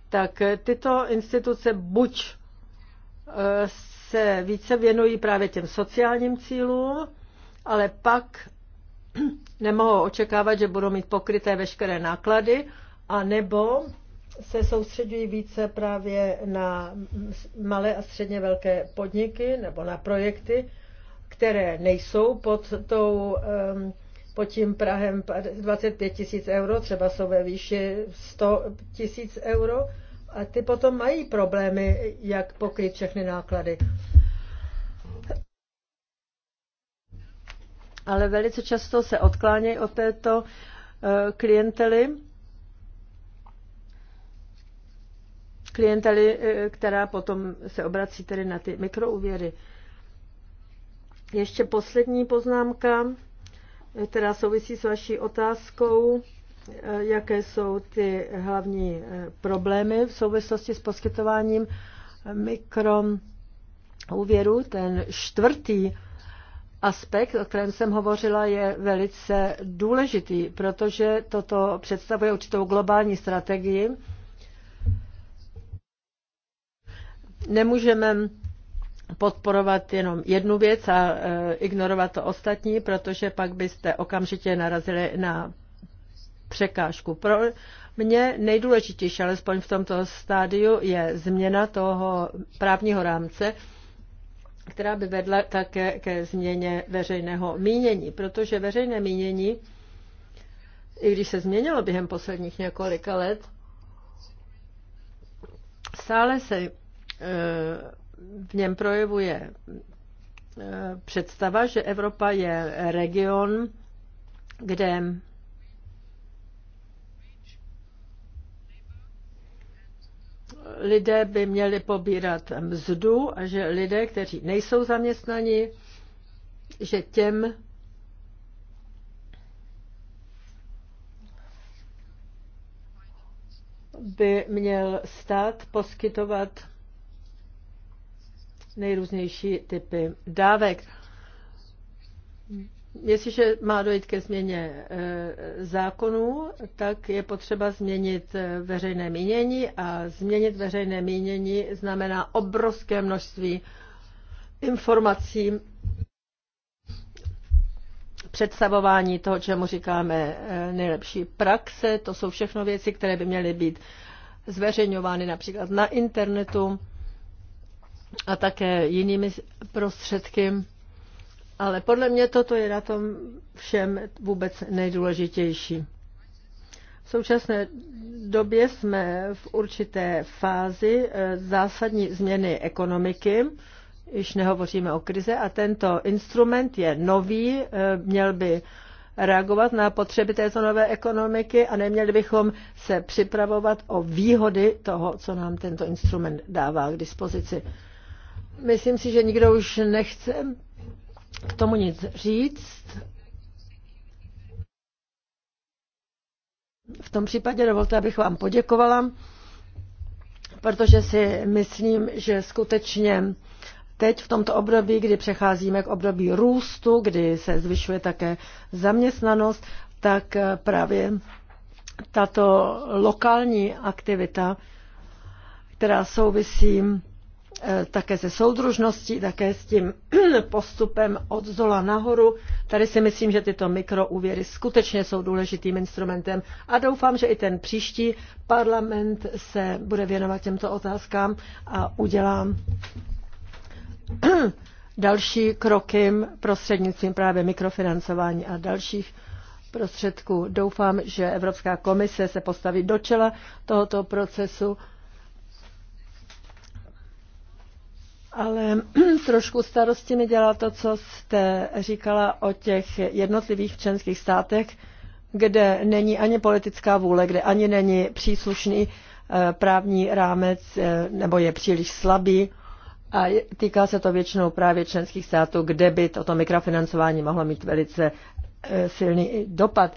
tak tyto instituce buď se více věnují právě těm sociálním cílům, ale pak nemohou očekávat, že budou mít pokryté veškeré náklady, anebo se soustředují více právě na malé a středně velké podniky nebo na projekty, které nejsou pod, tou, pod tím Prahem 25 tisíc euro, třeba jsou ve výši 100 tisíc euro, a ty potom mají problémy, jak pokryt všechny náklady. Ale velice často se odklánějí od této eh, klientely klientely, eh, která potom se obrací tedy na ty mikroúvěry. Ještě poslední poznámka, eh, která souvisí s vaší otázkou, eh, jaké jsou ty hlavní problémy v souvislosti s poskytováním mikroúvěru. Ten čtvrtý aspekt, o kterém jsem hovořila, je velice důležitý, protože toto představuje určitou globální strategii nemůžeme podporovat jenom jednu věc a e, ignorovat to ostatní, protože pak byste okamžitě narazili na překážku. Pro mě nejdůležitější, alespoň v tomto stádiu, je změna toho právního rámce, která by vedla také ke změně veřejného mínění, protože veřejné mínění, i když se změnilo během posledních několika let, stále se v něm projevuje eh, představa, že Evropa je region, kde lidé by měli pobírat mzdu a že lidé, kteří nejsou zaměstnaní, že těm by měl stát poskytovat nejrůznější typy dávek. Jestliže má dojít ke změně e, zákonů, tak je potřeba změnit e, veřejné mínění a změnit veřejné mínění znamená obrovské množství informací, představování toho, čemu říkáme e, nejlepší praxe. To jsou všechno věci, které by měly být zveřejňovány například na internetu a také jinými prostředky. Ale podle mě toto je na tom všem vůbec nejdůležitější. V současné době jsme v určité fázi eh, zásadní změny ekonomiky, již nehovoříme o krize, a tento instrument je nový, eh, měl by reagovat na potřeby této nové ekonomiky a neměli bychom se připravovat o výhody toho, co nám tento instrument dává k dispozici. Myslím si, že nikdo už nechce k tomu nic říct. V tom případě dovolte, abych vám poděkovala, protože si myslím, že skutečně teď v tomto období, kdy přecházíme k období růstu, kdy se zvyšuje také zaměstnanost, tak právě tato lokální aktivita, která souvisí Eh, také se soudružností, také s tím postupem od zola nahoru. Tady si myslím, že tyto mikroúvěry skutečně jsou důležitým instrumentem a doufám, že i ten příští parlament se bude věnovat těmto otázkám a udělá další kroky prostřednictvím právě mikrofinancování a dalších prostředků. Doufám, že Evropská komise se postaví do čela tohoto procesu ale trošku starosti mi dělá to, co jste říkala o těch jednotlivých členských státech, kde není ani politická vůle, kde ani není příslušný eh, právní rámec eh, nebo je příliš slabý. A týká se to většinou právě členských států, kde by toto mikrofinancování mohlo mít velice eh, silný dopad.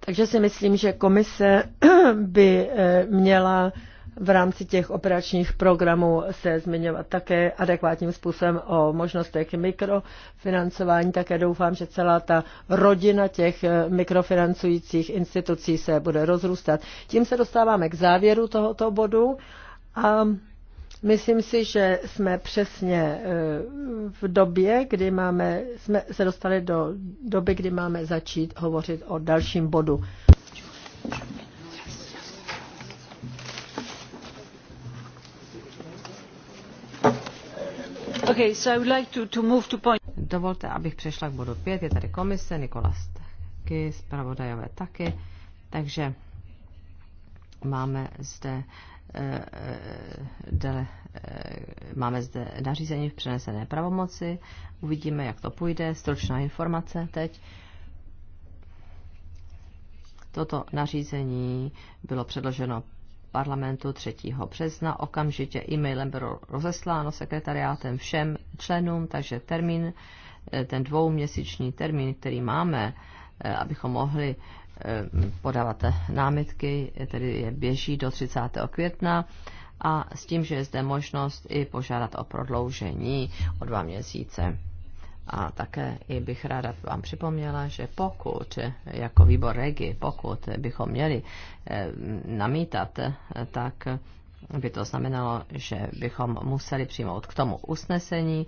Takže si myslím, že komise by měla v rámci těch operačních programů se zmiňovat také adekvátním způsobem o možnostech mikrofinancování. Také doufám, že celá ta rodina těch eh, mikrofinancujících institucí se bude rozrůstat. Tím se dostáváme k závěru tohoto bodu a myslím si, že jsme přesně eh, v době, kdy máme, jsme se dostali do doby, kdy máme začít hovořit o dalším bodu. Thank you. Dovolte, abych přešla k bodu 5. Je tady komise, Nikolas taky, zpravodajové taky. Takže máme zde eh, eh, dele, eh, máme zde nařízení v přenesené pravomoci. Uvidíme, jak to půjde. Stručná informace teď. Toto nařízení bylo předloženo parlamentu 3. března. Okamžitě e-mailem bylo rozesláno sekretariátem všem členům, takže termín, eh, ten dvouměsíční termín, který máme, eh, abychom mohli eh, podávat námitky, tedy je běží do 30. května a s tím, že je zde možnost i požádat o prodloužení o dva měsíce. A také bych ráda vám připomněla, že pokud jako výbor REGI, pokud bychom měli eh, namítat, eh, tak by to znamenalo, že bychom museli přijmout k tomu usnesení,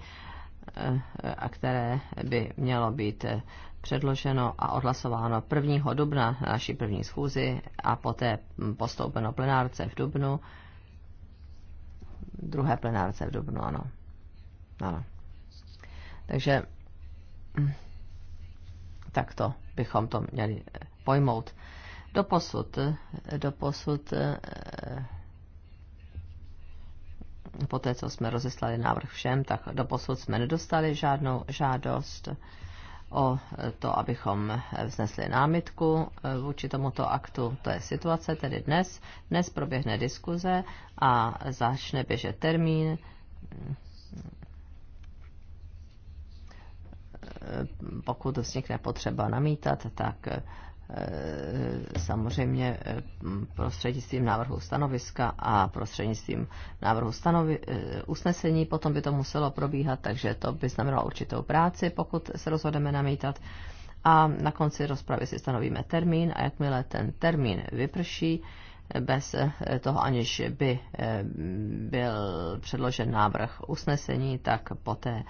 eh, a které by mělo být předloženo a odhlasováno 1. dubna na naší první schůzi a poté postoupeno plenárce v dubnu, druhé plenárce v dubnu, ano. Ano. Takže mm, takto bychom to měli eh, pojmout. Doposud, eh, doposud eh, po té, co jsme rozeslali návrh všem, tak doposud jsme nedostali žádnou žádost o to, abychom vznesli námitku vůči tomuto aktu. To je situace tedy dnes. Dnes proběhne diskuze a začne běžet termín mm, Eh, pokud vznikne potřeba namítat, tak eh, samozřejmě eh, prostřednictvím návrhu stanoviska a prostřednictvím návrhu stanovi, usnesení, potom by to muselo probíhat, takže to by znamenalo určitou práci, pokud se rozhodneme namítat. A na konci rozpravy si stanovíme termín a jakmile ten termín vyprší, bez eh, toho, aniž by eh, byl předložen návrh usnesení, tak poté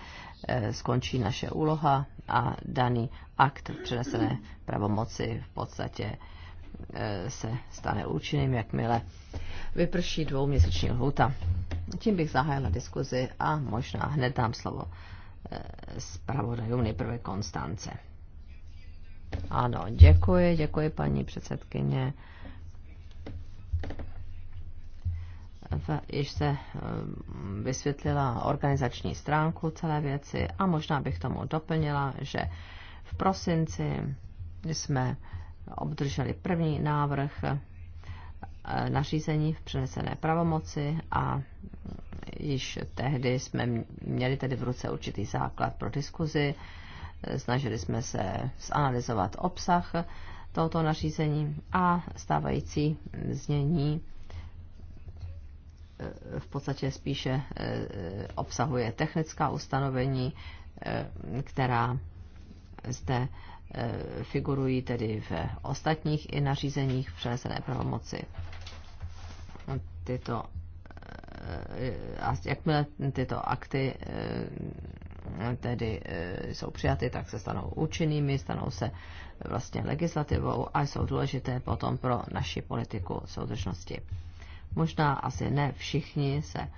eh, skončí naše úloha a daný akt přenesené pravomoci v podstatě se stane účinným, jakmile vyprší dvouměsíční lhůta. Tím bych zahájila diskuzi a možná hned dám slovo zpravodajům nejprve Konstance. Ano, děkuji, děkuji paní předsedkyně již se eh, vysvětlila organizační stránku celé věci a možná bych tomu doplnila, že v prosinci jsme obdrželi první návrh eh, nařízení v přenesené pravomoci a již tehdy jsme měli tedy v ruce určitý základ pro diskuzi. Eh, snažili jsme se zanalizovat obsah tohoto nařízení a stávající znění eh, v podstatě spíše eh, obsahuje technická ustanovení, eh, která zde figurují tedy v ostatních i nařízeních přenesené pravomoci. Tyto, jakmile tyto akty tedy e, jsou přijaty, tak se stanou účinnými, stanou se vlastně legislativou a jsou důležité potom pro naši politiku soudržnosti. Možná asi ne všichni se e,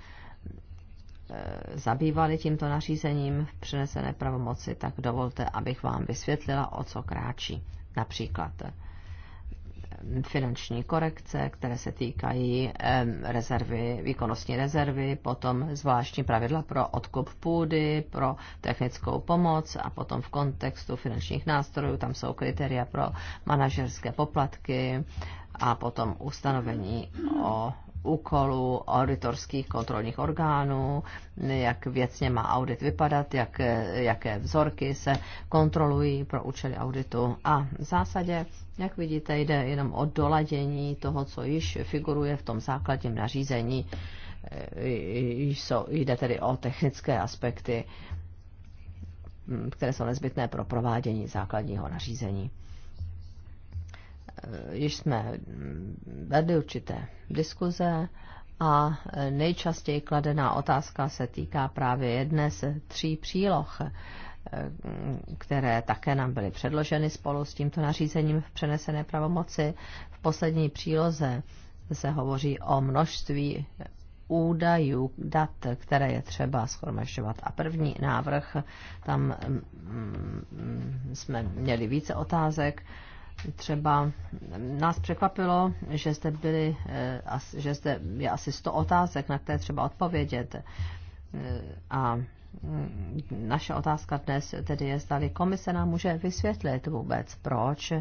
zabývali tímto nařízením v přenesené pravomoci, tak dovolte, abych vám vysvětlila, o co kráčí. Například finanční korekce, které se týkají rezervy, výkonnostní rezervy, potom zvláštní pravidla pro odkup půdy, pro technickou pomoc a potom v kontextu finančních nástrojů tam jsou kritéria pro manažerské poplatky a potom ustanovení o úkolů auditorských kontrolních orgánů, jak věcně má audit vypadat, jak, jaké vzorky se kontrolují pro účely auditu. A v zásadě, jak vidíte, jde jenom o doladění toho, co již figuruje v tom základním nařízení. E, jde tedy o technické aspekty, které jsou nezbytné pro provádění základního nařízení. Eh, již jsme vedli určité diskuze a eh, nejčastěji kladená otázka se týká právě jedné z tří příloh, eh, které také nám byly předloženy spolu s tímto nařízením v přenesené pravomoci. V poslední příloze se hovoří o množství údajů, dat, které je třeba schromažďovat. A první návrh, tam mm, mm, jsme měli více otázek třeba nás překvapilo, že zde, byly, eh, že zde je asi 100 otázek, na které třeba odpovědět. Eh, a mm, naše otázka dnes tedy je, zda komise nám může vysvětlit vůbec, proč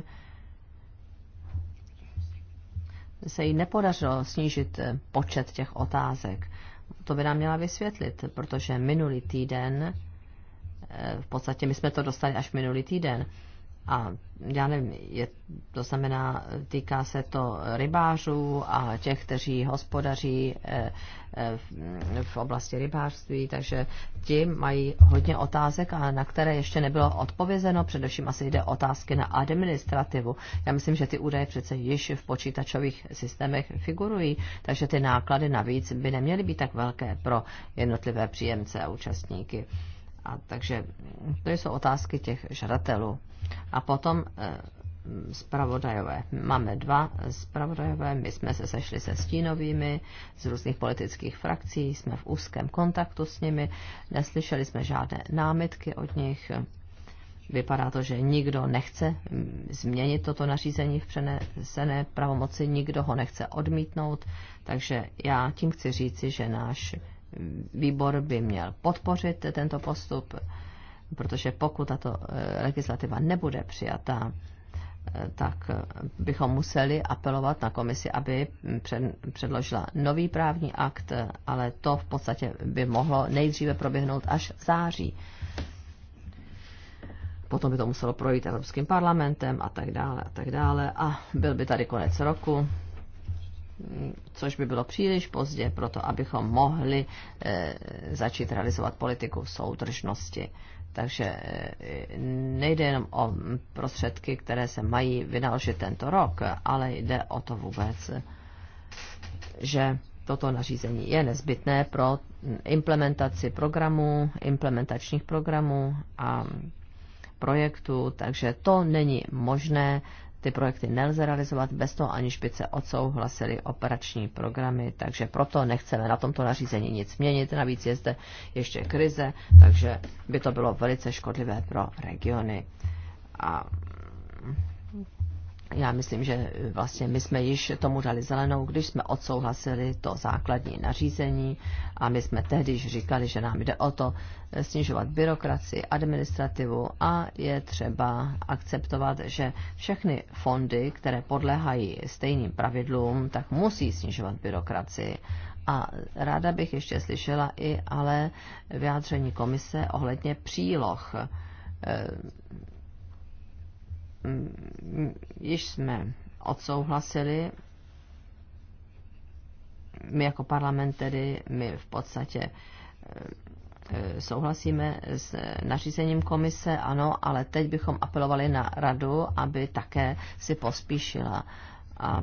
se jí nepodařilo snížit eh, počet těch otázek. To by nám měla vysvětlit, protože minulý týden, v podstatě my jsme to dostali až minulý týden, a já nevím, je, to znamená, týká se to rybářů a těch, kteří hospodaří eh, eh, v oblasti rybářství, takže ti mají hodně otázek, a na které ještě nebylo odpovězeno. Především asi jde otázky na administrativu. Já myslím, že ty údaje přece již v počítačových systémech figurují, takže ty náklady navíc by neměly být tak velké pro jednotlivé příjemce a účastníky. A takže to jsou otázky těch žadatelů. A potom eh, zpravodajové. Máme dva zpravodajové, my jsme se sešli se stínovými z různých politických frakcí, jsme v úzkém kontaktu s nimi, neslyšeli jsme žádné námitky od nich. Vypadá to, že nikdo nechce mm, změnit toto nařízení v přenesené pravomoci, nikdo ho nechce odmítnout, takže já tím chci říci, že náš mm, výbor by měl podpořit tento postup protože pokud tato eh, legislativa nebude přijatá, eh, tak eh, bychom museli apelovat na komisi, aby předložila nový právní akt, ale to v podstatě by mohlo nejdříve proběhnout až v září. Potom by to muselo projít Evropským parlamentem a tak dále a tak dále a byl by tady konec roku, což by bylo příliš pozdě pro to, abychom mohli e, začít realizovat politiku soudržnosti. E, takže eh, nejde jenom o prostředky, které se mají vynaložit tento rok, ale jde o to vůbec, že toto nařízení je nezbytné pro implementaci programů, implementačních programů a projektů, takže to není možné ty projekty nelze realizovat bez toho, aniž by se odsouhlasily operační programy, takže proto nechceme na tomto nařízení nic měnit. Navíc je zde ještě krize, takže by to bylo velice škodlivé pro regiony. A já myslím, že e, vlastně my jsme již tomu dali zelenou, když jsme odsouhlasili to základní nařízení a my jsme tehdy již říkali, že nám jde o to e, snižovat byrokracii, administrativu a je třeba akceptovat, že všechny fondy, které podléhají stejným pravidlům, tak musí snižovat byrokracii. A ráda bych ještě slyšela i ale vyjádření komise ohledně příloh e, již jsme odsouhlasili, my jako parlament tedy, my v podstatě eh, eh, souhlasíme s nařízením komise, ano, ale teď bychom apelovali na radu, aby také si pospíšila a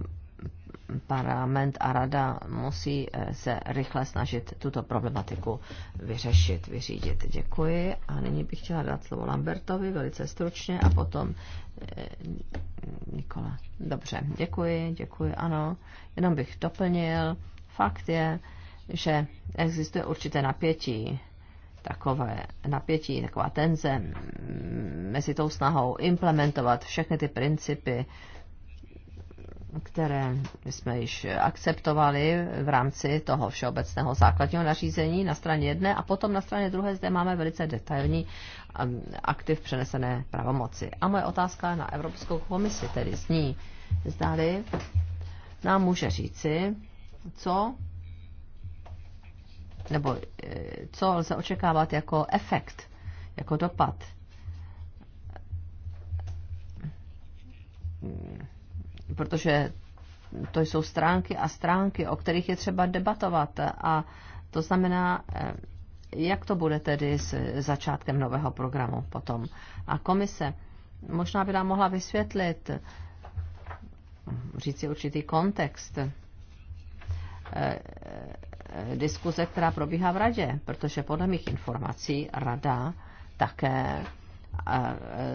parlament a rada musí eh, se rychle snažit tuto problematiku vyřešit, vyřídit. Děkuji. A nyní bych chtěla dát slovo Lambertovi velice stručně a potom eh, Nikola. Dobře, děkuji, děkuji, ano. Jenom bych doplnil. Fakt je, že existuje určité napětí takové napětí, taková tenze mezi tou snahou implementovat všechny ty principy které jsme již akceptovali v rámci toho všeobecného základního nařízení na straně jedné a potom na straně druhé zde máme velice detailní um, aktiv přenesené pravomoci. A moje otázka na Evropskou komisi tedy zní, zdali nám může říci, co nebo eh, co lze očekávat jako efekt, jako dopad protože to jsou stránky a stránky, o kterých je třeba debatovat. A to znamená, eh, jak to bude tedy s začátkem nového programu potom. A komise možná by nám mohla vysvětlit, říci určitý kontext eh, eh, diskuze, která probíhá v radě, protože podle mých informací rada také a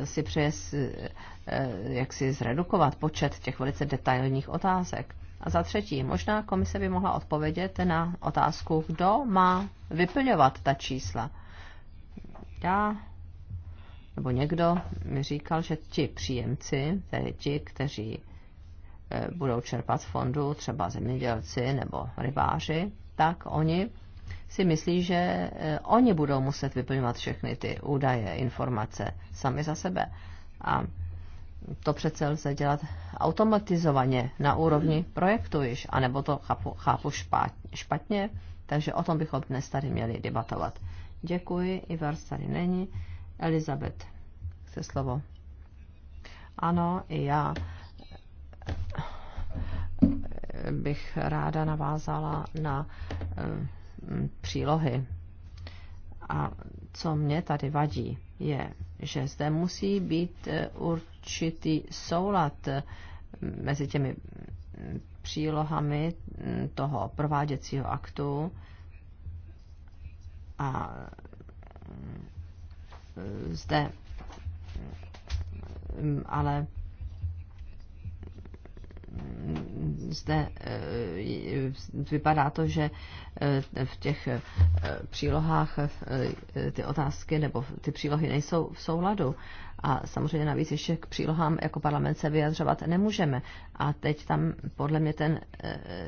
si přeje e, jak si zredukovat počet těch velice detailních otázek. A za třetí, možná komise by mohla odpovědět na otázku, kdo má vyplňovat ta čísla. Já nebo někdo mi říkal, že ti příjemci, tedy ti, kteří e, budou čerpat z fondu, třeba zemědělci nebo rybáři, tak oni si myslí, že eh, oni budou muset vyplňovat všechny ty údaje, informace sami za sebe. A to přece lze dělat automatizovaně na úrovni projektu již, anebo to chápu, chápu špatně, takže o tom bychom dnes tady měli debatovat. Děkuji, Ivar tady není. Elizabeth, chce slovo. Ano, i já eh, bych ráda navázala na eh, Mm, přílohy. A co mě tady vadí, je, že zde musí být eh, určitý soulad eh, mezi těmi mm, přílohami mm, toho prováděcího aktu a zde ale zde eh, vypadá to, že eh, v těch eh, přílohách ty otázky nebo ty přílohy nejsou v souladu. A samozřejmě navíc ještě k přílohám jako parlament se vyjadřovat nemůžeme. A teď tam podle mě ten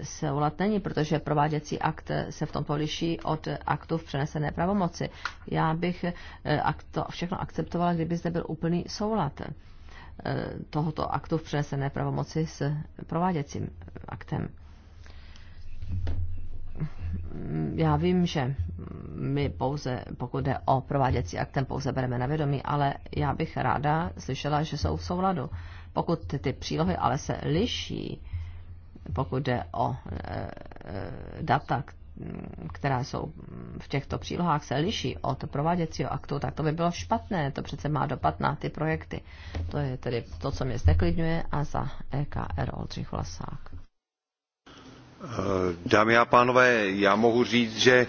soulad není, protože prováděcí akt se v tom poliší od aktu v přenesené pravomoci. Já bych to všechno akceptovala, kdyby zde byl úplný soulad. Eh, tohoto aktu v přenesené pravomoci s prováděcím aktem. Já vím, že my pouze, pokud jde o prováděcí aktem, pouze bereme na vědomí, ale já bych ráda slyšela, že jsou v souladu. Pokud ty, ty přílohy ale se liší, pokud jde o e, e, data, Mm, která jsou v těchto přílohách, se liší od prováděcího aktu, tak to by bylo špatné. To přece má dopad na ty projekty. To je tedy to, co mě zneklidňuje a za EKR Oldřich Vlasák. Eh, dámy a pánové, já mohu říct, že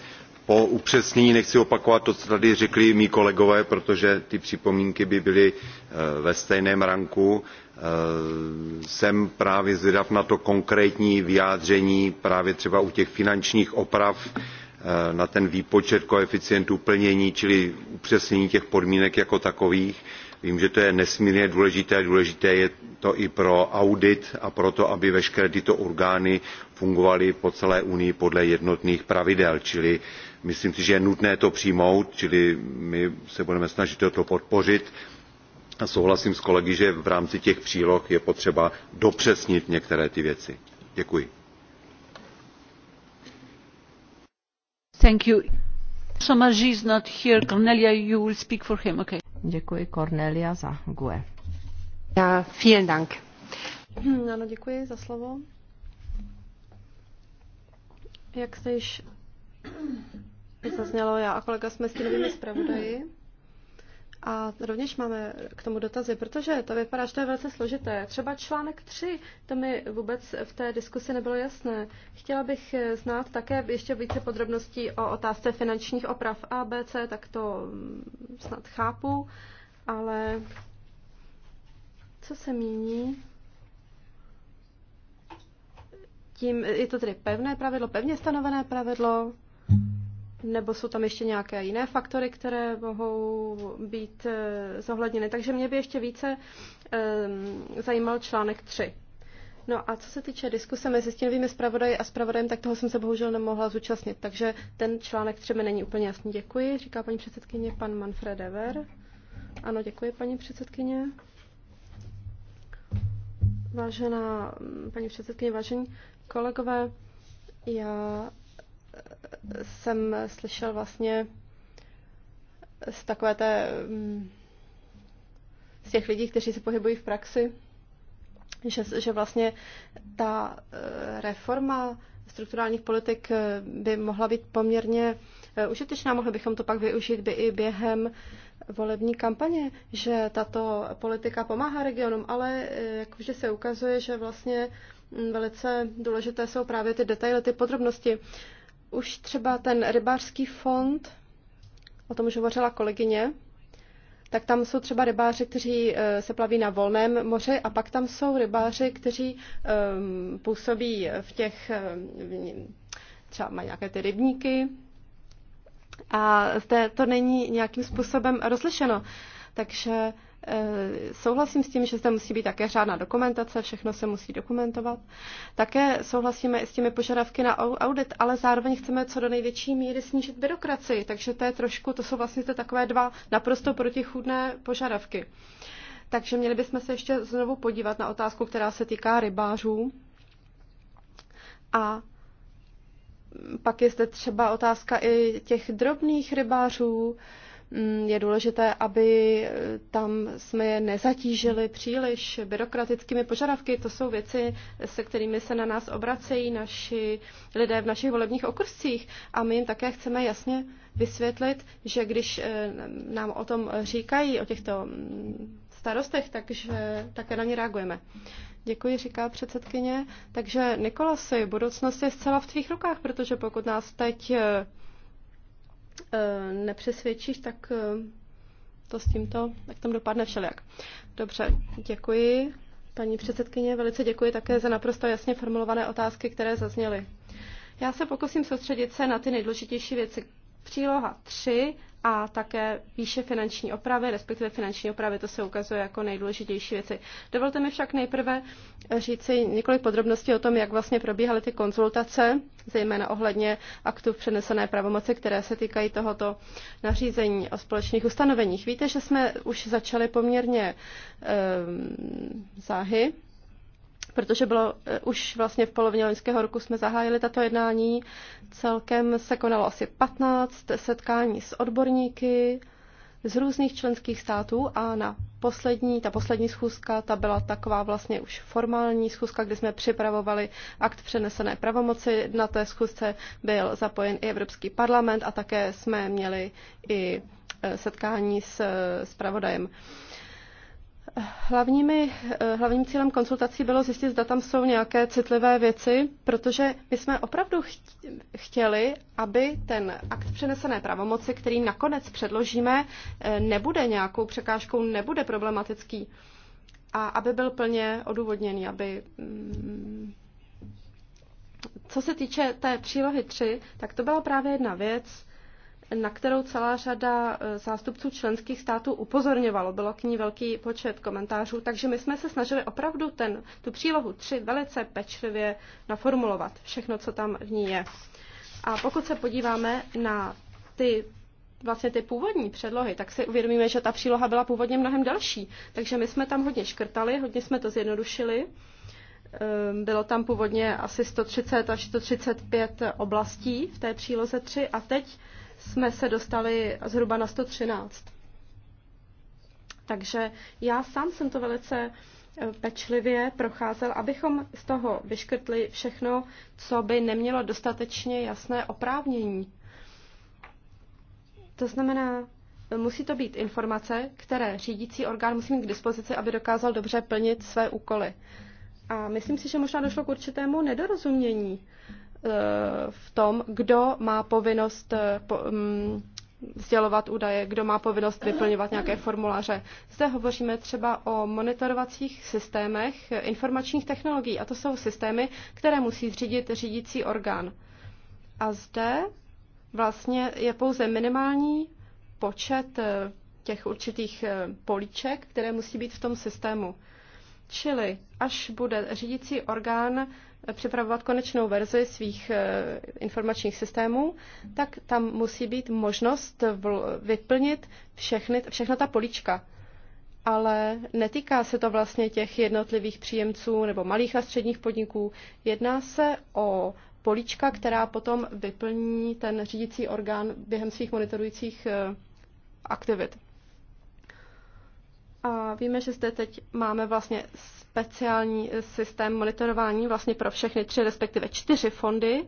po upřesnění nechci opakovat to co tady řekli mý kolegové protože ty připomínky by byly eh, ve stejném ranku. Eh, jsem právě zvědav na to konkrétní vyjádření právě třeba u těch finančních oprav eh, na ten výpočet koeficientu plnění čili upřesnění těch podmínek jako takových. vím že to je nesmírně důležité důležité je to i pro audit a pro to aby veškeré tyto orgány fungovaly po celé unii podle jednotných pravidel čili myslím si že je nutné to přijmout čili my se budeme snažit toto podpořit souhlasím s kolegy že v rámci těch příloh je potřeba dopřesnit některé ty věci. děkuji. Thank you. Is not here. Cornelia, you will speak for him. Okay. Děkuji Cornelia za GUE. Ja, vielen Dank. Ano, děkuji za slovo. Jak se již zaznělo, já a kolega jsme s tím zpravodaji a rovněž máme k tomu dotazy, protože to vypadá, že to je velice složité. Třeba článek 3, to mi vůbec v té diskusi nebylo jasné. Chtěla bych znát také ještě více podrobností o otázce finančních oprav ABC, tak to mm, snad chápu, ale co se míní? Tím je to tedy pevné pravidlo, pevně stanovené pravidlo, nebo jsou tam ještě nějaké jiné faktory, které mohou být eh, zohledněny. Takže mě by ještě více eh, zajímal článek 3. No a co se týče diskuse mezi stínovými zpravodaji a zpravodajem, tak toho jsem se bohužel nemohla zúčastnit, takže ten článek třeba není úplně jasný. Děkuji, říká paní předsedkyně pan Manfred Ever. Ano, děkuji paní předsedkyně. Vážená paní předsedkyně, vážení kolegové, já jsem slyšel vlastně z takové té, mm, z těch lidí, kteří se pohybují v praxi, že, že vlastně ta eh, reforma strukturálních politik eh, by mohla být poměrně eh, užitečná. Mohli bychom to pak využít by i během volební kampaně, že tato politika pomáhá regionům, ale jak vždy se ukazuje, že vlastně mm, velice důležité jsou právě ty detaily, ty podrobnosti. Už třeba ten rybářský fond, o tom už hovořila kolegyně, tak tam jsou třeba rybáři, kteří eh, se plaví na volném moři a pak tam jsou rybáři, kteří um, působí v těch, ehm, třeba mají nějaké ty rybníky a zde to není nějakým způsobem rozlišeno. Takže Eh, souhlasím s tím, že zde musí být také řádná dokumentace, všechno se musí dokumentovat. Také souhlasíme i s těmi požadavky na audit, ale zároveň chceme co do největší míry snížit byrokracii, takže to je trošku, to jsou vlastně to takové dva naprosto protichůdné požadavky. Takže měli bychom se ještě znovu podívat na otázku, která se týká rybářů. A pak je zde třeba otázka i těch drobných rybářů, Mm, je důležité, aby eh, tam jsme je nezatížili příliš byrokratickými požadavky. To jsou věci, se kterými se na nás obracejí naši lidé v našich volebních okrscích a my jim také chceme jasně vysvětlit, že když eh, nám o tom říkají, o těchto mm, starostech, takže také na ně reagujeme. Děkuji, říká předsedkyně. Takže Nikolasy, budoucnost je zcela v tvých rukách, protože pokud nás teď eh, Eh, nepřesvědčíš, tak eh, to s tímto, tak tam dopadne všelijak. Dobře, děkuji. Paní předsedkyně, velice děkuji také za naprosto jasně formulované otázky, které zazněly. Já se pokusím soustředit se na ty nejdůležitější věci. Příloha 3 a také výše finanční opravy, respektive finanční opravy, to se ukazuje jako nejdůležitější věci. Dovolte mi však nejprve říci několik podrobností o tom, jak vlastně probíhaly ty konzultace, zejména ohledně aktů přenesené pravomoci, které se týkají tohoto nařízení o společných ustanoveních. Víte, že jsme už začali poměrně um, záhy protože bylo eh, už vlastně v polovině loňského roku jsme zahájili tato jednání. Celkem se konalo asi 15 setkání s odborníky z různých členských států a na poslední, ta poslední schůzka, ta byla taková vlastně už formální schůzka, kdy jsme připravovali akt přenesené pravomoci. Na té schůzce byl zapojen i Evropský parlament a také jsme měli i eh, setkání s zpravodajem. Eh, pravodajem. Hlavními, eh, hlavním cílem konsultací bylo zjistit, zda tam jsou nějaké citlivé věci, protože my jsme opravdu chtěli, aby ten akt přenesené pravomoci, který nakonec předložíme, eh, nebude nějakou překážkou, nebude problematický a aby byl plně odůvodněný, aby... Mm, co se týče té přílohy 3, tak to byla právě jedna věc, na kterou celá řada eh, zástupců členských států upozorňovalo. Bylo k ní velký počet komentářů, takže my jsme se snažili opravdu ten, tu přílohu 3 velice pečlivě naformulovat, všechno, co tam v ní je. A pokud se podíváme na ty vlastně ty původní předlohy, tak si uvědomíme, že ta příloha byla původně mnohem delší. Takže my jsme tam hodně škrtali, hodně jsme to zjednodušili. Ehm, bylo tam původně asi 130 až 135 oblastí v té příloze 3 a teď jsme se dostali zhruba na 113. Takže já sám jsem to velice eh, pečlivě procházel, abychom z toho vyškrtli všechno, co by nemělo dostatečně jasné oprávnění. To znamená, musí to být informace, které řídící orgán musí mít k dispozici, aby dokázal dobře plnit své úkoly. A myslím si, že možná došlo k určitému nedorozumění. Eh, v tom, kdo má povinnost eh, mm, sdělovat údaje, kdo má povinnost vyplňovat nějaké formuláře. Zde hovoříme třeba o monitorovacích systémech informačních technologií a to jsou systémy, které musí zřídit řídící orgán. A zde vlastně je pouze minimální počet eh, těch určitých políček, které musí být v tom systému. Čili až bude řídící orgán připravovat konečnou verzi svých eh, informačních systémů, tak tam musí být možnost vyplnit všechny, všechna ta políčka. Ale netýká se to vlastně těch jednotlivých příjemců nebo malých a středních podniků. Jedná se o políčka, která potom vyplní ten řídící orgán během svých monitorujících eh, aktivit. A víme, že zde teď máme vlastně speciální eh, systém monitorování vlastně pro všechny tři, respektive čtyři fondy.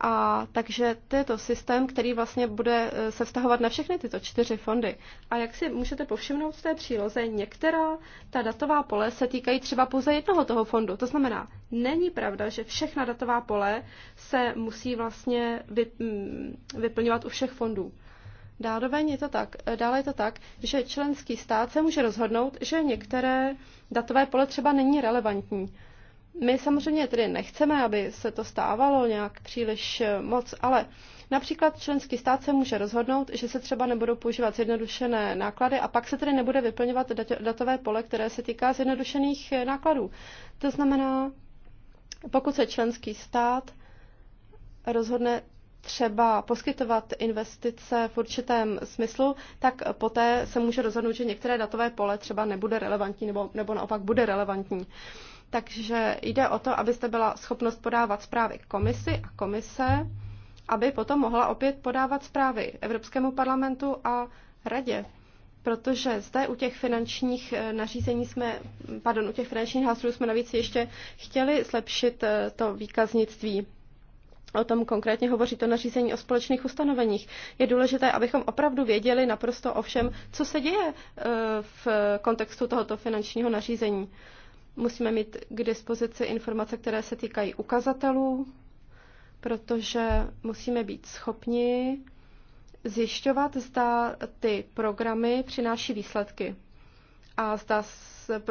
A takže to je to systém, který vlastně bude eh, se vztahovat na všechny tyto čtyři fondy. A jak si můžete povšimnout v té příloze, některá ta datová pole se týkají třeba pouze jednoho toho fondu. To znamená, není pravda, že všechna datová pole se musí vlastně mm, vyplňovat u všech fondů. Dále je to tak, dále je to tak, že členský stát se může rozhodnout, že některé datové pole třeba není relevantní. My samozřejmě tedy nechceme, aby se to stávalo nějak příliš moc, ale například členský stát se může rozhodnout, že se třeba nebudou používat zjednodušené náklady a pak se tedy nebude vyplňovat datové pole, které se týká zjednodušených nákladů. To znamená, pokud se členský stát rozhodne třeba poskytovat investice v určitém smyslu, tak poté se může rozhodnout, že některé datové pole třeba nebude relevantní nebo, nebo naopak bude relevantní. Takže jde o to, abyste byla schopnost podávat zprávy komisi a komise, aby potom mohla opět podávat zprávy Evropskému parlamentu a radě. Protože zde u těch finančních eh, nařízení jsme, pardon, u těch finančních hlasů jsme navíc ještě chtěli zlepšit eh, to výkaznictví O tom konkrétně hovoří to nařízení o společných ustanoveních. Je důležité, abychom opravdu věděli naprosto o všem, co se děje e, v kontextu tohoto finančního nařízení. Musíme mít k dispozici informace, které se týkají ukazatelů, protože musíme být schopni zjišťovat, zda ty programy přináší výsledky a zdá se,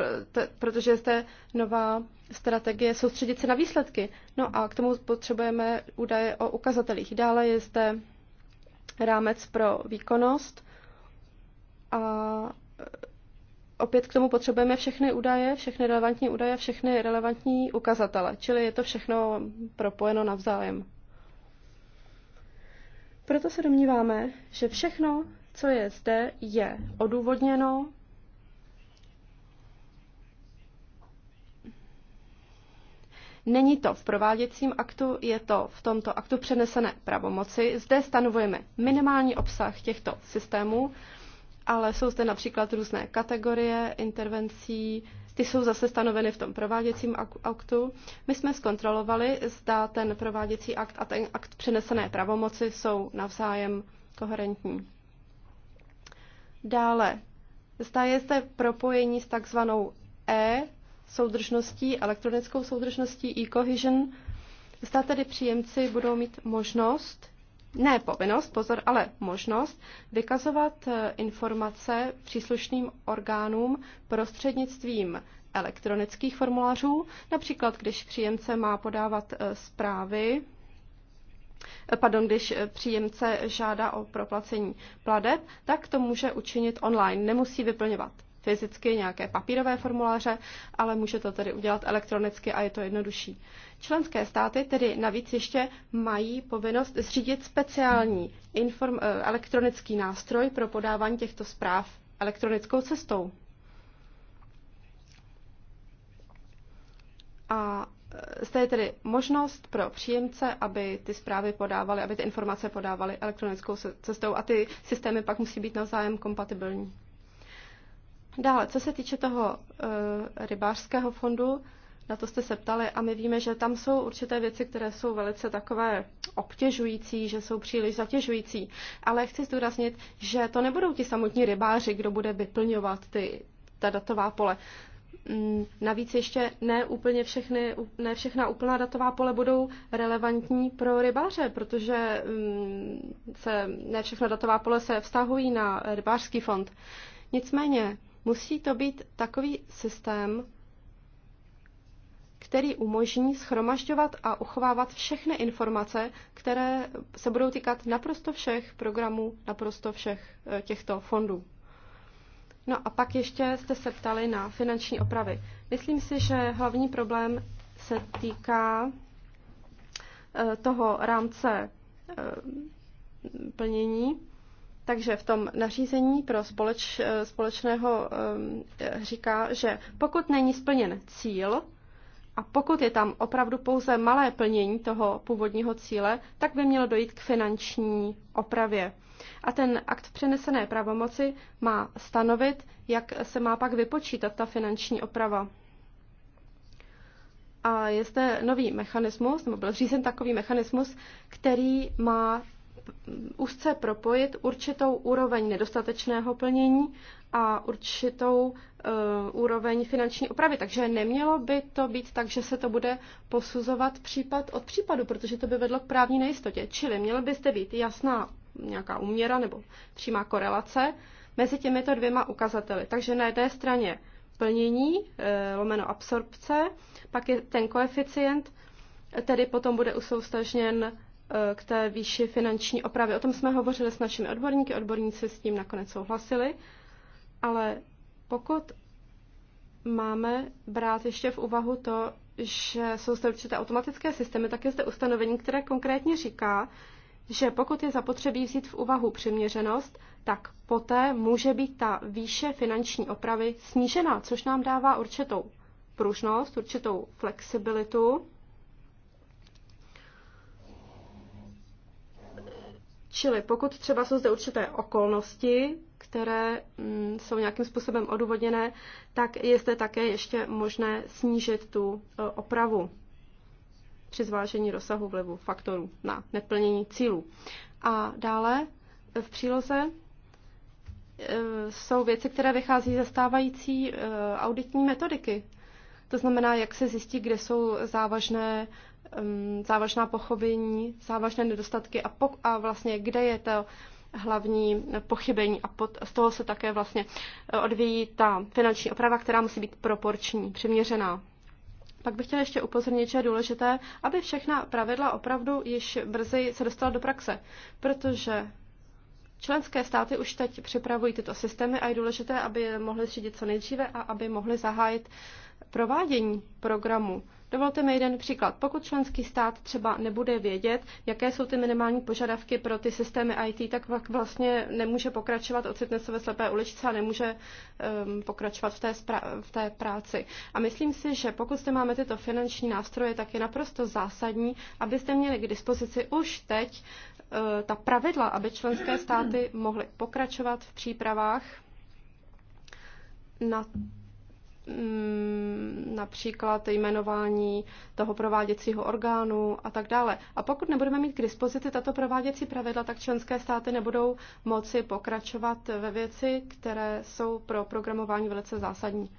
protože jste nová strategie soustředit se na výsledky. No a k tomu potřebujeme údaje o ukazatelích. Dále je zde rámec pro výkonnost a e, opět k tomu potřebujeme všechny údaje, všechny relevantní údaje, všechny relevantní ukazatele. Čili je to všechno propojeno navzájem. Proto se domníváme, že všechno, co je zde, je odůvodněno, Není to v prováděcím aktu, je to v tomto aktu přenesené pravomoci. Zde stanovujeme minimální obsah těchto systémů, ale jsou zde například různé kategorie intervencí, ty jsou zase stanoveny v tom prováděcím aktu. My jsme zkontrolovali, zda ten prováděcí akt a ten akt přenesené pravomoci jsou navzájem koherentní. Dále, zda je zde propojení s takzvanou E soudržností, elektronickou soudržností e-cohesion, zda tedy příjemci budou mít možnost, ne povinnost, pozor, ale možnost vykazovat eh, informace příslušným orgánům prostřednictvím elektronických formulářů, například když příjemce má podávat eh, zprávy eh, pardon, když příjemce žádá o proplacení pladeb, tak to může učinit online, nemusí vyplňovat fyzicky nějaké papírové formuláře, ale může to tedy udělat elektronicky a je to jednodušší. Členské státy tedy navíc ještě mají povinnost zřídit speciální inform, eh, elektronický nástroj pro podávání těchto zpráv elektronickou cestou. A eh, zde je tedy možnost pro příjemce, aby ty zprávy podávali, aby ty informace podávali elektronickou cestou a ty systémy pak musí být navzájem kompatibilní. Dále, co se týče toho uh, rybářského fondu, na to jste se ptali a my víme, že tam jsou určité věci, které jsou velice takové obtěžující, že jsou příliš zatěžující. Ale chci zdůraznit, že to nebudou ti samotní rybáři, kdo bude vyplňovat ty, ta datová pole. Mm, navíc ještě ne úplně všechny, ne všechna úplná datová pole budou relevantní pro rybáře, protože mm, se, ne všechna datová pole se vztahují na rybářský fond. Nicméně Musí to být takový systém, který umožní schromažďovat a uchovávat všechny informace, které se budou týkat naprosto všech programů, naprosto všech eh, těchto fondů. No a pak ještě jste se ptali na finanční opravy. Myslím si, že hlavní problém se týká eh, toho rámce eh, plnění. Takže v tom nařízení pro společ, eh, společného eh, říká, že pokud není splněn cíl a pokud je tam opravdu pouze malé plnění toho původního cíle, tak by mělo dojít k finanční opravě. A ten akt přenesené pravomoci má stanovit, jak se má pak vypočítat ta finanční oprava. A je zde nový mechanismus, nebo byl řízen takový mechanismus, který má úzce propojit určitou úroveň nedostatečného plnění a určitou eh, úroveň finanční opravy. Takže nemělo by to být tak, že se to bude posuzovat případ od případu, protože to by vedlo k právní nejistotě. Čili měla by zde být jasná nějaká úměra nebo přímá korelace mezi těmito dvěma ukazateli. Takže na jedné straně plnění, eh, lomeno absorpce, pak je ten koeficient, tedy potom bude usoustažněn Eh, k té výši finanční opravy. O tom jsme hovořili s našimi odborníky, odborníci s tím nakonec souhlasili, ale pokud máme brát ještě v úvahu to, že jsou zde určité automatické systémy, tak je zde ustanovení, které konkrétně říká, že pokud je zapotřebí vzít v úvahu přiměřenost, tak poté může být ta výše finanční opravy snížena, což nám dává určitou pružnost, určitou flexibilitu Čili pokud třeba jsou zde určité okolnosti, které mm, jsou nějakým způsobem odůvodněné, tak je zde také ještě možné snížit tu e, opravu při zvážení rozsahu vlivu faktorů na neplnění cílů. A dále e, v příloze e, jsou věci, které vychází ze stávající auditní metodiky. To znamená, jak se zjistí, kde jsou závažné Um, závažná pochybení, závažné nedostatky a, po, a vlastně kde je to hlavní pochybení a pod, z toho se také vlastně eh, odvíjí ta finanční oprava, která musí být proporční, přiměřená. Pak bych chtěla ještě upozornit, že je důležité, aby všechna pravidla opravdu již brzy se dostala do praxe, protože členské státy už teď připravují tyto systémy a je důležité, aby je mohly řídit co nejdříve a aby mohly zahájit provádění programu. Dovolte mi jeden příklad. Pokud členský stát třeba nebude vědět, jaké jsou ty minimální požadavky pro ty systémy IT, tak vlastně nemůže pokračovat, ocitne se ve slepé uličce a nemůže um, pokračovat v té, v té práci. A myslím si, že pokud zde máme tyto finanční nástroje, tak je naprosto zásadní, abyste měli k dispozici už teď uh, ta pravidla, aby členské státy mohly pokračovat v přípravách na Mm, například jmenování toho prováděcího orgánu a tak dále. A pokud nebudeme mít k dispozici tato prováděcí pravidla, tak členské státy nebudou moci pokračovat ve věci, které jsou pro programování velice zásadní.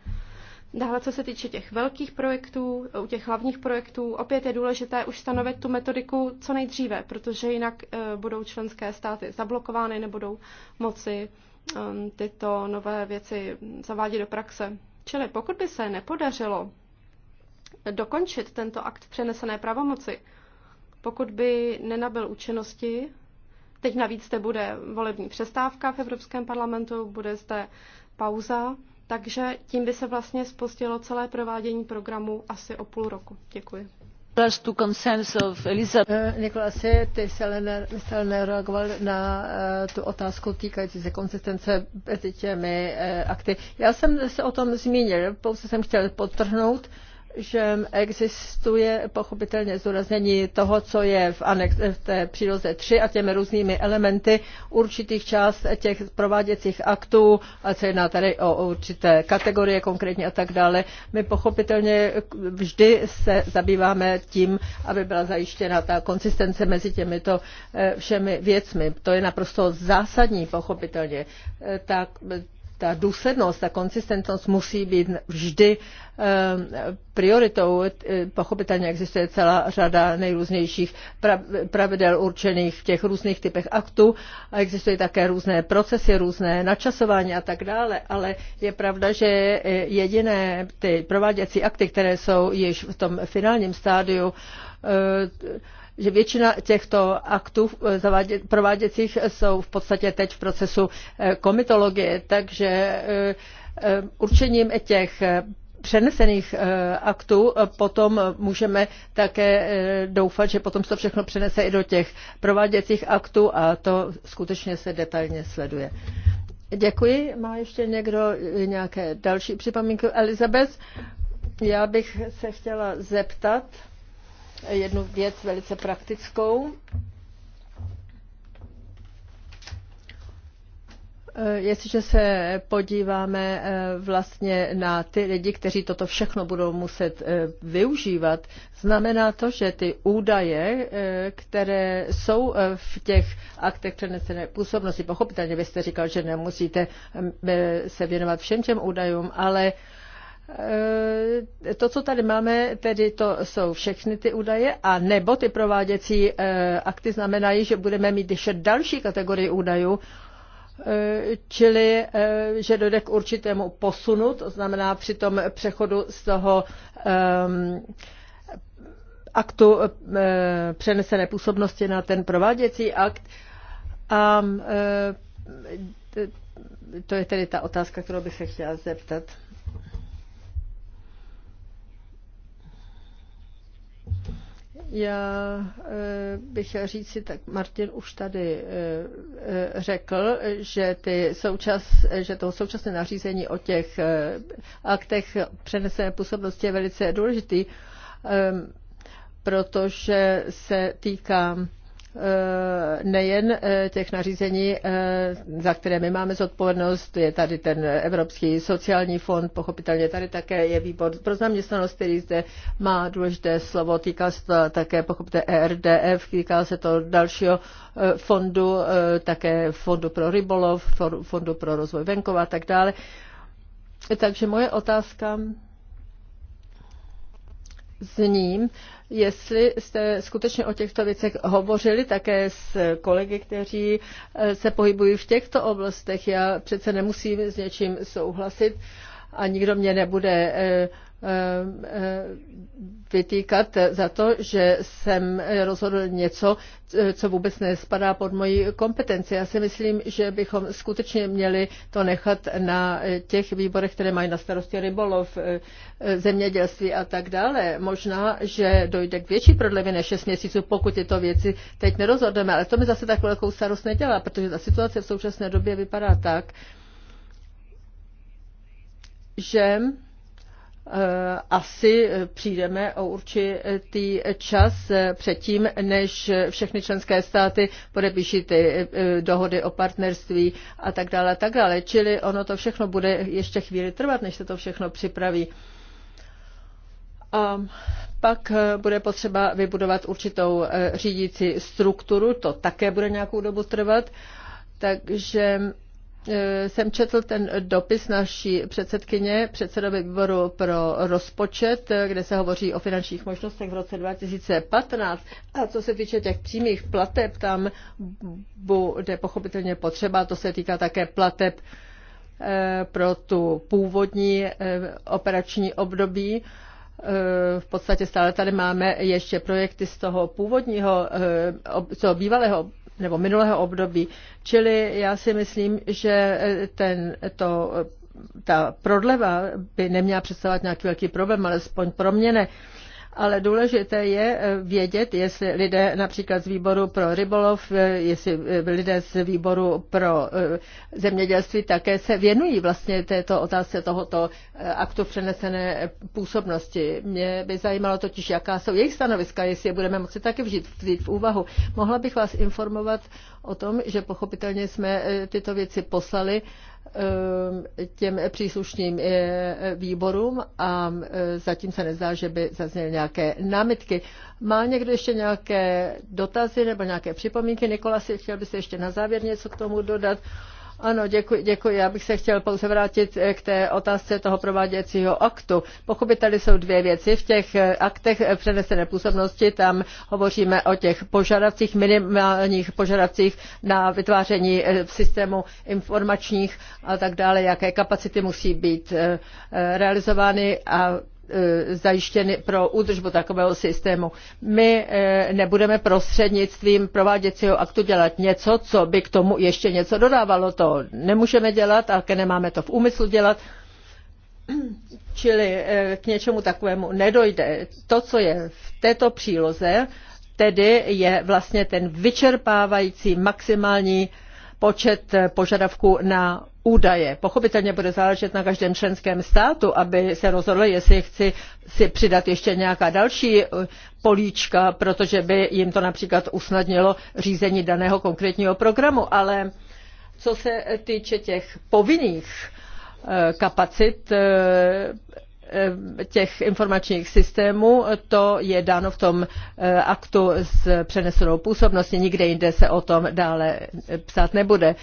Dále, co se týče těch velkých projektů, u těch hlavních projektů, opět je důležité už stanovit tu metodiku co nejdříve, protože jinak eh, budou členské státy zablokovány, nebudou moci ehm, tyto nové věci zavádět do praxe. Čili pokud by se nepodařilo dokončit tento akt přenesené pravomoci, pokud by nenabil účinnosti, teď navíc zde bude volební přestávka v Evropském parlamentu, bude zde pauza, takže tím by se vlastně spustilo celé provádění programu asi o půl roku. Děkuji plus two concerns of Elizabeth. Eh, Nikolasi, ty jsi nereagoval na eh, tu otázku týkající se konzistence mezi těmi eh, akty. Já jsem se o tom zmínil, pouze jsem chtěl podtrhnout, že existuje pochopitelně zdůraznění toho, co je v, anex, v té příloze 3 a těmi různými elementy určitých část těch prováděcích aktů, a se jedná tady o určité kategorie konkrétně a tak dále. My pochopitelně vždy se zabýváme tím, aby byla zajištěna ta konsistence mezi těmito eh, všemi věcmi. To je naprosto zásadní, pochopitelně. Eh, tak ta důslednost, ta konsistentnost musí být vždy ehm, prioritou. E, pochopitelně existuje celá řada nejrůznějších pravidel určených v těch různých typech aktů a existují také různé procesy, různé načasování a tak dále, ale je pravda, že e, jediné ty prováděcí akty, které jsou již v tom finálním stádiu, e, že většina těchto aktů eh, prováděcích jsou v podstatě teď v procesu eh, komitologie, takže eh, určením těch přenesených aktů potom můžeme také doufat, že potom se to všechno přenese i do těch prováděcích aktů a to skutečně se detailně sleduje. Děkuji. Má ještě někdo nějaké další připomínky? Elizabeth, já bych se chtěla zeptat jednu věc velice praktickou. Eh, jestliže se podíváme eh, vlastně na ty lidi, kteří toto všechno budou muset eh, využívat, znamená to, že ty údaje, které jsou v těch aktech přenesené působnosti, pochopitelně byste říkal, že nemusíte se věnovat všem těm údajům, ale Eh, to, co tady máme, tedy to jsou všechny ty údaje, a nebo ty prováděcí eh, akty znamenají, že budeme mít ještě další kategorii údajů, eh, čili že dojde k určitému posunu, to znamená při tom přechodu z toho aktu přenesené působnosti na ten prováděcí akt. A to je tedy ta otázka, kterou bych se chtěla zeptat. Já eh, bych chtěl říct si, tak Martin už tady eh, řekl, že, ty součas, že to současné nařízení o těch eh, aktech přenesené působnosti je velice důležitý, ehm, protože se týká Eh, nejen eh, těch nařízení, eh, za které my máme zodpovědnost, je tady ten Evropský sociální fond, pochopitelně tady také je výbor pro zaměstnanost, který zde má důležité slovo, týká se to také pochopitelně ERDF, týká se to dalšího fondu, také fondu pro rybolov, fondu pro rozvoj venkova a tak dále. Takže moje otázka zní, jestli jste skutečně o těchto věcech hovořili také s kolegy, kteří eh, se pohybují v těchto oblastech. Já přece nemusím s něčím souhlasit a nikdo mě nebude eh, Eh, eh, vytýkat za to, že jsem rozhodl něco, co vůbec nespadá pod moji kompetenci. Já si myslím, že bychom skutečně měli to nechat na těch výborech, které mají na starosti rybolov, eh, zemědělství a tak dále. Možná, že dojde k větší prodlevě než 6 měsíců, pokud tyto věci teď nerozhodneme, ale to mi zase tak velkou starost nedělá, protože ta situace v současné době vypadá tak, že Eh, asi eh, přijdeme o určitý čas eh, předtím, než všechny členské státy podepíší ty dohody o partnerství a tak dále, a tak dále. Čili ono to všechno bude ještě chvíli trvat, než se to všechno připraví. A pak bude potřeba vybudovat určitou řídící strukturu, to také bude nějakou dobu trvat. Takže Eh, jsem četl ten dopis naší předsedkyně, předsedovi výboru pro rozpočet, eh, kde se hovoří o finančních možnostech v roce 2015. A co se týče těch přímých plateb, tam bude pochopitelně potřeba, to se týká také plateb eh, pro tu původní operační období. V podstatě stále tady máme ještě projekty z toho původního, co bývalého nebo minulého období. Čili já si myslím, že eh, ten, to, eh, ta prodleva by neměla představovat nějaký velký problém, alespoň pro mě ne. Uh, ale důležité je eh, vědět, jestli lidé například z výboru pro rybolov, eh, jestli eh, lidé z výboru pro zemědělství také se věnují vlastně této otázce tohoto aktu přenesené působnosti. Mě by zajímalo totiž, jaká jsou jejich stanoviska, jestli je budeme moci také vžít, vzít v úvahu. Mohla bych vás informovat o tom, že pochopitelně jsme tyto věci poslali Um, těm příslušným eh, výborům a eh, zatím se nezdá, že by zazněly nějaké námitky. Má někdo ještě nějaké dotazy nebo nějaké připomínky? si chtěl by se ještě na závěr něco k tomu dodat? Ano, děkuji, děkuji. Já bych se chtěl pouze vrátit eh, k té otázce toho prováděcího aktu. Pochopiteli jsou dvě věci, v těch eh, aktech eh, přenesené působnosti tam hovoříme o těch požadavcích, minimálních požadavcích na vytváření systému informačních a tak dále, jaké kapacity musí být realizovány a Eh, zajištěny pro údržbu takového systému. My eh, nebudeme prostřednictvím prováděcího aktu dělat něco, co by k tomu ještě něco dodávalo. To nemůžeme dělat, ale nemáme to v úmyslu dělat. Čili eh, k něčemu takovému nedojde. To, co je v této příloze, tedy je vlastně ten vyčerpávající maximální počet požadavků na údaje. Pochopitelně bude záležet na každém členském státu, aby se rozhodl, jestli chci si přidat ještě nějaká další eh, políčka, protože by jim to například usnadnilo řízení daného konkrétního programu. Ale co se týče těch povinných eh, kapacit eh, těch informačních systémů, to je dáno v tom aktu s přenesenou působností, nikde jinde se o tom dále psát nebude.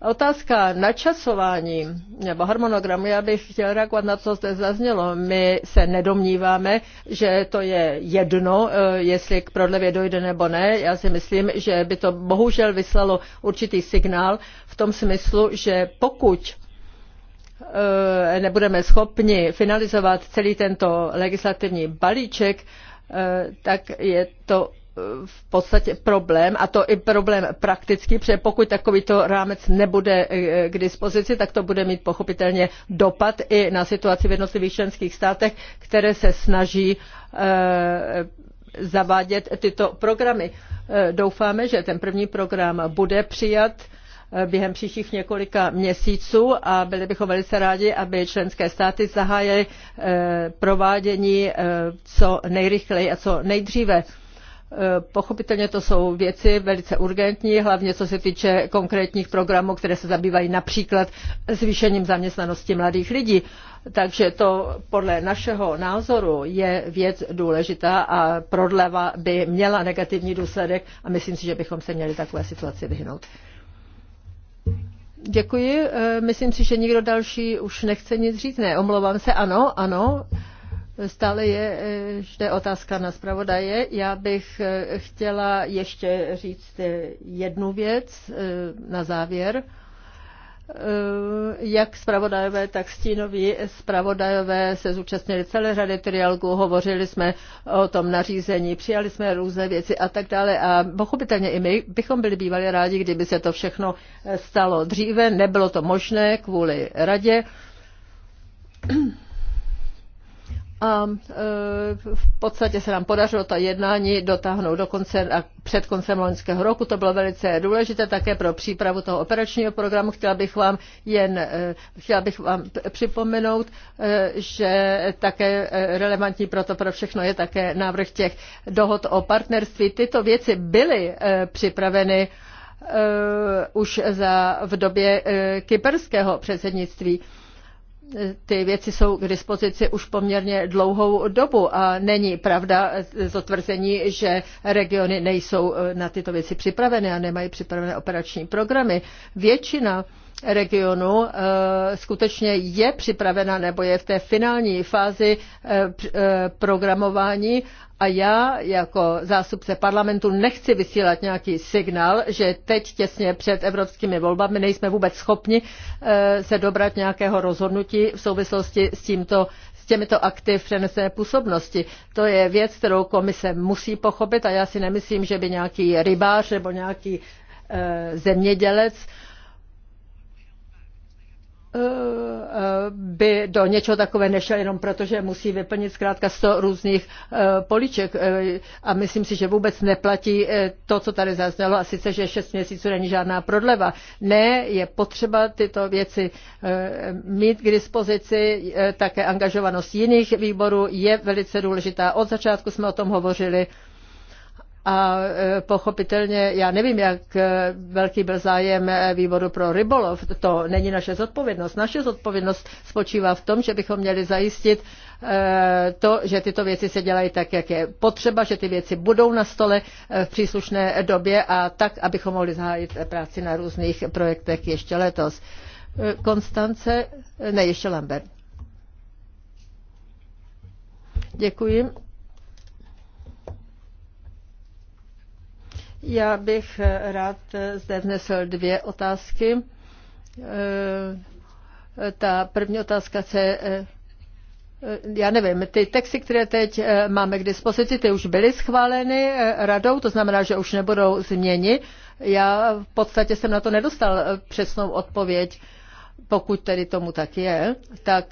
Otázka načasování nebo harmonogramu, já bych chtěla reagovat na to, co zde zaznělo. My se nedomníváme, že to je jedno, eh, jestli k prodlevě dojde nebo ne. Já si myslím, že by to bohužel vyslalo určitý signál v tom smyslu, že pokud eh, nebudeme schopni finalizovat celý tento legislativní balíček, eh, tak je to v podstatě problém, a to i problém praktický, protože pokud takovýto rámec nebude eh, k dispozici, tak to bude mít pochopitelně dopad i na situaci v jednotlivých členských státech, které se snaží eh, zavádět tyto programy. Eh, doufáme, že ten první program bude přijat během příštích několika měsíců a byli bychom velice rádi, aby členské státy zahájily provádění co nejrychleji a co nejdříve. Eh, pochopitelně to jsou věci velice urgentní, hlavně co se týče konkrétních programů, které se zabývají například zvýšením zaměstnanosti mladých lidí. Takže to podle našeho názoru je věc důležitá a prodleva by měla negativní důsledek a myslím si, že bychom se měli takové situaci vyhnout. Děkuji. Eh, myslím si, že nikdo další už nechce nic říct. Ne, omlouvám se. Ano, ano. Stále je zde eh, otázka na zpravodaje. Já bych eh, chtěla ještě říct eh, jednu věc na závěr. Jak zpravodajové, tak stínoví zpravodajové se zúčastnili celé řady trialogů, hovořili jsme o tom nařízení, přijali jsme různé věci a tak dále. A pochopitelně i my bychom byli bývali rádi, kdyby se to všechno stalo dříve. Nebylo to možné kvůli radě a e, v podstatě se nám podařilo ta jednání dotáhnout do konce a před koncem loňského roku. To bylo velice důležité také pro přípravu toho operačního programu. Chtěla bych vám jen e, chtěla bych vám připomenout, e, že také relevantní pro to pro všechno je také návrh těch dohod o partnerství. Tyto věci byly připraveny už za, v době kyperského předsednictví ty věci jsou k dispozici už poměrně dlouhou dobu a není pravda zotvrzení, že regiony nejsou na tyto věci připraveny a nemají připravené operační programy. Většina regionu eh, skutečně je připravena nebo je v té finální fázi eh, eh, programování a já jako zástupce parlamentu nechci vysílat nějaký signál, že teď těsně před evropskými volbami nejsme vůbec schopni se dobrat nějakého rozhodnutí v souvislosti s tímto s těmito akty v přenesené působnosti. To je věc, kterou komise musí pochopit a já si nemyslím, že by nějaký rybář nebo nějaký zemědělec by do něčeho takové nešel jenom proto, že musí vyplnit zkrátka 100 různých eh, poliček. Eh, a myslím si, že vůbec neplatí eh, to, co tady zaznělo, a sice, že 6 měsíců není žádná prodleva. Ne, je potřeba tyto věci mít k dispozici. Také angažovanost jiných výborů je velice důležitá. Od začátku jsme o tom hovořili a e, pochopitelně, já nevím, jak e, velký byl zájem e, výboru pro rybolov, to není naše zodpovědnost. Naše zodpovědnost spočívá v tom, že bychom měli zajistit to, že tyto věci se dělají tak, jak je potřeba, že ty věci budou na stole v příslušné době a tak, abychom mohli zahájit práci na různých projektech ještě letos. Konstance, ne, ještě Lambert. Děkuji. Já bych eh, rád eh, zde vnesl dvě otázky. Eh, ta první otázka se já nevím, ty texty, které teď máme k dispozici, ty už byly schváleny radou, to znamená, že už nebudou změny. Já v podstatě jsem na to nedostal přesnou odpověď. Pokud tedy tomu tak je, tak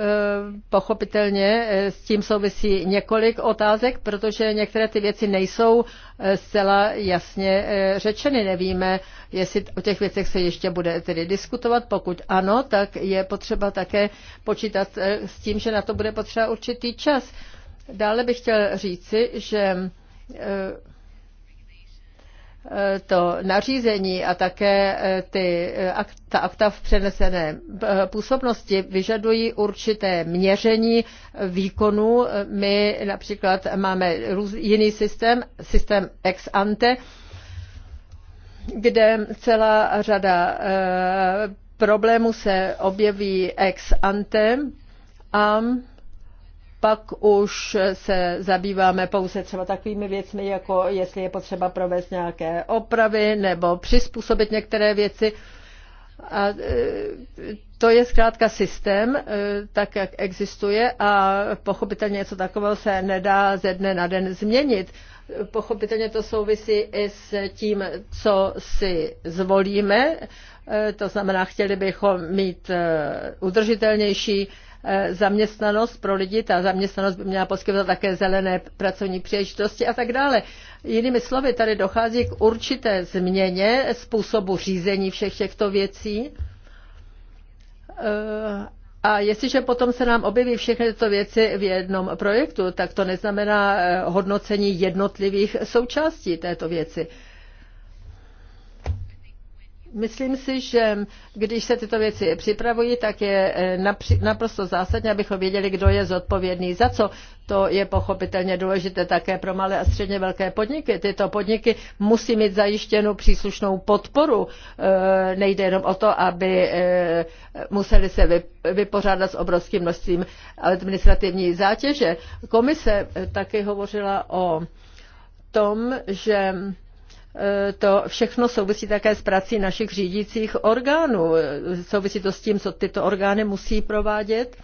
Eh, pochopitelně eh, s tím souvisí několik otázek, protože některé ty věci nejsou eh, zcela jasně řečeny. Nevíme, jestli o těch věcech se ještě bude tedy diskutovat. Pokud ano, tak je potřeba také počítat s tím, že na to bude potřeba určitý čas. Dále bych chtěl říci, že Eh, to nařízení a také eh, ty eh, akta, akta v přenesené působnosti vyžadují určité měření výkonu. My například máme jiný systém, systém ex ante, kde celá řada problémů se objeví ex ante a pak už se zabýváme pouze třeba takovými věcmi, jako jestli je potřeba provést nějaké opravy nebo přizpůsobit některé věci. A e, to je zkrátka systém, e, tak jak existuje a pochopitelně něco takového se nedá ze dne na den změnit. Pochopitelně to souvisí i s tím, co si zvolíme, e, to znamená, chtěli bychom mít udržitelnější Eh, zaměstnanost pro lidi, ta zaměstnanost by měla poskytovat také zelené pracovní příležitosti a tak dále. Jinými slovy, tady dochází k určité změně způsobu řízení všech těchto věcí. Eh, a jestliže potom se nám objeví všechny tyto věci v jednom projektu, tak to neznamená eh, hodnocení jednotlivých součástí této věci. Myslím si, že když se tyto věci připravují, tak je eh, naprosto zásadní, abychom věděli, kdo je zodpovědný za co. To je pochopitelně důležité také pro malé a středně velké podniky. Tyto podniky musí mít zajištěnou příslušnou podporu. Eh, nejde jenom o to, aby eh, museli se vypořádat s obrovským množstvím administrativní zátěže. Komise taky hovořila o tom, že Eh, to všechno souvisí také s prací našich řídících orgánů. Eh, souvisí to s tím, co tyto orgány musí provádět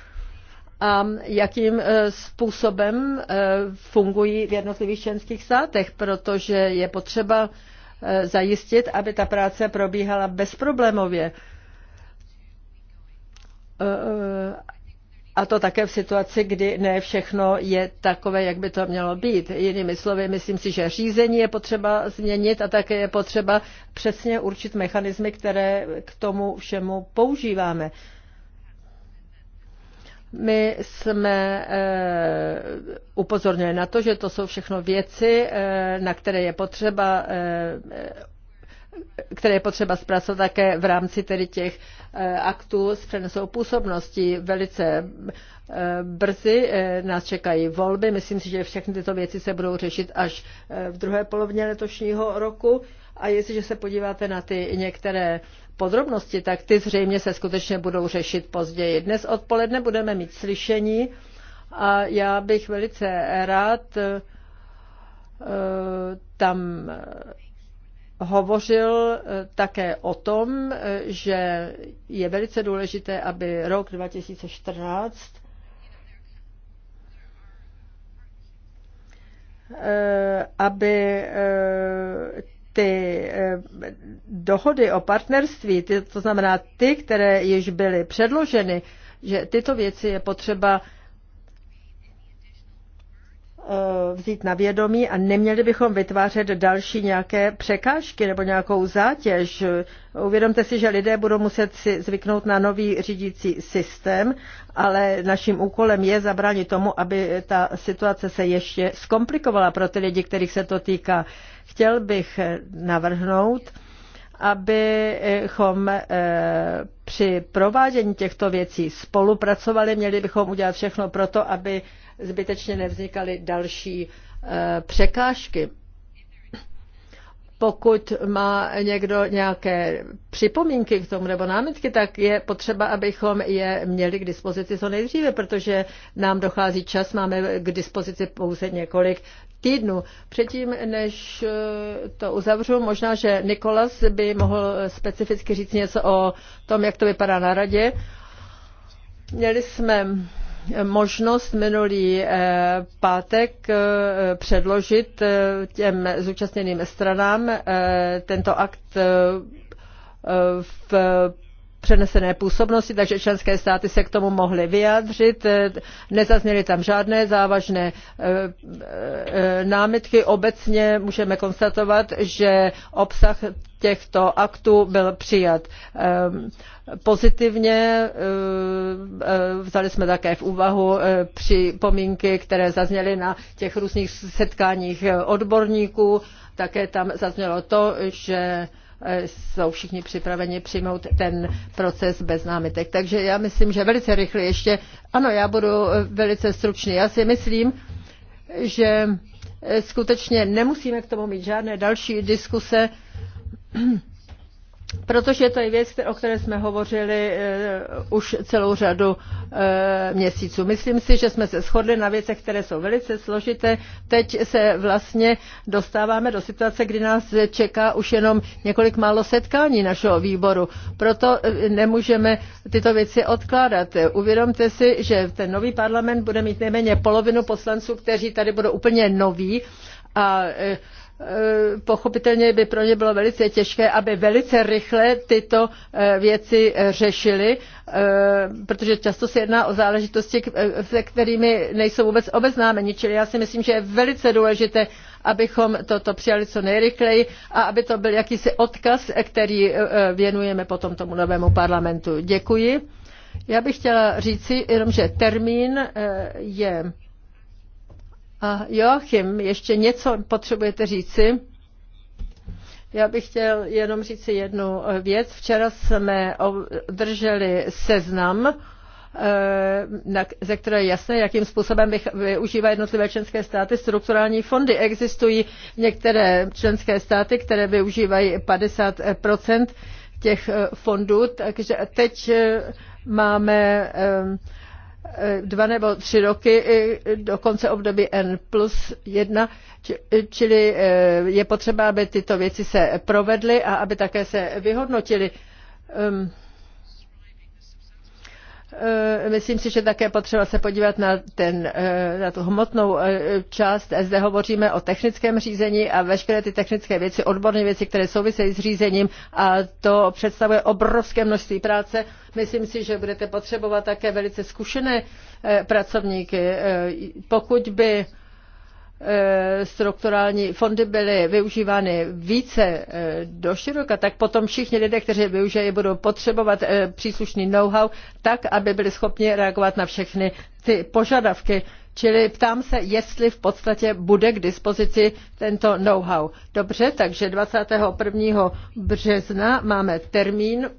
a jakým eh, způsobem fungují v jednotlivých členských státech, protože je potřeba zajistit, aby ta práce probíhala bezproblémově a to také v situaci, kdy ne všechno je takové, jak by to mělo být. Jinými slovy, myslím si, že řízení je potřeba změnit a také je potřeba přesně určit mechanismy, které k tomu všemu používáme. My jsme e, upozornili na to, že to jsou všechno věci, e, na které je potřeba e, které je potřeba zpracovat také v rámci tedy těch eh, aktů s přenosou působností. Velice eh, brzy eh, nás čekají volby. Myslím si, že všechny tyto věci se budou řešit až v druhé polovině letošního roku. A jestliže se podíváte na ty některé podrobnosti, tak ty zřejmě se skutečně budou řešit později. Dnes odpoledne budeme mít slyšení a já bych velice rád tam hovořil eh, také o tom, eh, že je velice důležité, aby rok 2014 eh, aby ty dohody o partnerství, to znamená ty, které již byly předloženy, že tyto věci je potřeba Eh, vzít na vědomí a neměli bychom vytvářet další nějaké překážky nebo nějakou zátěž. Uvědomte si, že lidé budou muset si zvyknout na nový řídící systém, ale naším úkolem je zabránit tomu, aby ta situace se ještě zkomplikovala pro ty lidi, kterých se to týká. Chtěl bych navrhnout, abychom eh, při provádění těchto věcí spolupracovali, měli bychom udělat všechno pro to, aby zbytečně nevznikaly další eh, překážky. Pokud má někdo nějaké připomínky k tomu nebo námitky, tak je potřeba, abychom je měli k dispozici co nejdříve, protože nám dochází čas, máme k dispozici pouze několik týdnů. Předtím, než eh, to uzavřu, možná, že Nikolas by mohl specificky říct něco o tom, jak to vypadá na radě. Měli jsme možnost minulý eh, pátek eh, předložit eh, těm zúčastněným stranám tento akt v přenesené působnosti, takže členské státy se k tomu mohly vyjádřit. Nezazněly tam žádné závažné námitky. Obecně můžeme konstatovat, že obsah těchto aktů byl přijat ehm, pozitivně. Ehm, e, vzali jsme také v úvahu e, připomínky, které zazněly na těch různých setkáních e, odborníků. Také tam zaznělo to, že jsou všichni připraveni přijmout ten proces bez námitek. Takže já myslím, že velice rychle ještě, ano, já budu velice stručný. Já si myslím, že skutečně nemusíme k tomu mít žádné další diskuse Protože to je věc, o které jsme hovořili eh, už celou řadu eh, měsíců. Myslím si, že jsme se shodli na věcech, které jsou velice složité. Teď se vlastně dostáváme do situace, kdy nás čeká už jenom několik málo setkání našeho výboru. Proto eh, nemůžeme tyto věci odkládat. Uvědomte si, že ten nový parlament bude mít nejméně polovinu poslanců, kteří tady budou úplně noví. A Eh, pochopitelně by pro ně bylo velice těžké, aby velice rychle tyto eh, věci eh, řešili, protože často se jedná o záležitosti, se kterými nejsou vůbec obeznámeni. Čili já si myslím, že je velice důležité, abychom toto přijali co nejrychleji a aby to byl jakýsi odkaz, který věnujeme potom tomu novému parlamentu. Děkuji. Já bych chtěla říci jenom, že termín je a Joachim, ještě něco potřebujete říci? Já bych chtěl jenom říci jednu věc. Včera jsme drželi seznam, eh, ze které je jasné, jakým způsobem využívají jednotlivé členské státy strukturální fondy. Existují některé členské státy, které využívají 50 těch eh, fondů, takže teď eh, máme Eh, dva nebo tři roky do konce období N plus jedna, čili eh, je potřeba, aby tyto věci se provedly a aby také se vyhodnotily. Ehm, Eh, myslím si, že také potřeba se podívat na, ten, eh, na tu hmotnou eh, část. Zde hovoříme o technickém řízení a veškeré ty technické věci, odborné věci, které souvisejí s řízením a to představuje obrovské množství práce. Myslím si, že budete potřebovat také velice zkušené pracovníky. Pokud by Eh, strukturální fondy byly využívány více eh, do široka, tak potom všichni lidé, kteří je využijí, budou potřebovat eh, příslušný know-how tak, aby byli schopni reagovat na všechny ty požadavky. Čili ptám se, jestli v podstatě bude k dispozici tento know-how. Dobře, takže 21. března máme termín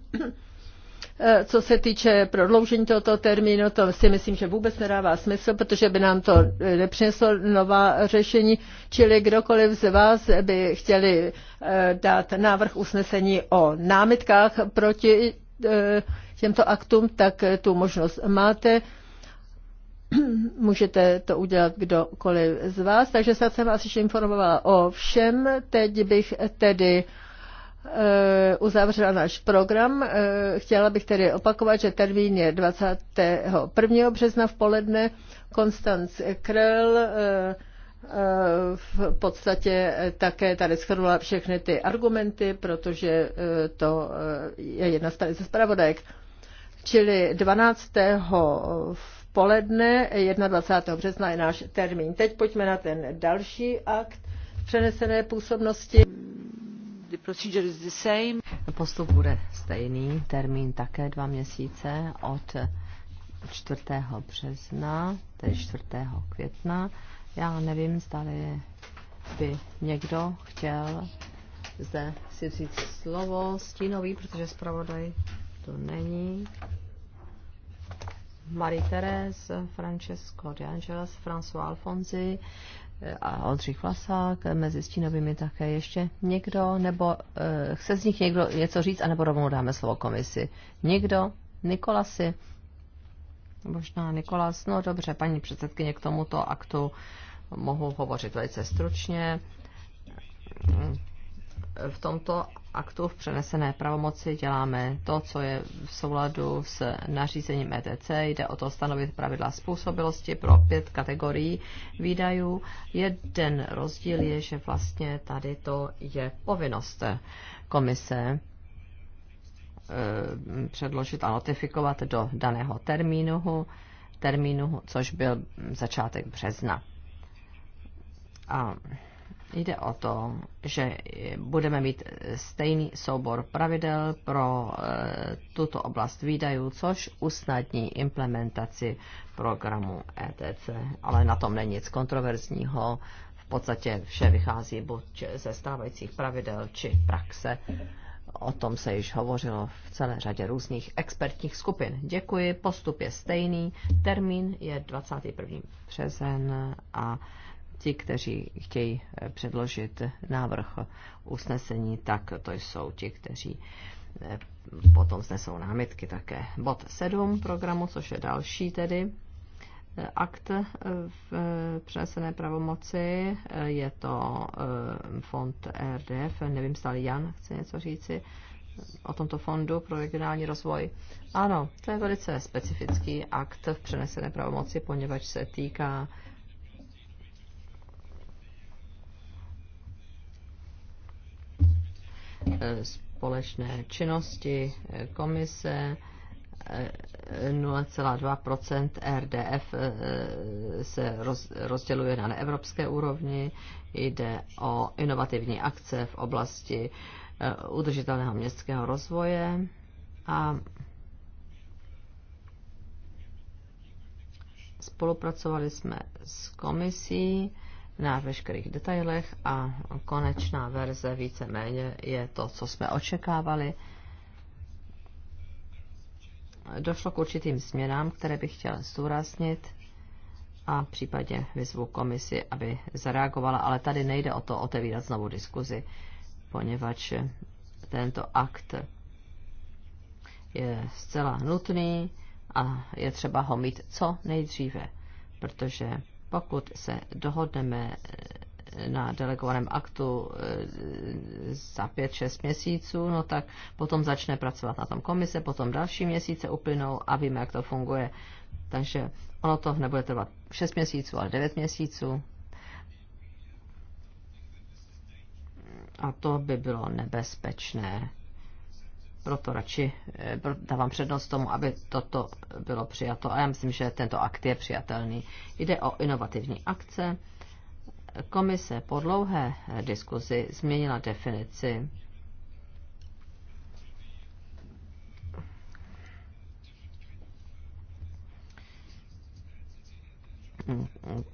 E, co se týče prodloužení tohoto termínu, to si myslím, že vůbec nedává smysl, protože by nám to e, nepřineslo nová řešení, čili kdokoliv z vás by chtěli e, dát návrh usnesení o námitkách proti těmto aktům, tak tu možnost máte. Můžete to udělat kdokoliv z vás. Takže snad jsem vás již informovala o všem. Teď bych tedy Eh, uzavřela náš program. Eh, chtěla bych tedy opakovat, že termín je 21. března v poledne. Konstanc Krell eh, v podstatě také tady schrnula všechny ty argumenty, protože to je jedna z ze zpravodajek. Čili 12. v poledne, 21. března je náš termín. Teď pojďme na ten další akt přenesené působnosti. Postup bude stejný, termín také dva měsíce od 4. března, tedy 4. května. Já nevím, zda by někdo chtěl zde si vzít slovo stínový, protože zpravodaj to není. Marie thérèse Francesco de Angeles, François Alfonzi, a Oldřich Vlasák, mezi stínovými také ještě někdo, nebo e, chce z nich někdo něco říct, anebo rovnou dáme slovo komisi. Někdo? Nikolasy? Možná Nikolas, no dobře, paní předsedkyně, k tomuto aktu mohu hovořit velice stručně v tomto aktu v přenesené pravomoci děláme to, co je v souladu s nařízením ETC. Jde o to stanovit pravidla způsobilosti pro pět kategorií výdajů. Jeden rozdíl je, že vlastně tady to je povinnost komise eh, předložit a notifikovat do daného termínu, termínu což byl začátek března. A Jde o to, že budeme mít stejný soubor pravidel pro eh, tuto oblast výdajů, což usnadní implementaci programu ETC. Ale na tom není nic kontroverzního. V podstatě vše vychází buď ze stávajících pravidel či praxe. O tom se již hovořilo v celé řadě různých expertních skupin. Děkuji, postup je stejný, termín je 21. březen a ti, kteří chtějí eh, předložit návrh usnesení, tak to jsou ti, kteří eh, potom znesou námitky také. Bod 7 programu, což je další tedy eh, akt v přenesené pravomoci, je to fond RDF, nevím, stále Jan chce něco říci o tomto fondu pro regionální rozvoj. Ano, to je velice specifický akt v přenesené pravomoci, poněvadž se týká společné činnosti komise 0,2 RDF eh, se rozděluje na neevropské úrovni. Jde o inovativní akce v oblasti eh, udržitelného městského rozvoje a spolupracovali jsme s komisí na veškerých detailech a konečná verze víceméně je to, co jsme očekávali. Došlo k určitým změnám, které bych chtěl zúraznit a případně vyzvu komisi, aby zareagovala, ale tady nejde o to otevírat znovu diskuzi, poněvadž tento akt je zcela nutný a je třeba ho mít co nejdříve, protože pokud se dohodneme eh, na delegovaném aktu eh, za 5-6 měsíců, no tak potom začne pracovat na tom komise, potom další měsíce uplynou a víme, jak to funguje. Takže ono to nebude trvat 6 měsíců, ale 9 měsíců. A to by bylo nebezpečné proto radši eh, dávám přednost tomu, aby toto bylo přijato. A já myslím, že tento akt je přijatelný. Jde o inovativní akce. Komise po dlouhé eh, diskuzi změnila definici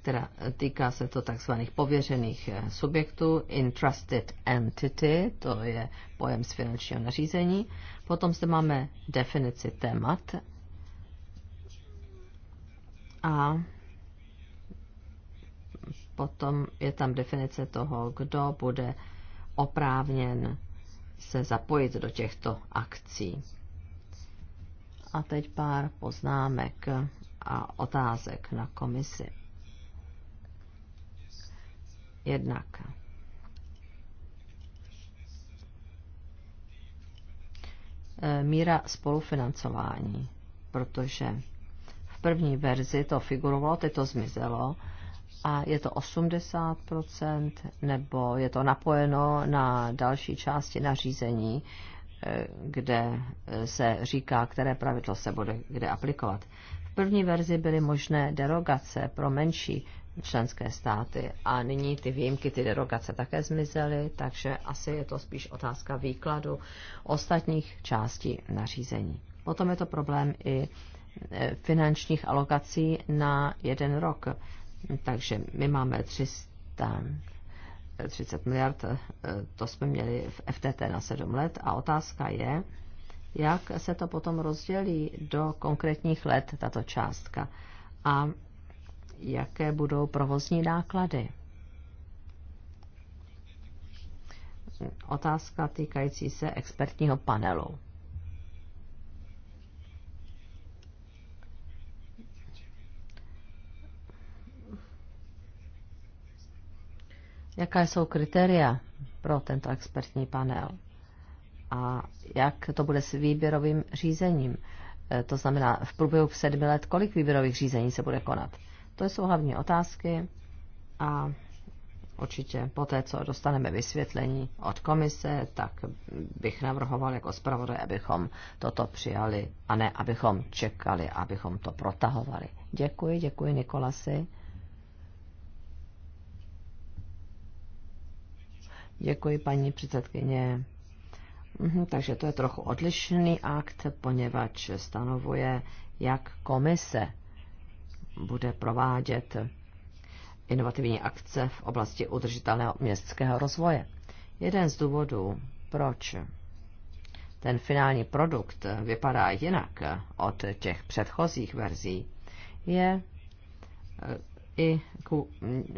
teda týká se to takzvaných pověřených eh, subjektů, entrusted entity, to je pojem z finančního nařízení. Potom zde máme definici témat a potom je tam definice toho, kdo bude oprávněn se zapojit do těchto akcí. A teď pár poznámek a otázek na komisi. Jednak eh, míra spolufinancování, protože v první verzi to figurovalo, teď to zmizelo a je to 80% nebo je to napojeno na další části nařízení, eh, kde eh, se říká, které pravidlo se bude kde aplikovat. V první verzi byly možné derogace pro menší členské státy a nyní ty výjimky, ty derogace také zmizely, takže asi je to spíš otázka výkladu ostatních částí nařízení. Potom je to problém i e, finančních alokací na jeden rok. Takže my máme 300 30 miliard, e, to jsme měli v FTT na 7 let a otázka je, jak se to potom rozdělí do konkrétních let, tato částka, a jaké budou provozní náklady. Otázka týkající se expertního panelu. Jaká jsou kritéria pro tento expertní panel? a jak to bude s výběrovým řízením. E, to znamená, v průběhu sedmi let, kolik výběrových řízení se bude konat. To jsou hlavní otázky a určitě po té, co dostaneme vysvětlení od komise, tak bych navrhoval jako zpravodaj, abychom toto přijali a ne, abychom čekali, abychom to protahovali. Děkuji, děkuji Nikolasi. Děkuji, paní předsedkyně. Mhm, takže to je trochu odlišný akt, poněvadž stanovuje, jak komise bude provádět inovativní akce v oblasti udržitelného městského rozvoje. Jeden z důvodů, proč ten finální produkt vypadá jinak od těch předchozích verzí, je i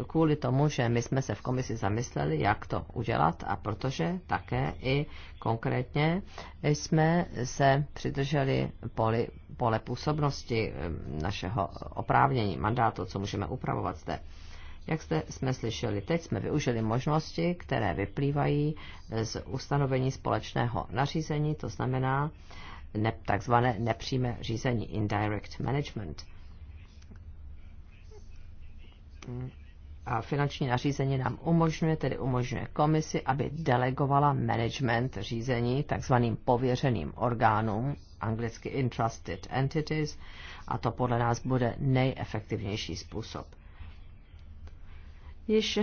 kvůli tomu, že my jsme se v komisi zamysleli, jak to udělat a protože také i konkrétně jsme se přidrželi poli, pole působnosti našeho oprávnění, mandátu, co můžeme upravovat zde. Jak jste, jsme slyšeli, teď jsme využili možnosti, které vyplývají z ustanovení společného nařízení, to znamená ne, takzvané nepřímé řízení, indirect management – a finanční nařízení nám umožňuje, tedy umožňuje komisi, aby delegovala management řízení takzvaným pověřeným orgánům, anglicky entrusted entities, a to podle nás bude nejefektivnější způsob. Již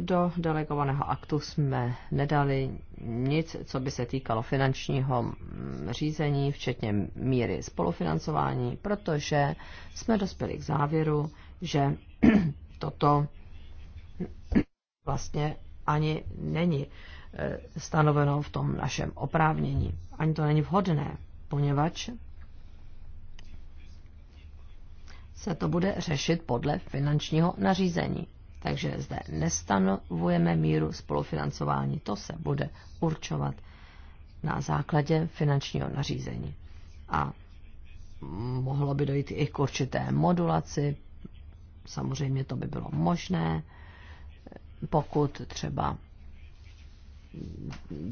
do delegovaného aktu jsme nedali nic, co by se týkalo finančního mm, řízení, včetně míry spolufinancování, protože jsme dospěli k závěru, že toto vlastně ani není eh, stanoveno v tom našem oprávnění. Ani to není vhodné, poněvadž se to bude řešit podle finančního nařízení. Takže zde nestanovujeme míru spolufinancování. To se bude určovat na základě finančního nařízení. A mohlo by dojít i k určité modulaci Samozřejmě to by bylo možné, pokud třeba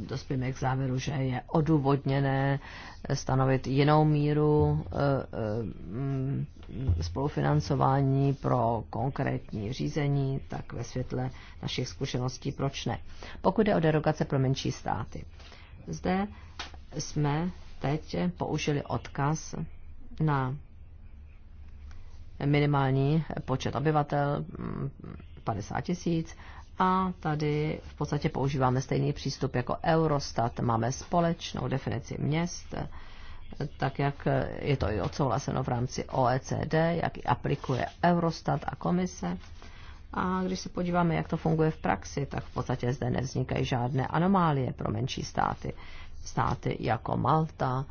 dospíme k závěru, že je odůvodněné stanovit jinou míru e, e, spolufinancování pro konkrétní řízení, tak ve světle našich zkušeností proč ne. Pokud je o derogace pro menší státy. Zde jsme teď použili odkaz na minimální počet obyvatel 50 mm, tisíc a tady v podstatě používáme stejný přístup jako Eurostat. Máme společnou definici měst, tak jak je to i odsouhlaseno v rámci OECD, jak ji aplikuje Eurostat a komise. A když se podíváme, jak to funguje v praxi, tak v podstatě zde nevznikají žádné anomálie pro menší státy. Státy jako Malta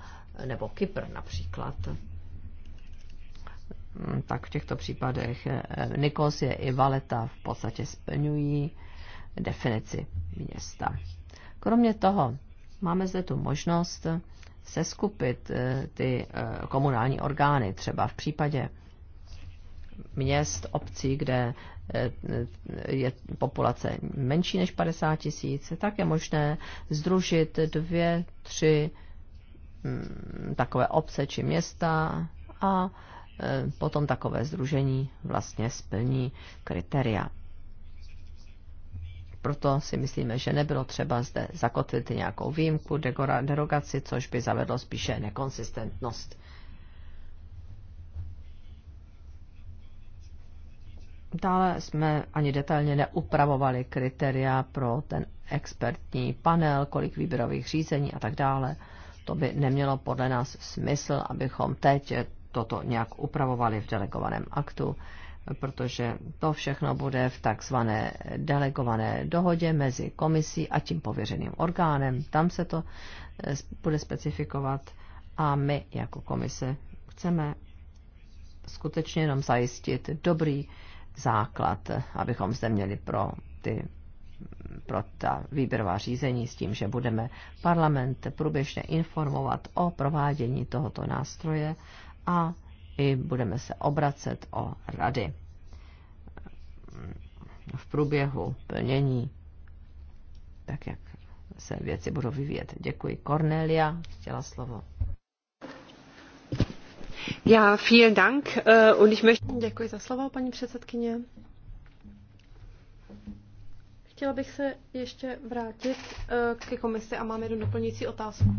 nebo Kypr například. Mm, tak v těchto případech eh, Nikos je i Valeta v podstatě splňují definici města. Kromě toho máme zde tu možnost seskupit eh, ty eh, komunální orgány, třeba v případě měst, obcí, kde je populace menší než 50 tisíc, tak je možné združit dvě, tři mm, takové obce či města a Eh, potom takové združení vlastně splní kritéria. Proto si myslíme, že nebylo třeba zde zakotvit nějakou výjimku, derogaci, což by zavedlo spíše nekonsistentnost. Dále jsme ani detailně neupravovali kritéria pro ten expertní panel, kolik výběrových řízení a tak dále. To by nemělo podle nás smysl, abychom teď toto nějak upravovali v delegovaném aktu, protože to všechno bude v takzvané delegované dohodě mezi komisí a tím pověřeným orgánem. Tam se to eh, bude specifikovat a my jako komise chceme skutečně jenom zajistit dobrý základ, eh, abychom zde měli pro ty pro ta výběrová řízení s tím, že budeme parlament průběžně informovat o provádění tohoto nástroje a i budeme se obracet o rady v průběhu plnění, tak jak se věci budou vyvíjet. Děkuji. Cornelia chtěla slovo. Já, vielen Dank. Eh, und ich möchte... Děkuji za slovo, paní předsedkyně. Chtěla bych se ještě vrátit eh, k komisi a mám jednu doplňující otázku.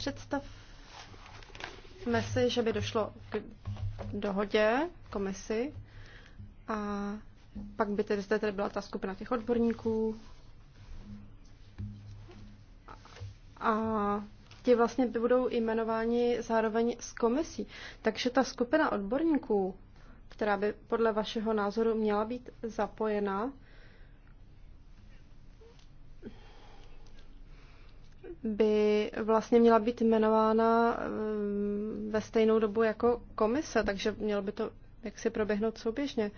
Představme si, že by došlo k dohodě komisi a pak by tedy zde tedy byla ta skupina těch odborníků a ti vlastně budou jmenováni zároveň s komisí. Takže ta skupina odborníků, která by podle vašeho názoru měla být zapojena, by vlastně měla být jmenována eh, ve stejnou dobu jako komise, takže mělo by to jaksi proběhnout souběžně.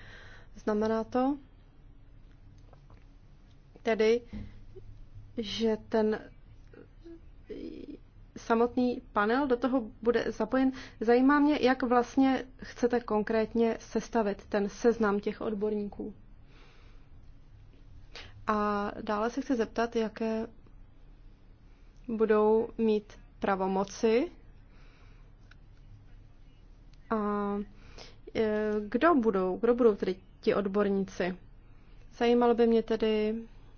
Znamená to tedy, že ten samotný panel do toho bude zapojen. Zajímá mě, jak vlastně chcete konkrétně sestavit ten seznam těch odborníků. A dále se chci zeptat, jaké budou mít pravomoci a e, kdo budou, kdo budou tedy ti odborníci. Zajímalo by mě tedy,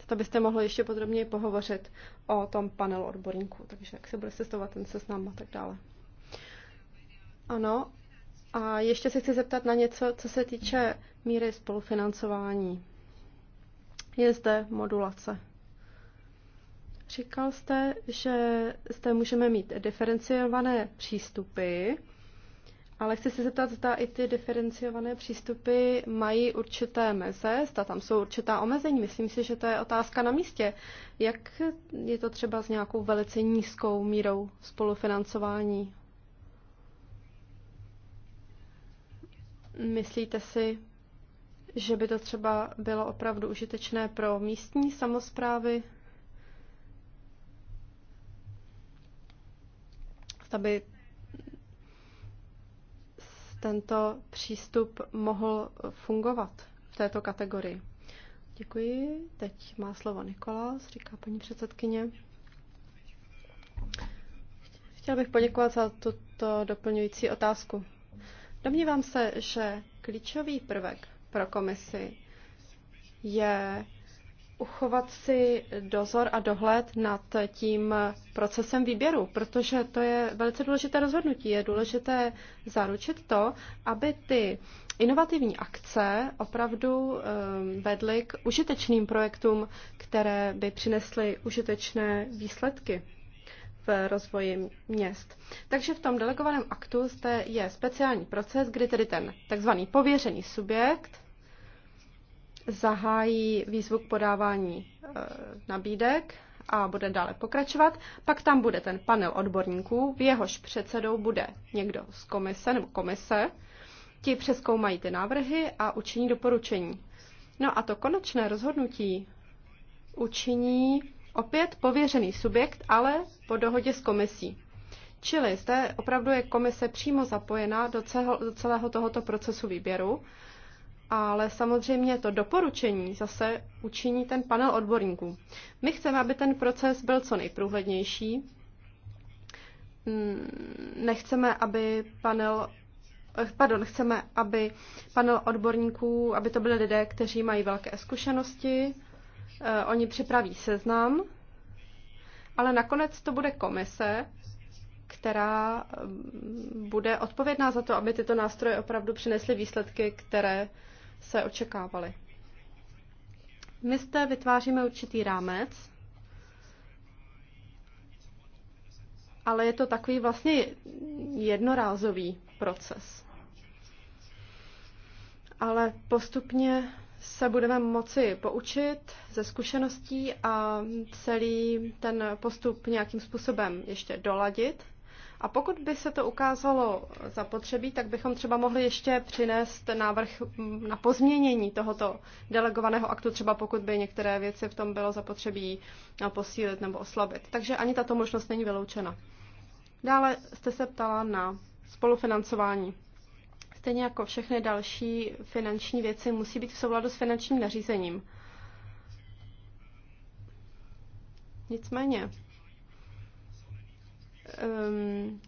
to byste mohli ještě podrobněji pohovořit o tom panelu odborníků, takže jak se bude sestovat ten seznam a tak dále. Ano, a ještě se chci zeptat na něco, co se týče míry spolufinancování. Je zde modulace. Říkal jste, že zde můžeme mít diferenciované přístupy, ale chci se zeptat, zda i ty diferenciované přístupy mají určité meze, zda tam jsou určitá omezení. Myslím si, že to je otázka na místě. Jak je to třeba s nějakou velice nízkou mírou spolufinancování? Myslíte si, že by to třeba bylo opravdu užitečné pro místní samozprávy? aby tento přístup mohl fungovat v této kategorii. Děkuji. Teď má slovo Nikola, říká paní předsedkyně. Chtěla bych poděkovat za tuto doplňující otázku. Domnívám se, že klíčový prvek pro komisi je uchovat si dozor a dohled nad tím procesem výběru, protože to je velice důležité rozhodnutí. Je důležité zaručit to, aby ty inovativní akce opravdu ehm, vedly k užitečným projektům, které by přinesly užitečné výsledky v rozvoji měst. Takže v tom delegovaném aktu je speciální proces, kdy tedy ten takzvaný pověřený subjekt zahájí výzvu k podávání e, nabídek a bude dále pokračovat. Pak tam bude ten panel odborníků, v jehož předsedou bude někdo z komise nebo komise. Ti přeskoumají ty návrhy a učiní doporučení. No a to konečné rozhodnutí učiní opět pověřený subjekt, ale po dohodě s komisí. Čili zde opravdu je komise přímo zapojená do, celého tohoto procesu výběru ale samozřejmě to doporučení zase učiní ten panel odborníků. My chceme, aby ten proces byl co nejprůhlednější. Mm, nechceme, aby panel eh, Pardon, chceme, aby panel odborníků, aby to byly lidé, kteří mají velké zkušenosti, eh, oni připraví seznam, ale nakonec to bude komise, která mm, bude odpovědná za to, aby tyto nástroje opravdu přinesly výsledky, které se očekávaly. My zde vytváříme určitý rámec, ale je to takový vlastně jednorázový proces. Ale postupně se budeme moci poučit ze zkušeností a celý ten postup nějakým způsobem ještě doladit. A pokud by se to ukázalo zapotřebí, tak bychom třeba mohli ještě přinést návrh mm, na pozměnění tohoto delegovaného aktu, třeba pokud by některé věci v tom bylo zapotřebí eh, posílit nebo oslabit. Takže ani tato možnost není vyloučena. Dále jste se ptala na spolufinancování. Stejně jako všechny další finanční věci musí být v souladu s finančním nařízením. Nicméně, um,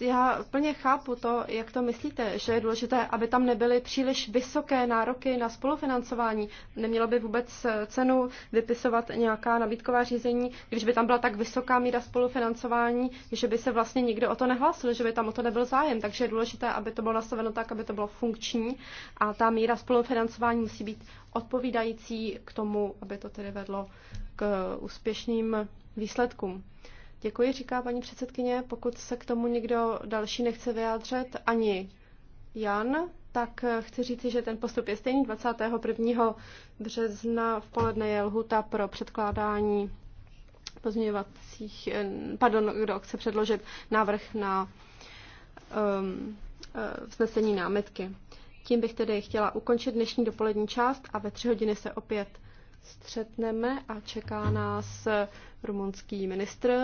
já plně chápu to, jak to myslíte, že je důležité, aby tam nebyly příliš vysoké nároky na spolufinancování. Nemělo by vůbec eh, cenu vypisovat nějaká nabídková řízení, když by tam byla tak vysoká míra spolufinancování, že by se vlastně nikdo o to nehlásil, že by tam o to nebyl zájem. Takže je důležité, aby to bylo nastaveno tak, aby to bylo funkční a ta míra spolufinancování musí být odpovídající k tomu, aby to tedy vedlo k úspěšným výsledkům. Děkuji, říká paní předsedkyně. Pokud se k tomu někdo další nechce vyjádřit, ani Jan, tak chci říci, že ten postup je stejný. 21. března v poledne je lhuta pro předkládání pozměňovacích, pardon, kdo chce předložit návrh na um, eh, vznesení námitky. Tím bych tedy chtěla ukončit dnešní dopolední část a ve tři hodiny se opět střetneme a čeká nás rumunský ministr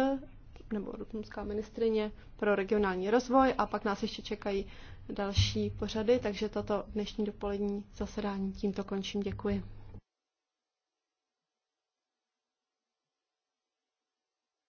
nebo rumunská ministrině pro regionální rozvoj a pak nás ještě čekají další pořady, takže toto dnešní dopolední zasedání tímto končím. Děkuji.